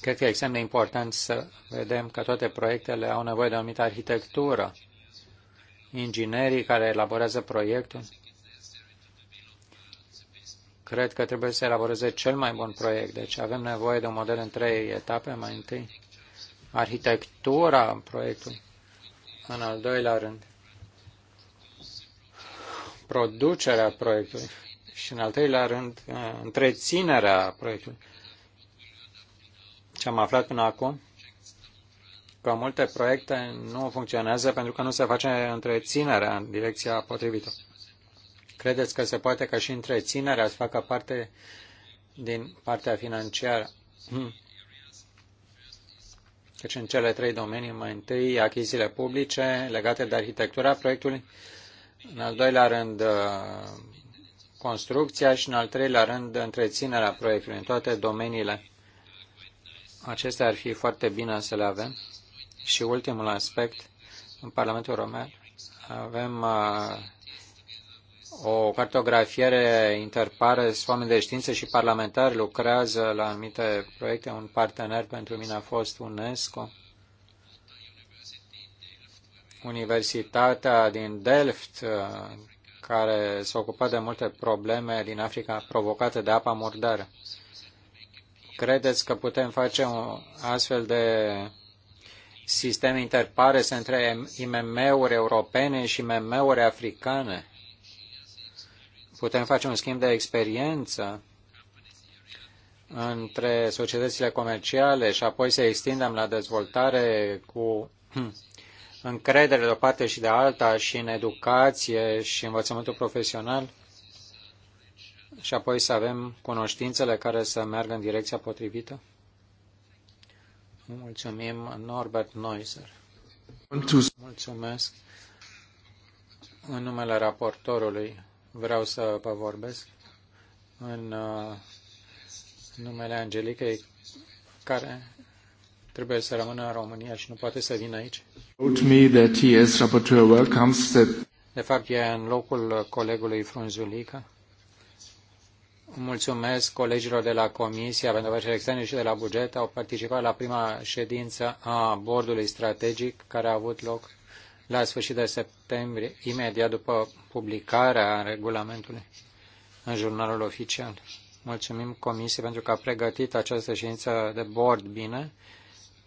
A: Cred că e extrem de important să vedem că toate proiectele au nevoie de o anumită arhitectură inginerii care elaborează proiectul. Cred că trebuie să elaboreze cel mai bun proiect. Deci avem nevoie de un model în trei etape. Mai întâi, arhitectura proiectului. În al doilea rând, producerea proiectului. Și în al treilea rând, eh, întreținerea proiectului. Ce am aflat până acum că multe proiecte nu funcționează pentru că nu se face întreținerea în direcția potrivită. Credeți că se poate ca și întreținerea să facă parte din partea financiară? <clears throat> Deci în cele trei domenii, mai întâi achizițiile publice legate de arhitectura proiectului, în al doilea rând uh, construcția și în al treilea rând întreținerea proiectului în toate domeniile. Acestea ar fi foarte bine să le avem. Și ultimul aspect, în Parlamentul Român avem uh, o cartografiere interpare, oameni de știință și parlamentari lucrează la anumite proiecte. Un partener pentru mine a fost UNESCO. Universitatea din Delft, uh, care s-a ocupat de multe probleme din Africa provocate de apa murdară. Credeți că putem face o astfel de sistem interpares între IMM-uri europene și IMM-uri africane. Putem face un schimb de experiență între societățile comerciale și apoi să extindem la dezvoltare cu <clears throat> încredere de o parte și de alta și în educație și învățământul profesional și apoi să avem cunoștințele care să meargă în direcția potrivită? Mulțumim, Norbert Neuser. Mulțumesc. În numele raportorului vreau să vă vorbesc în uh, numele Angelicei, care trebuie să rămână în România și nu poate să vină aici. De fapt, e în locul colegului Frunzulica Mulțumesc colegilor de la Comisia pentru Afaceri Externe și de la Buget. Au participat la prima ședință a Bordului Strategic care a avut loc la sfârșit de septembrie, imediat după publicarea regulamentului în jurnalul oficial. Mulțumim Comisiei pentru că a pregătit această ședință de bord bine,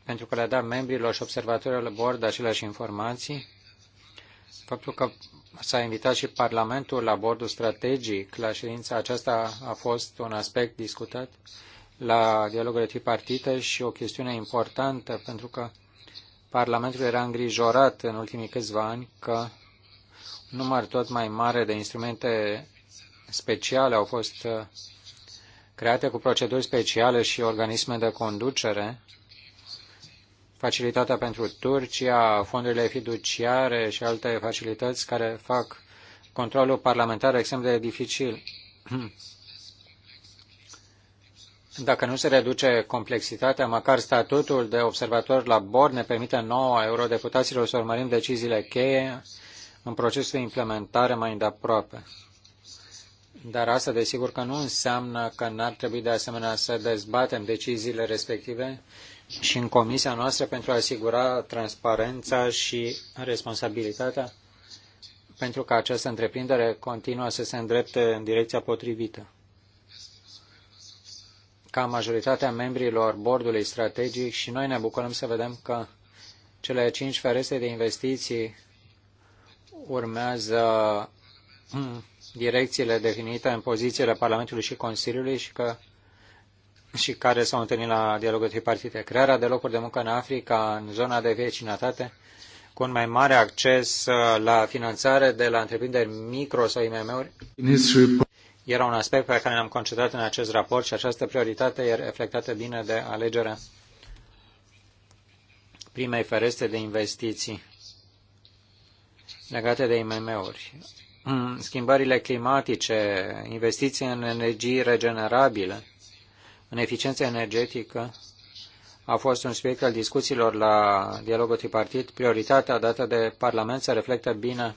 A: pentru că le-a dat membrilor și observatorilor bord aceleași informații faptul că s-a invitat și Parlamentul la bordul strategic la ședința aceasta a fost un aspect discutat la dialogurile tripartite și o chestiune importantă pentru că Parlamentul era îngrijorat în ultimii câțiva ani că un număr tot mai mare de instrumente speciale au fost uh, create cu proceduri speciale și organisme de conducere facilitatea pentru Turcia, fondurile fiduciare și alte facilități care fac controlul parlamentar extrem de dificil. <clears throat> Dacă nu se reduce complexitatea, măcar statutul de observator la bord ne permite nouă eurodeputaților să urmărim deciziile cheie în procesul de implementare mai îndeaproape. Dar asta desigur că nu înseamnă că n-ar trebui de asemenea să dezbatem deciziile respective și în comisia noastră pentru a asigura transparența și responsabilitatea pentru ca această întreprindere continuă să se îndrepte în direcția potrivită. Ca majoritatea membrilor bordului strategic și noi ne bucurăm să vedem că cele cinci fereste de investiții urmează <clears throat> direcțiile definite în pozițiile Parlamentului și Consiliului și că și care s-au întâlnit la dialogul tripartite. Crearea de locuri de muncă în Africa, în zona de vecinătate, cu un mai mare acces uh, la finanțare de la întreprinderi micro sau IMM-uri, era un aspect pe care ne-am concentrat în acest raport și această prioritate e reflectată bine de alegerea primei fereste de investiții legate de IMM-uri. Mm, schimbările climatice, investiții în energii regenerabile, în eficiență energetică a fost un subiect al discuțiilor la dialogul tripartit. Prioritatea dată de Parlament se reflectă bine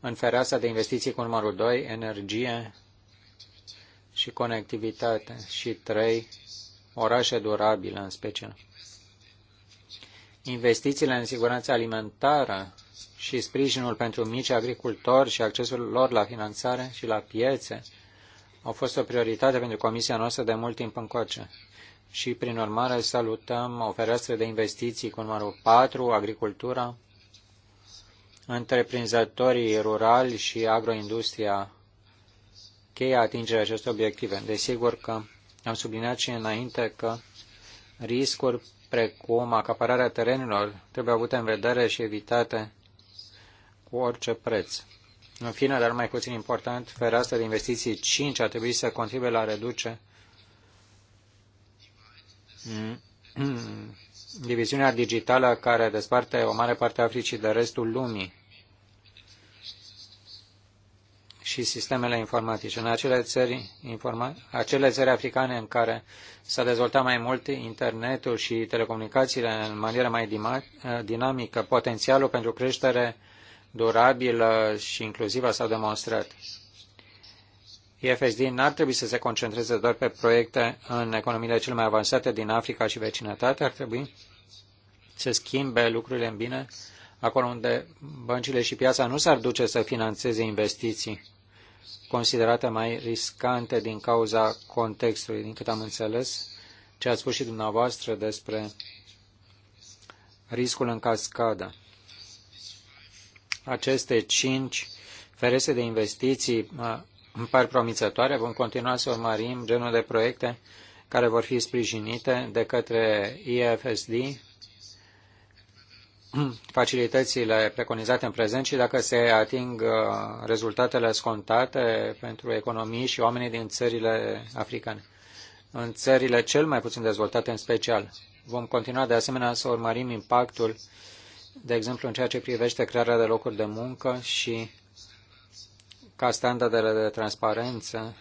A: în fereastra de investiții cu numărul 2, energie și conectivitate și 3, orașe durabile în special. Investițiile în siguranță alimentară și sprijinul pentru mici agricultori și accesul lor la finanțare și la piețe au fost o prioritate pentru comisia noastră de mult timp încoace. Și, prin urmare, salutăm o fereastră de investiții cu numărul 4, agricultura, întreprinzătorii rurali și agroindustria cheia atingerea acestor obiective. Desigur că am subliniat și înainte că riscuri precum acapararea terenurilor trebuie avute în vedere și evitate cu orice preț. În fine, dar mai puțin important, fereastra de investiții 5 ar trebui să contribuie la reduce <clears throat> diviziunea digitală care desparte o mare parte a Africii de restul lumii și sistemele informatice. În acele țări, informa, acele țări africane în care s-a dezvoltat mai mult internetul și telecomunicațiile în manieră mai dinamică, potențialul pentru creștere durabilă și inclusivă s-a demonstrat. IFSD n-ar trebui să se concentreze doar pe proiecte în economiile cele mai avansate din Africa și vecinătate, ar trebui să schimbe lucrurile în bine acolo unde băncile și piața nu s-ar duce să financeze investiții considerate mai riscante din cauza contextului, din cât am înțeles ce ați spus și dumneavoastră despre riscul în cascadă. Aceste cinci ferese de investiții îmi par promițătoare. Vom continua să urmărim genul de proiecte care vor fi sprijinite de către IFSD, facilitățile preconizate în prezent și dacă se ating uh, rezultatele scontate pentru economii și oamenii din țările africane, în țările cel mai puțin dezvoltate în special. Vom continua de asemenea să urmărim impactul de exemplu în ceea ce privește crearea de locuri de muncă și ca standardele de transparență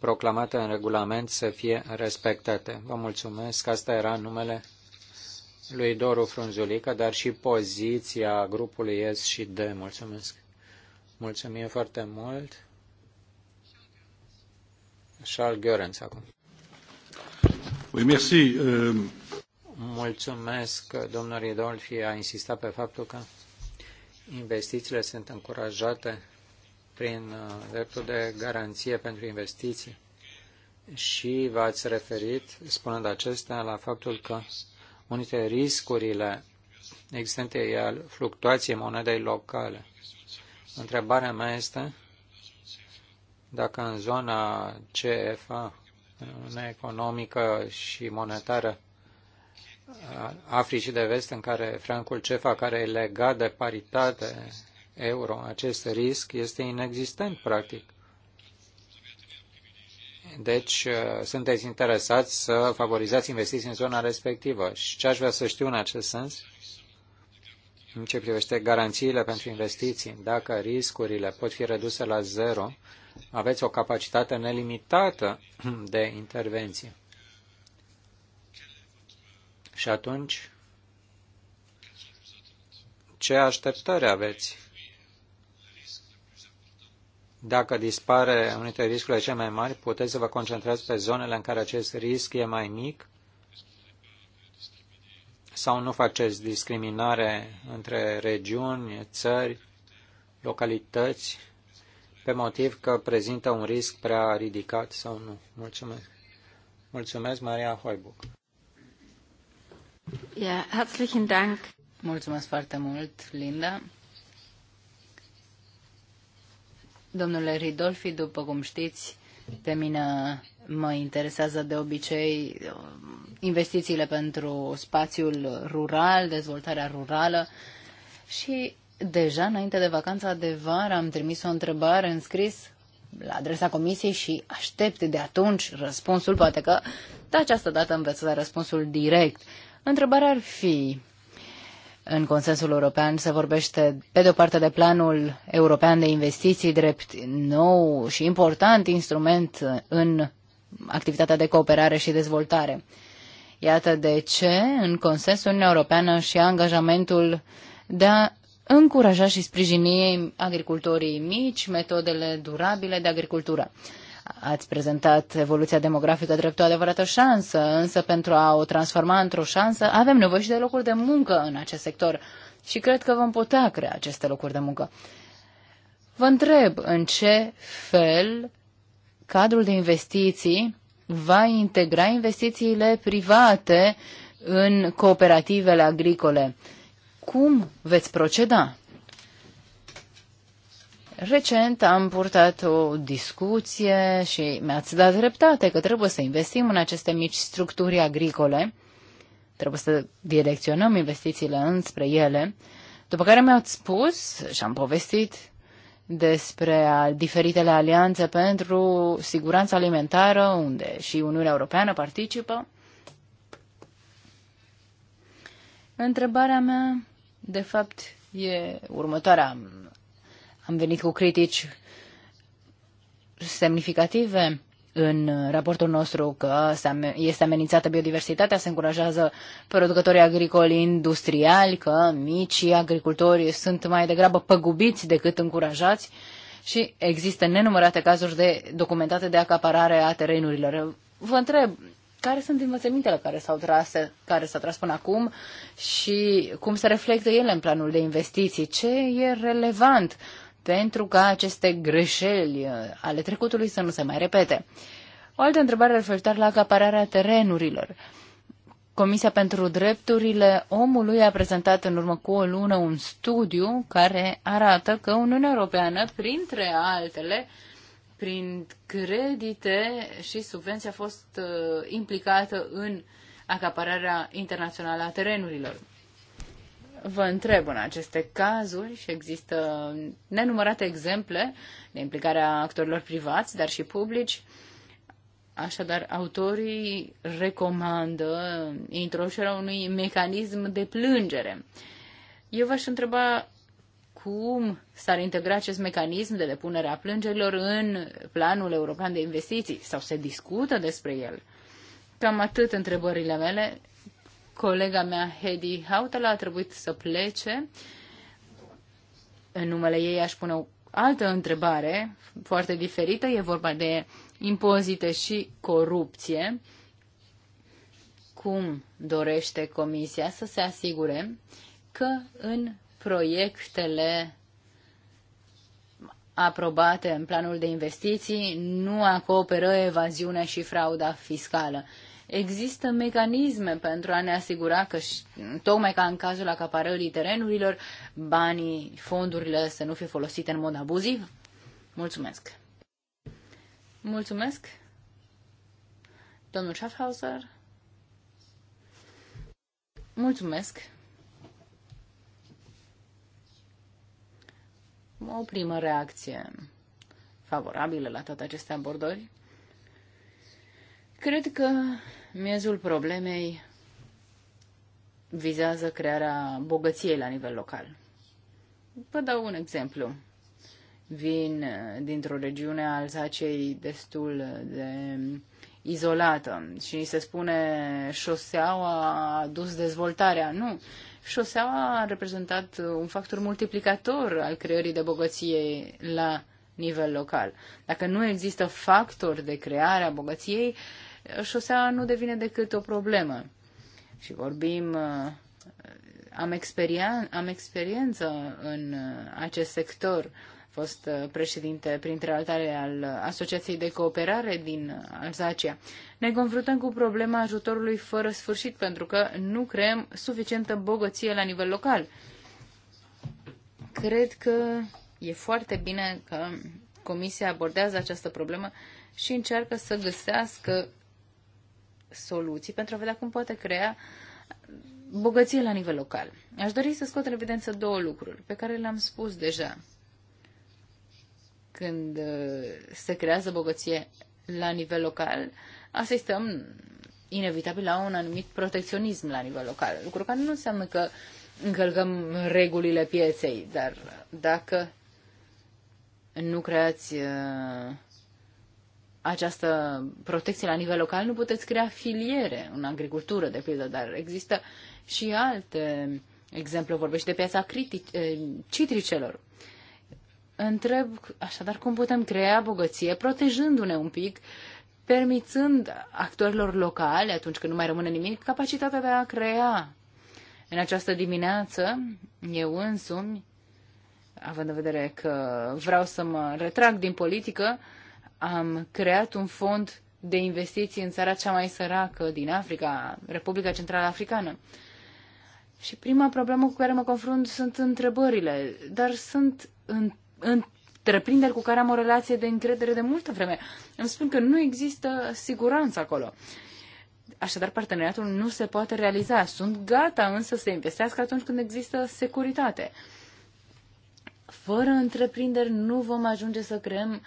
A: proclamate în regulament să fie respectate. Vă mulțumesc, asta era numele lui Doru Frunzulică, dar și poziția grupului S și D. Mulțumesc. Mulțumim foarte mult. Charles Görens acum.
C: Oui, merci. Euh...
A: Mulțumesc, domnul Ridolfi a insistat pe faptul că investițiile sunt încurajate prin uh, dreptul de garanție pentru investiții și v-ați referit, spunând acestea, la faptul că unul dintre riscurile existente e al fluctuației monedei locale. Întrebarea mea este dacă în zona CFA, în economică și monetară, Africii de Vest, în care francul CEFA, care e legat de paritate euro, acest risc este inexistent, practic. Deci, uh, sunteți interesați să favorizați investiții în zona respectivă. Și ce aș vrea să știu în acest sens? În ce privește garanțiile pentru investiții, dacă riscurile pot fi reduse la zero, aveți o capacitate nelimitată de intervenție. Și atunci, ce așteptări aveți? Dacă dispare unul dintre riscurile cele mai mari, puteți să vă concentrați pe zonele în care acest risc e mai mic sau nu faceți discriminare între regiuni, țări, localități, pe motiv că prezintă un risc prea ridicat sau nu. Mulțumesc. Mulțumesc, Maria Hoibuc.
B: Mulțumesc foarte mult, Linda. Domnule Ridolfi, după cum știți, pe mine mă interesează de obicei um, investițiile pentru spațiul rural, dezvoltarea rurală și deja înainte de vacanța de vară am trimis o întrebare în scris la adresa comisiei și aștept de atunci răspunsul, poate că de această dată îmi veți da răspunsul direct. Întrebarea ar fi, în consensul european se vorbește pe de o parte de planul european de investiții drept nou și important instrument în activitatea de cooperare și dezvoltare. Iată de ce în consensul Uniunea Europeană și angajamentul de a încuraja și sprijini agricultorii mici, metodele durabile de agricultură. Ați prezentat evoluția demografică drept o adevărată șansă, însă pentru a o transforma într-o șansă avem nevoie și de locuri de muncă în acest sector și cred că vom putea crea aceste locuri de muncă. Vă întreb în ce fel cadrul de investiții va integra investițiile private în cooperativele agricole. Cum veți proceda? Recent am purtat o discuție și mi-ați dat dreptate că trebuie să investim în aceste mici structuri agricole, trebuie să direcționăm investițiile înspre ele, după care mi-ați spus și am povestit despre diferitele alianțe pentru siguranța alimentară, unde și Uniunea Europeană participă. Întrebarea mea, de fapt, e următoarea. Am venit cu critici semnificative în raportul nostru că este amenințată biodiversitatea, se încurajează producătorii agricoli industriali, că micii agricultori sunt mai degrabă păgubiți decât încurajați și există nenumărate cazuri de documentate de acaparare a terenurilor. Vă întreb, care sunt învățămintele care s-au tras, care s-au tras până acum și cum se reflectă ele în planul de investiții? Ce e relevant pentru ca aceste greșeli uh, ale trecutului să nu se mai repete. O altă întrebare referitor la acapararea terenurilor. Comisia pentru Drepturile Omului a prezentat în urmă cu o lună un studiu care arată că Uniunea Europeană, printre altele, prin credite și subvenții a fost uh, implicată în acapararea internațională a terenurilor vă întreb în aceste cazuri și există nenumărate exemple de implicarea actorilor privați, dar și publici. Așadar, autorii recomandă introducerea unui mecanism de plângere. Eu v-aș întreba cum s-ar integra acest mecanism de depunere a plângerilor în planul european de investiții sau se discută despre el. Cam atât întrebările mele. Colega mea, Hedy Hautala, a trebuit să plece. În numele ei aș pune o altă întrebare foarte diferită. E vorba de impozite și corupție. Cum dorește Comisia să se asigure că în proiectele aprobate în planul de investiții nu acoperă evaziunea și frauda fiscală. Există mecanisme pentru a ne asigura că, tocmai ca în cazul acaparării terenurilor, banii, fondurile să nu fie folosite în mod abuziv? Mulțumesc! Mulțumesc! Domnul Schaffhauser? Mulțumesc! O primă reacție favorabilă la toate aceste abordări. Cred că miezul problemei vizează crearea bogăției la nivel local. Vă dau un exemplu. Vin uh, dintr-o regiune a Alzacei destul de izolată și se spune șoseaua a dus dezvoltarea. Nu, șoseaua a reprezentat un factor multiplicator al creării de bogăție la nivel local. Dacă nu există factor de creare a bogăției, șoseaua nu devine decât o problemă. Și vorbim, uh, am, experien, am experiență în uh, acest sector. A fost uh, președinte, printre altele, al Asociației de Cooperare din Alzacia. Ne confruntăm cu problema ajutorului fără sfârșit, pentru că nu creăm suficientă bogăție la nivel local. Cred că e foarte bine că Comisia abordează această problemă și încearcă să găsească soluții pentru a vedea cum poate crea bogăție la nivel local. Aș dori să scot în evidență două lucruri pe care le-am spus deja. Când uh, se creează bogăție la nivel local, asistăm inevitabil la un anumit protecționism la nivel local, lucru care nu înseamnă că încălcăm regulile pieței, dar dacă nu creați uh, această protecție la nivel local, nu puteți crea filiere în agricultură, de pildă, dar există și alte exemple. Vorbește de piața critic- eh, citricelor. Întreb așadar cum putem crea bogăție protejându-ne un pic, permițând actorilor locale, atunci când nu mai rămâne nimic, capacitatea de a crea. În această dimineață, eu însumi, având în vedere că vreau să mă retrag din politică, uh, am creat un fond de investiții în țara cea mai săracă din Africa, Republica Centrală Africană. Și prima problemă cu care mă confrunt sunt întrebările, dar sunt în, întreprinderi cu care am o relație de încredere de multă vreme. Îmi spun că nu există siguranță acolo. Așadar, parteneriatul nu se poate realiza. Sunt gata însă să investească atunci când există securitate. Fără întreprinderi nu vom ajunge să creăm uh,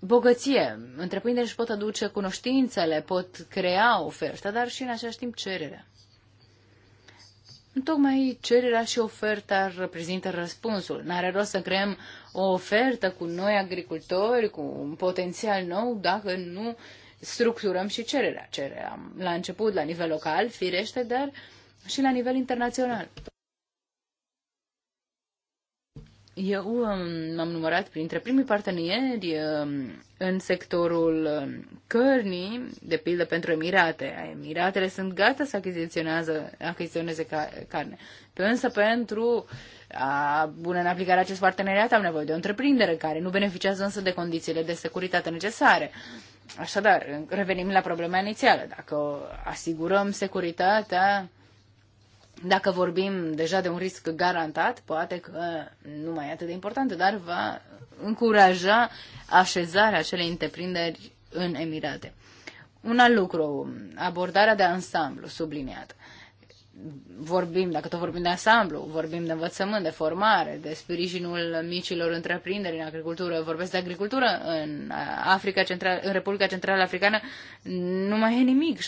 B: bogăție. întreprinderi își pot aduce cunoștințele, pot crea oferta, dar și în același timp cererea. Tocmai cererea și oferta reprezintă răspunsul. N-are rost să creăm o ofertă cu noi agricultori, cu un potențial nou, dacă nu structurăm și cererea. Cererea la început, la nivel local, firește, dar și la nivel internațional. Eu um, m-am numărat printre primii parteneri um, în sectorul um, cărnii, de pildă pentru Emirate. Emiratele sunt gata să achiziționeze carne. Pe Însă pentru a pune în aplicare acest parteneriat am nevoie de o întreprindere care nu beneficiază însă de condițiile de securitate necesare. Așadar, revenim la problema inițială. Dacă asigurăm securitatea dacă vorbim deja de un risc garantat, poate că nu mai e atât de important, dar va încuraja așezarea acelei întreprinderi în Emirate. Un alt lucru, abordarea de ansamblu subliniat. Vorbim, dacă tot vorbim de ansamblu, vorbim de învățământ, de formare, de sprijinul micilor întreprinderi în agricultură, vorbesc de agricultură în, Africa Central, în Republica Centrală Africană, nu mai e nimic, 70%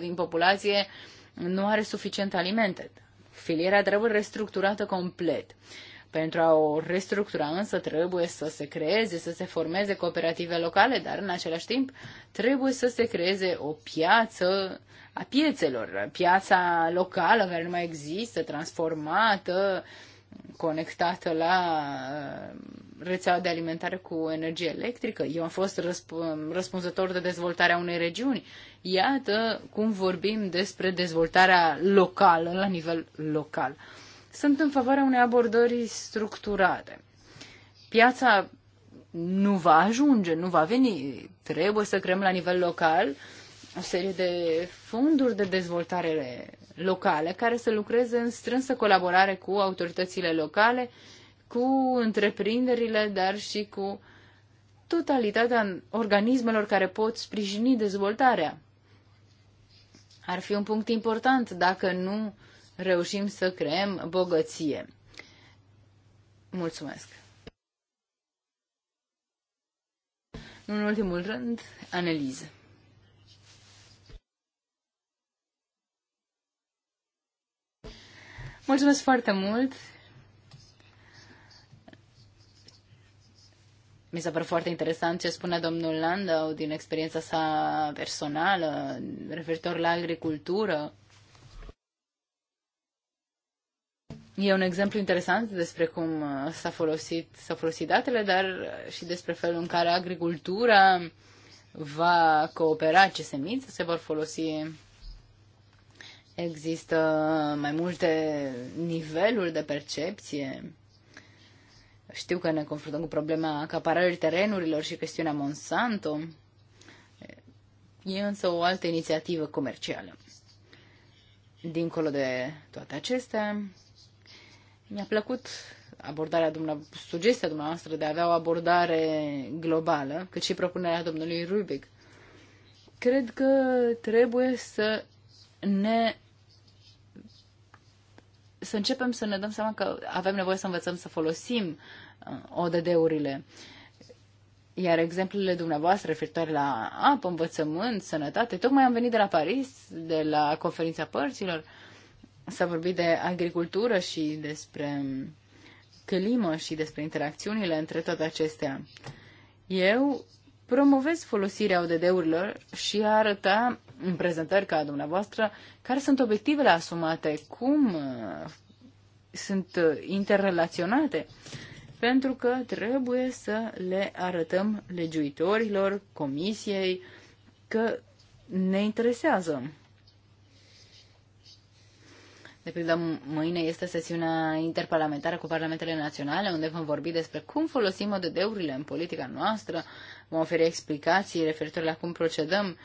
B: din populație uh, nu are suficient alimente. Filiera trebuie restructurată complet. Pentru a o restructura însă trebuie să se creeze, să se formeze cooperative locale, dar în același timp trebuie să se creeze o piață a piețelor, piața locală care nu mai există, transformată, conectată la rețeaua de alimentare cu energie electrică. Eu am fost răsp- răspunzător de dezvoltarea unei regiuni. Iată cum vorbim despre dezvoltarea locală, la nivel local. Sunt în favoarea unei abordări structurate. Piața nu va ajunge, nu va veni. Trebuie să creăm la nivel local o serie de fonduri de dezvoltare locale care să lucreze în strânsă colaborare cu autoritățile locale cu întreprinderile, dar și cu totalitatea organismelor care pot sprijini dezvoltarea. Ar fi un punct important dacă nu reușim să creăm bogăție. Mulțumesc! În ultimul rând, analiză. Mulțumesc foarte mult Mi se pare foarte interesant ce spune domnul Landau din experiența sa personală referitor la agricultură. E un exemplu interesant despre cum s-a folosit, s-au folosit datele, dar și despre felul în care agricultura va coopera, ce semințe se vor folosi. Există mai multe niveluri de percepție știu că ne confruntăm cu problema acapararii terenurilor și chestiunea Monsanto. E însă o altă inițiativă comercială. Dincolo de toate acestea, mi-a plăcut abordarea dumneavoastră, sugestia dumneavoastră de a avea o abordare globală, cât și propunerea domnului Rubic. Cred că trebuie să ne să începem să ne dăm seama că avem nevoie să învățăm să folosim uh, ODD-urile. Iar exemplele dumneavoastră referitoare la apă, învățământ, sănătate, tocmai am venit de la Paris, de la conferința părților, s-a vorbit de agricultură și despre um, climă și despre interacțiunile între toate acestea. Eu promovez folosirea ODD-urilor și a arăta în prezentări ca dumneavoastră, care sunt obiectivele asumate, cum uh, sunt uh, interrelaționate, pentru că trebuie să le arătăm legiuitorilor, comisiei, că ne interesează. De pildă, mâine este sesiunea interparlamentară cu parlamentele naționale, unde vom vorbi despre cum folosim ODD-urile în politica noastră, vom oferi explicații referitor la cum procedăm uh,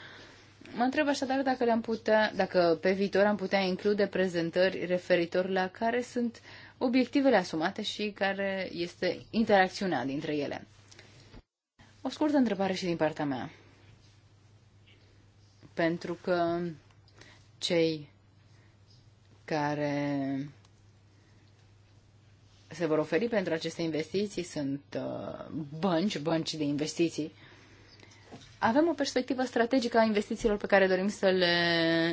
B: Mă întreb așadar dacă le-am putea, dacă pe viitor am putea include prezentări referitor la care sunt obiectivele asumate și care este interacțiunea dintre ele. O scurtă întrebare și din partea mea. Pentru că cei care se vor oferi pentru aceste investiții sunt uh, bănci, bănci de investiții, avem o perspectivă strategică a investițiilor pe care dorim să le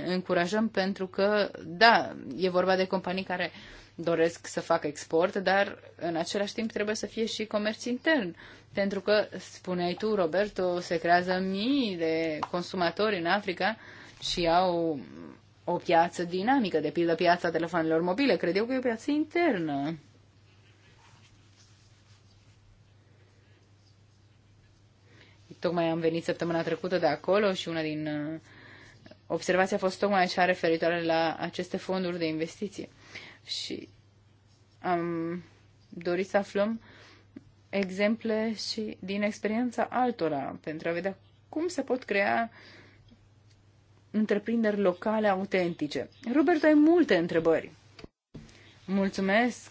B: încurajăm, pentru că, da, e vorba de companii care doresc să facă export, dar în același timp trebuie să fie și comerț intern. Pentru că, spuneai tu, Roberto, se creează mii de consumatori în Africa și au o piață dinamică, de pildă piața telefonelor mobile. Cred eu că e o piață internă. Tocmai am venit săptămâna trecută de acolo și una din uh, observații a fost tocmai așa referitoare la aceste fonduri de investiție. Și am dorit să aflăm exemple și din experiența altora pentru a vedea cum se pot crea întreprinderi locale autentice. Robert, ai multe întrebări. Mulțumesc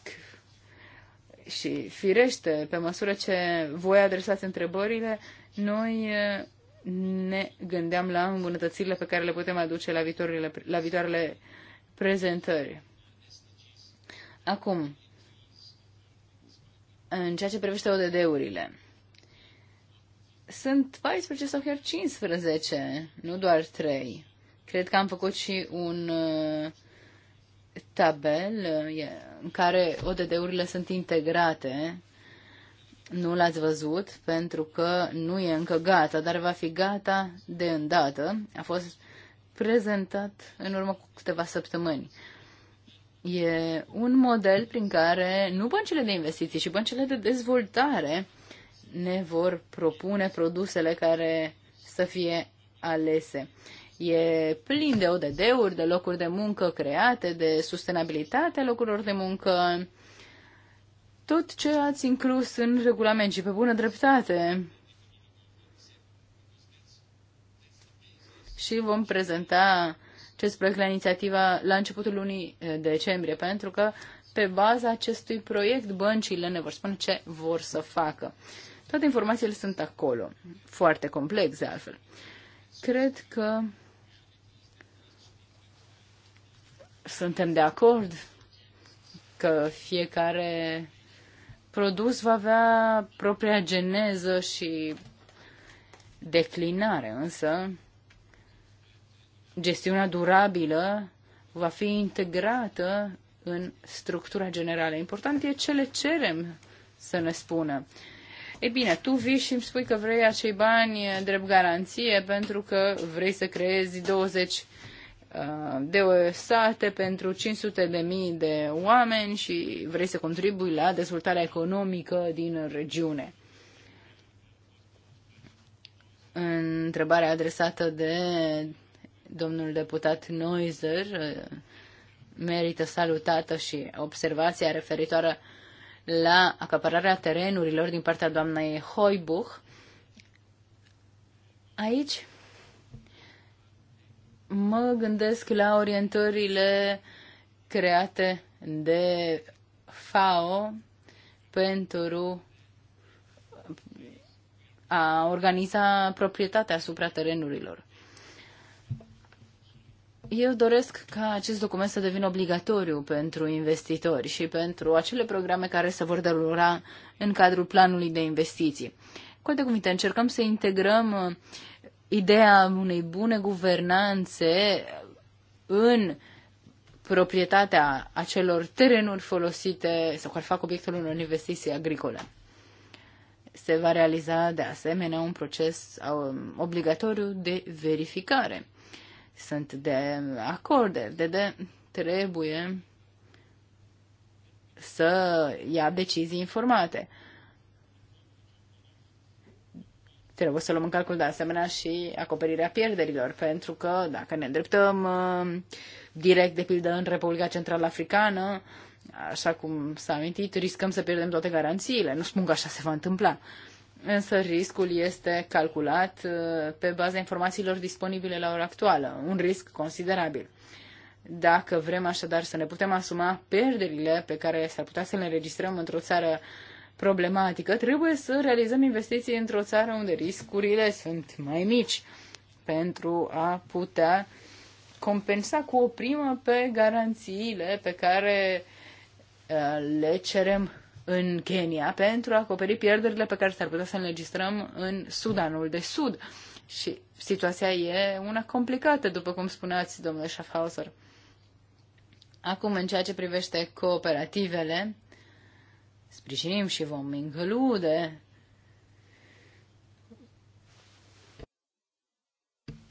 B: și firește, pe măsură ce voi adresați întrebările, noi eh, ne gândeam la îmbunătățirile pe care le putem aduce la, viitorile, la viitoarele prezentări. Acum, în ceea ce privește ODD-urile, sunt 14 sau chiar 15, nu doar 3. Cred că am făcut și un eh, tabel eh, în care ODD-urile sunt integrate nu l-ați văzut pentru că nu e încă gata, dar va fi gata de îndată. A fost prezentat în urmă cu câteva săptămâni. E un model prin care nu băncile de investiții, ci băncile de dezvoltare ne vor propune produsele care să fie alese. E plin de ODD-uri, de locuri de muncă create, de sustenabilitatea locurilor de muncă, tot ce ați inclus în regulament și pe bună dreptate. Și vom prezenta acest proiect la inițiativa la începutul lunii decembrie, pentru că pe baza acestui proiect băncile ne vor spune ce vor să facă. Toate informațiile sunt acolo, foarte complexe altfel. Cred că suntem de acord că fiecare produs va avea propria geneză și declinare, însă gestiunea durabilă va fi integrată în structura generală. Important e ce le cerem să ne spună. Ei bine, tu vii și îmi spui că vrei acei bani drept garanție pentru că vrei să creezi 20 Uh, de sate pentru 500 de mii de oameni și vrei să contribui la dezvoltarea economică din regiune. Întrebarea adresată de domnul deputat Noiser uh, merită salutată și observația referitoare la acapararea terenurilor din partea doamnei Hoibuch. Aici mă gândesc la orientările create de FAO pentru a organiza proprietatea asupra terenurilor. Eu doresc ca acest document să devină obligatoriu pentru investitori și pentru acele programe care se vor derula în cadrul planului de investiții. Cu alte cuvinte, încercăm să integrăm uh, ideea unei bune guvernanțe în proprietatea acelor terenuri folosite sau care fac obiectul unor investiții agricole. Se va realiza de asemenea un proces um, obligatoriu de verificare. Sunt de acord, de, de trebuie să ia decizii informate. Trebuie să luăm în calcul de asemenea și acoperirea pierderilor, pentru că dacă ne îndreptăm uh, direct, de pildă, în Republica Central Africană, așa cum s-a amintit, riscăm să pierdem toate garanțiile. Nu spun că așa se va întâmpla. Însă riscul este calculat uh, pe baza informațiilor disponibile la ora actuală, un risc considerabil. Dacă vrem așadar să ne putem asuma pierderile pe care s-ar putea să le înregistrăm într-o țară uh, problematică, trebuie să realizăm investiții într-o țară unde riscurile sunt mai mici pentru a putea compensa cu o primă pe garanțiile pe care uh, le cerem în Kenya pentru a acoperi pierderile pe care s-ar putea să înregistrăm în Sudanul de Sud. Și situația e una complicată, după cum spuneați, domnule Schaffhauser. Acum, în ceea ce privește cooperativele, sprijinim și vom include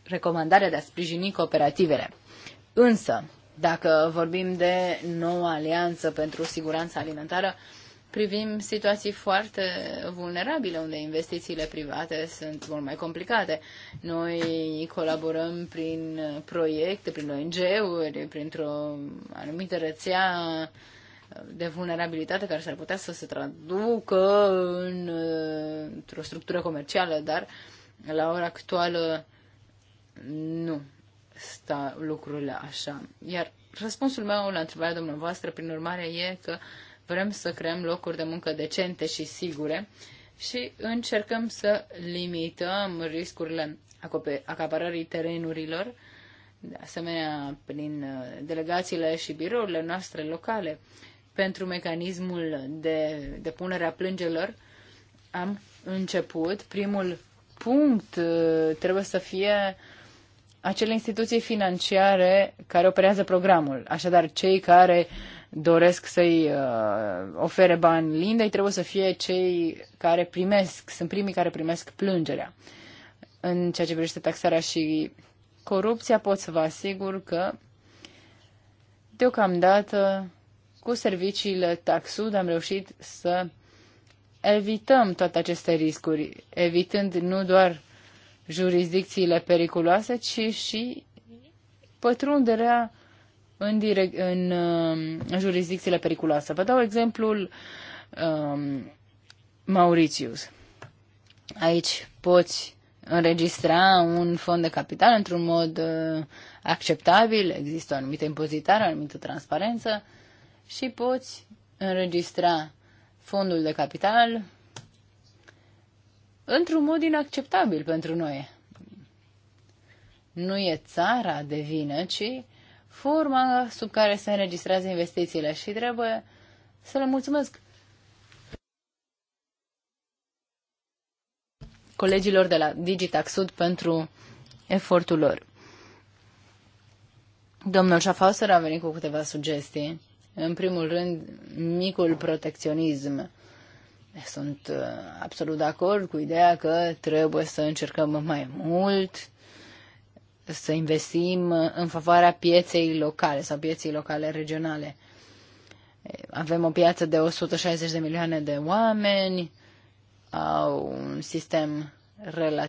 B: recomandarea de a sprijini cooperativele. Însă, dacă vorbim de noua alianță pentru siguranța alimentară, privim situații foarte vulnerabile, unde investițiile private sunt mult mai complicate. Noi colaborăm prin proiecte, prin ONG-uri, printr-o anumită rețea de vulnerabilitate care s-ar putea să se traducă în, într-o structură comercială, dar la ora actuală nu sta lucrurile așa. Iar răspunsul meu la întrebarea dumneavoastră, prin urmare, e că vrem să creăm locuri de muncă decente și sigure și încercăm să limităm riscurile acaparării terenurilor, de asemenea prin uh, delegațiile și birourile noastre locale pentru mecanismul de depunere a plângerilor, am început. Primul punct uh, trebuie să fie acele instituții financiare care operează programul. Așadar, cei care doresc să-i uh, ofere bani Lindei trebuie să fie cei care primesc, sunt primii care primesc plângerea. În ceea ce privește taxarea și corupția, pot să vă asigur că deocamdată cu serviciile Taxud am reușit să evităm toate aceste riscuri, evitând nu doar jurisdicțiile periculoase, ci și pătrunderea în, direct, în în um, jurisdicțiile periculoase. Vă dau exemplul um, Mauritius. Aici poți înregistra un fond de capital într-un mod uh, acceptabil, există o anumită impozitare, o anumită transparență, uh, și poți înregistra fondul de capital într-un mod inacceptabil pentru noi. Nu e țara de vină, ci forma sub care se înregistrează investițiile și trebuie să le mulțumesc colegilor de la Digitax Sud pentru efortul lor. Domnul Schaffhauser a venit cu câteva sugestii în primul rând, micul protecționism. Sunt uh, absolut de acord cu ideea că trebuie să încercăm mai mult să investim în favoarea pieței locale sau pieței locale regionale. Avem o piață de 160 de milioane de oameni, au un sistem relativ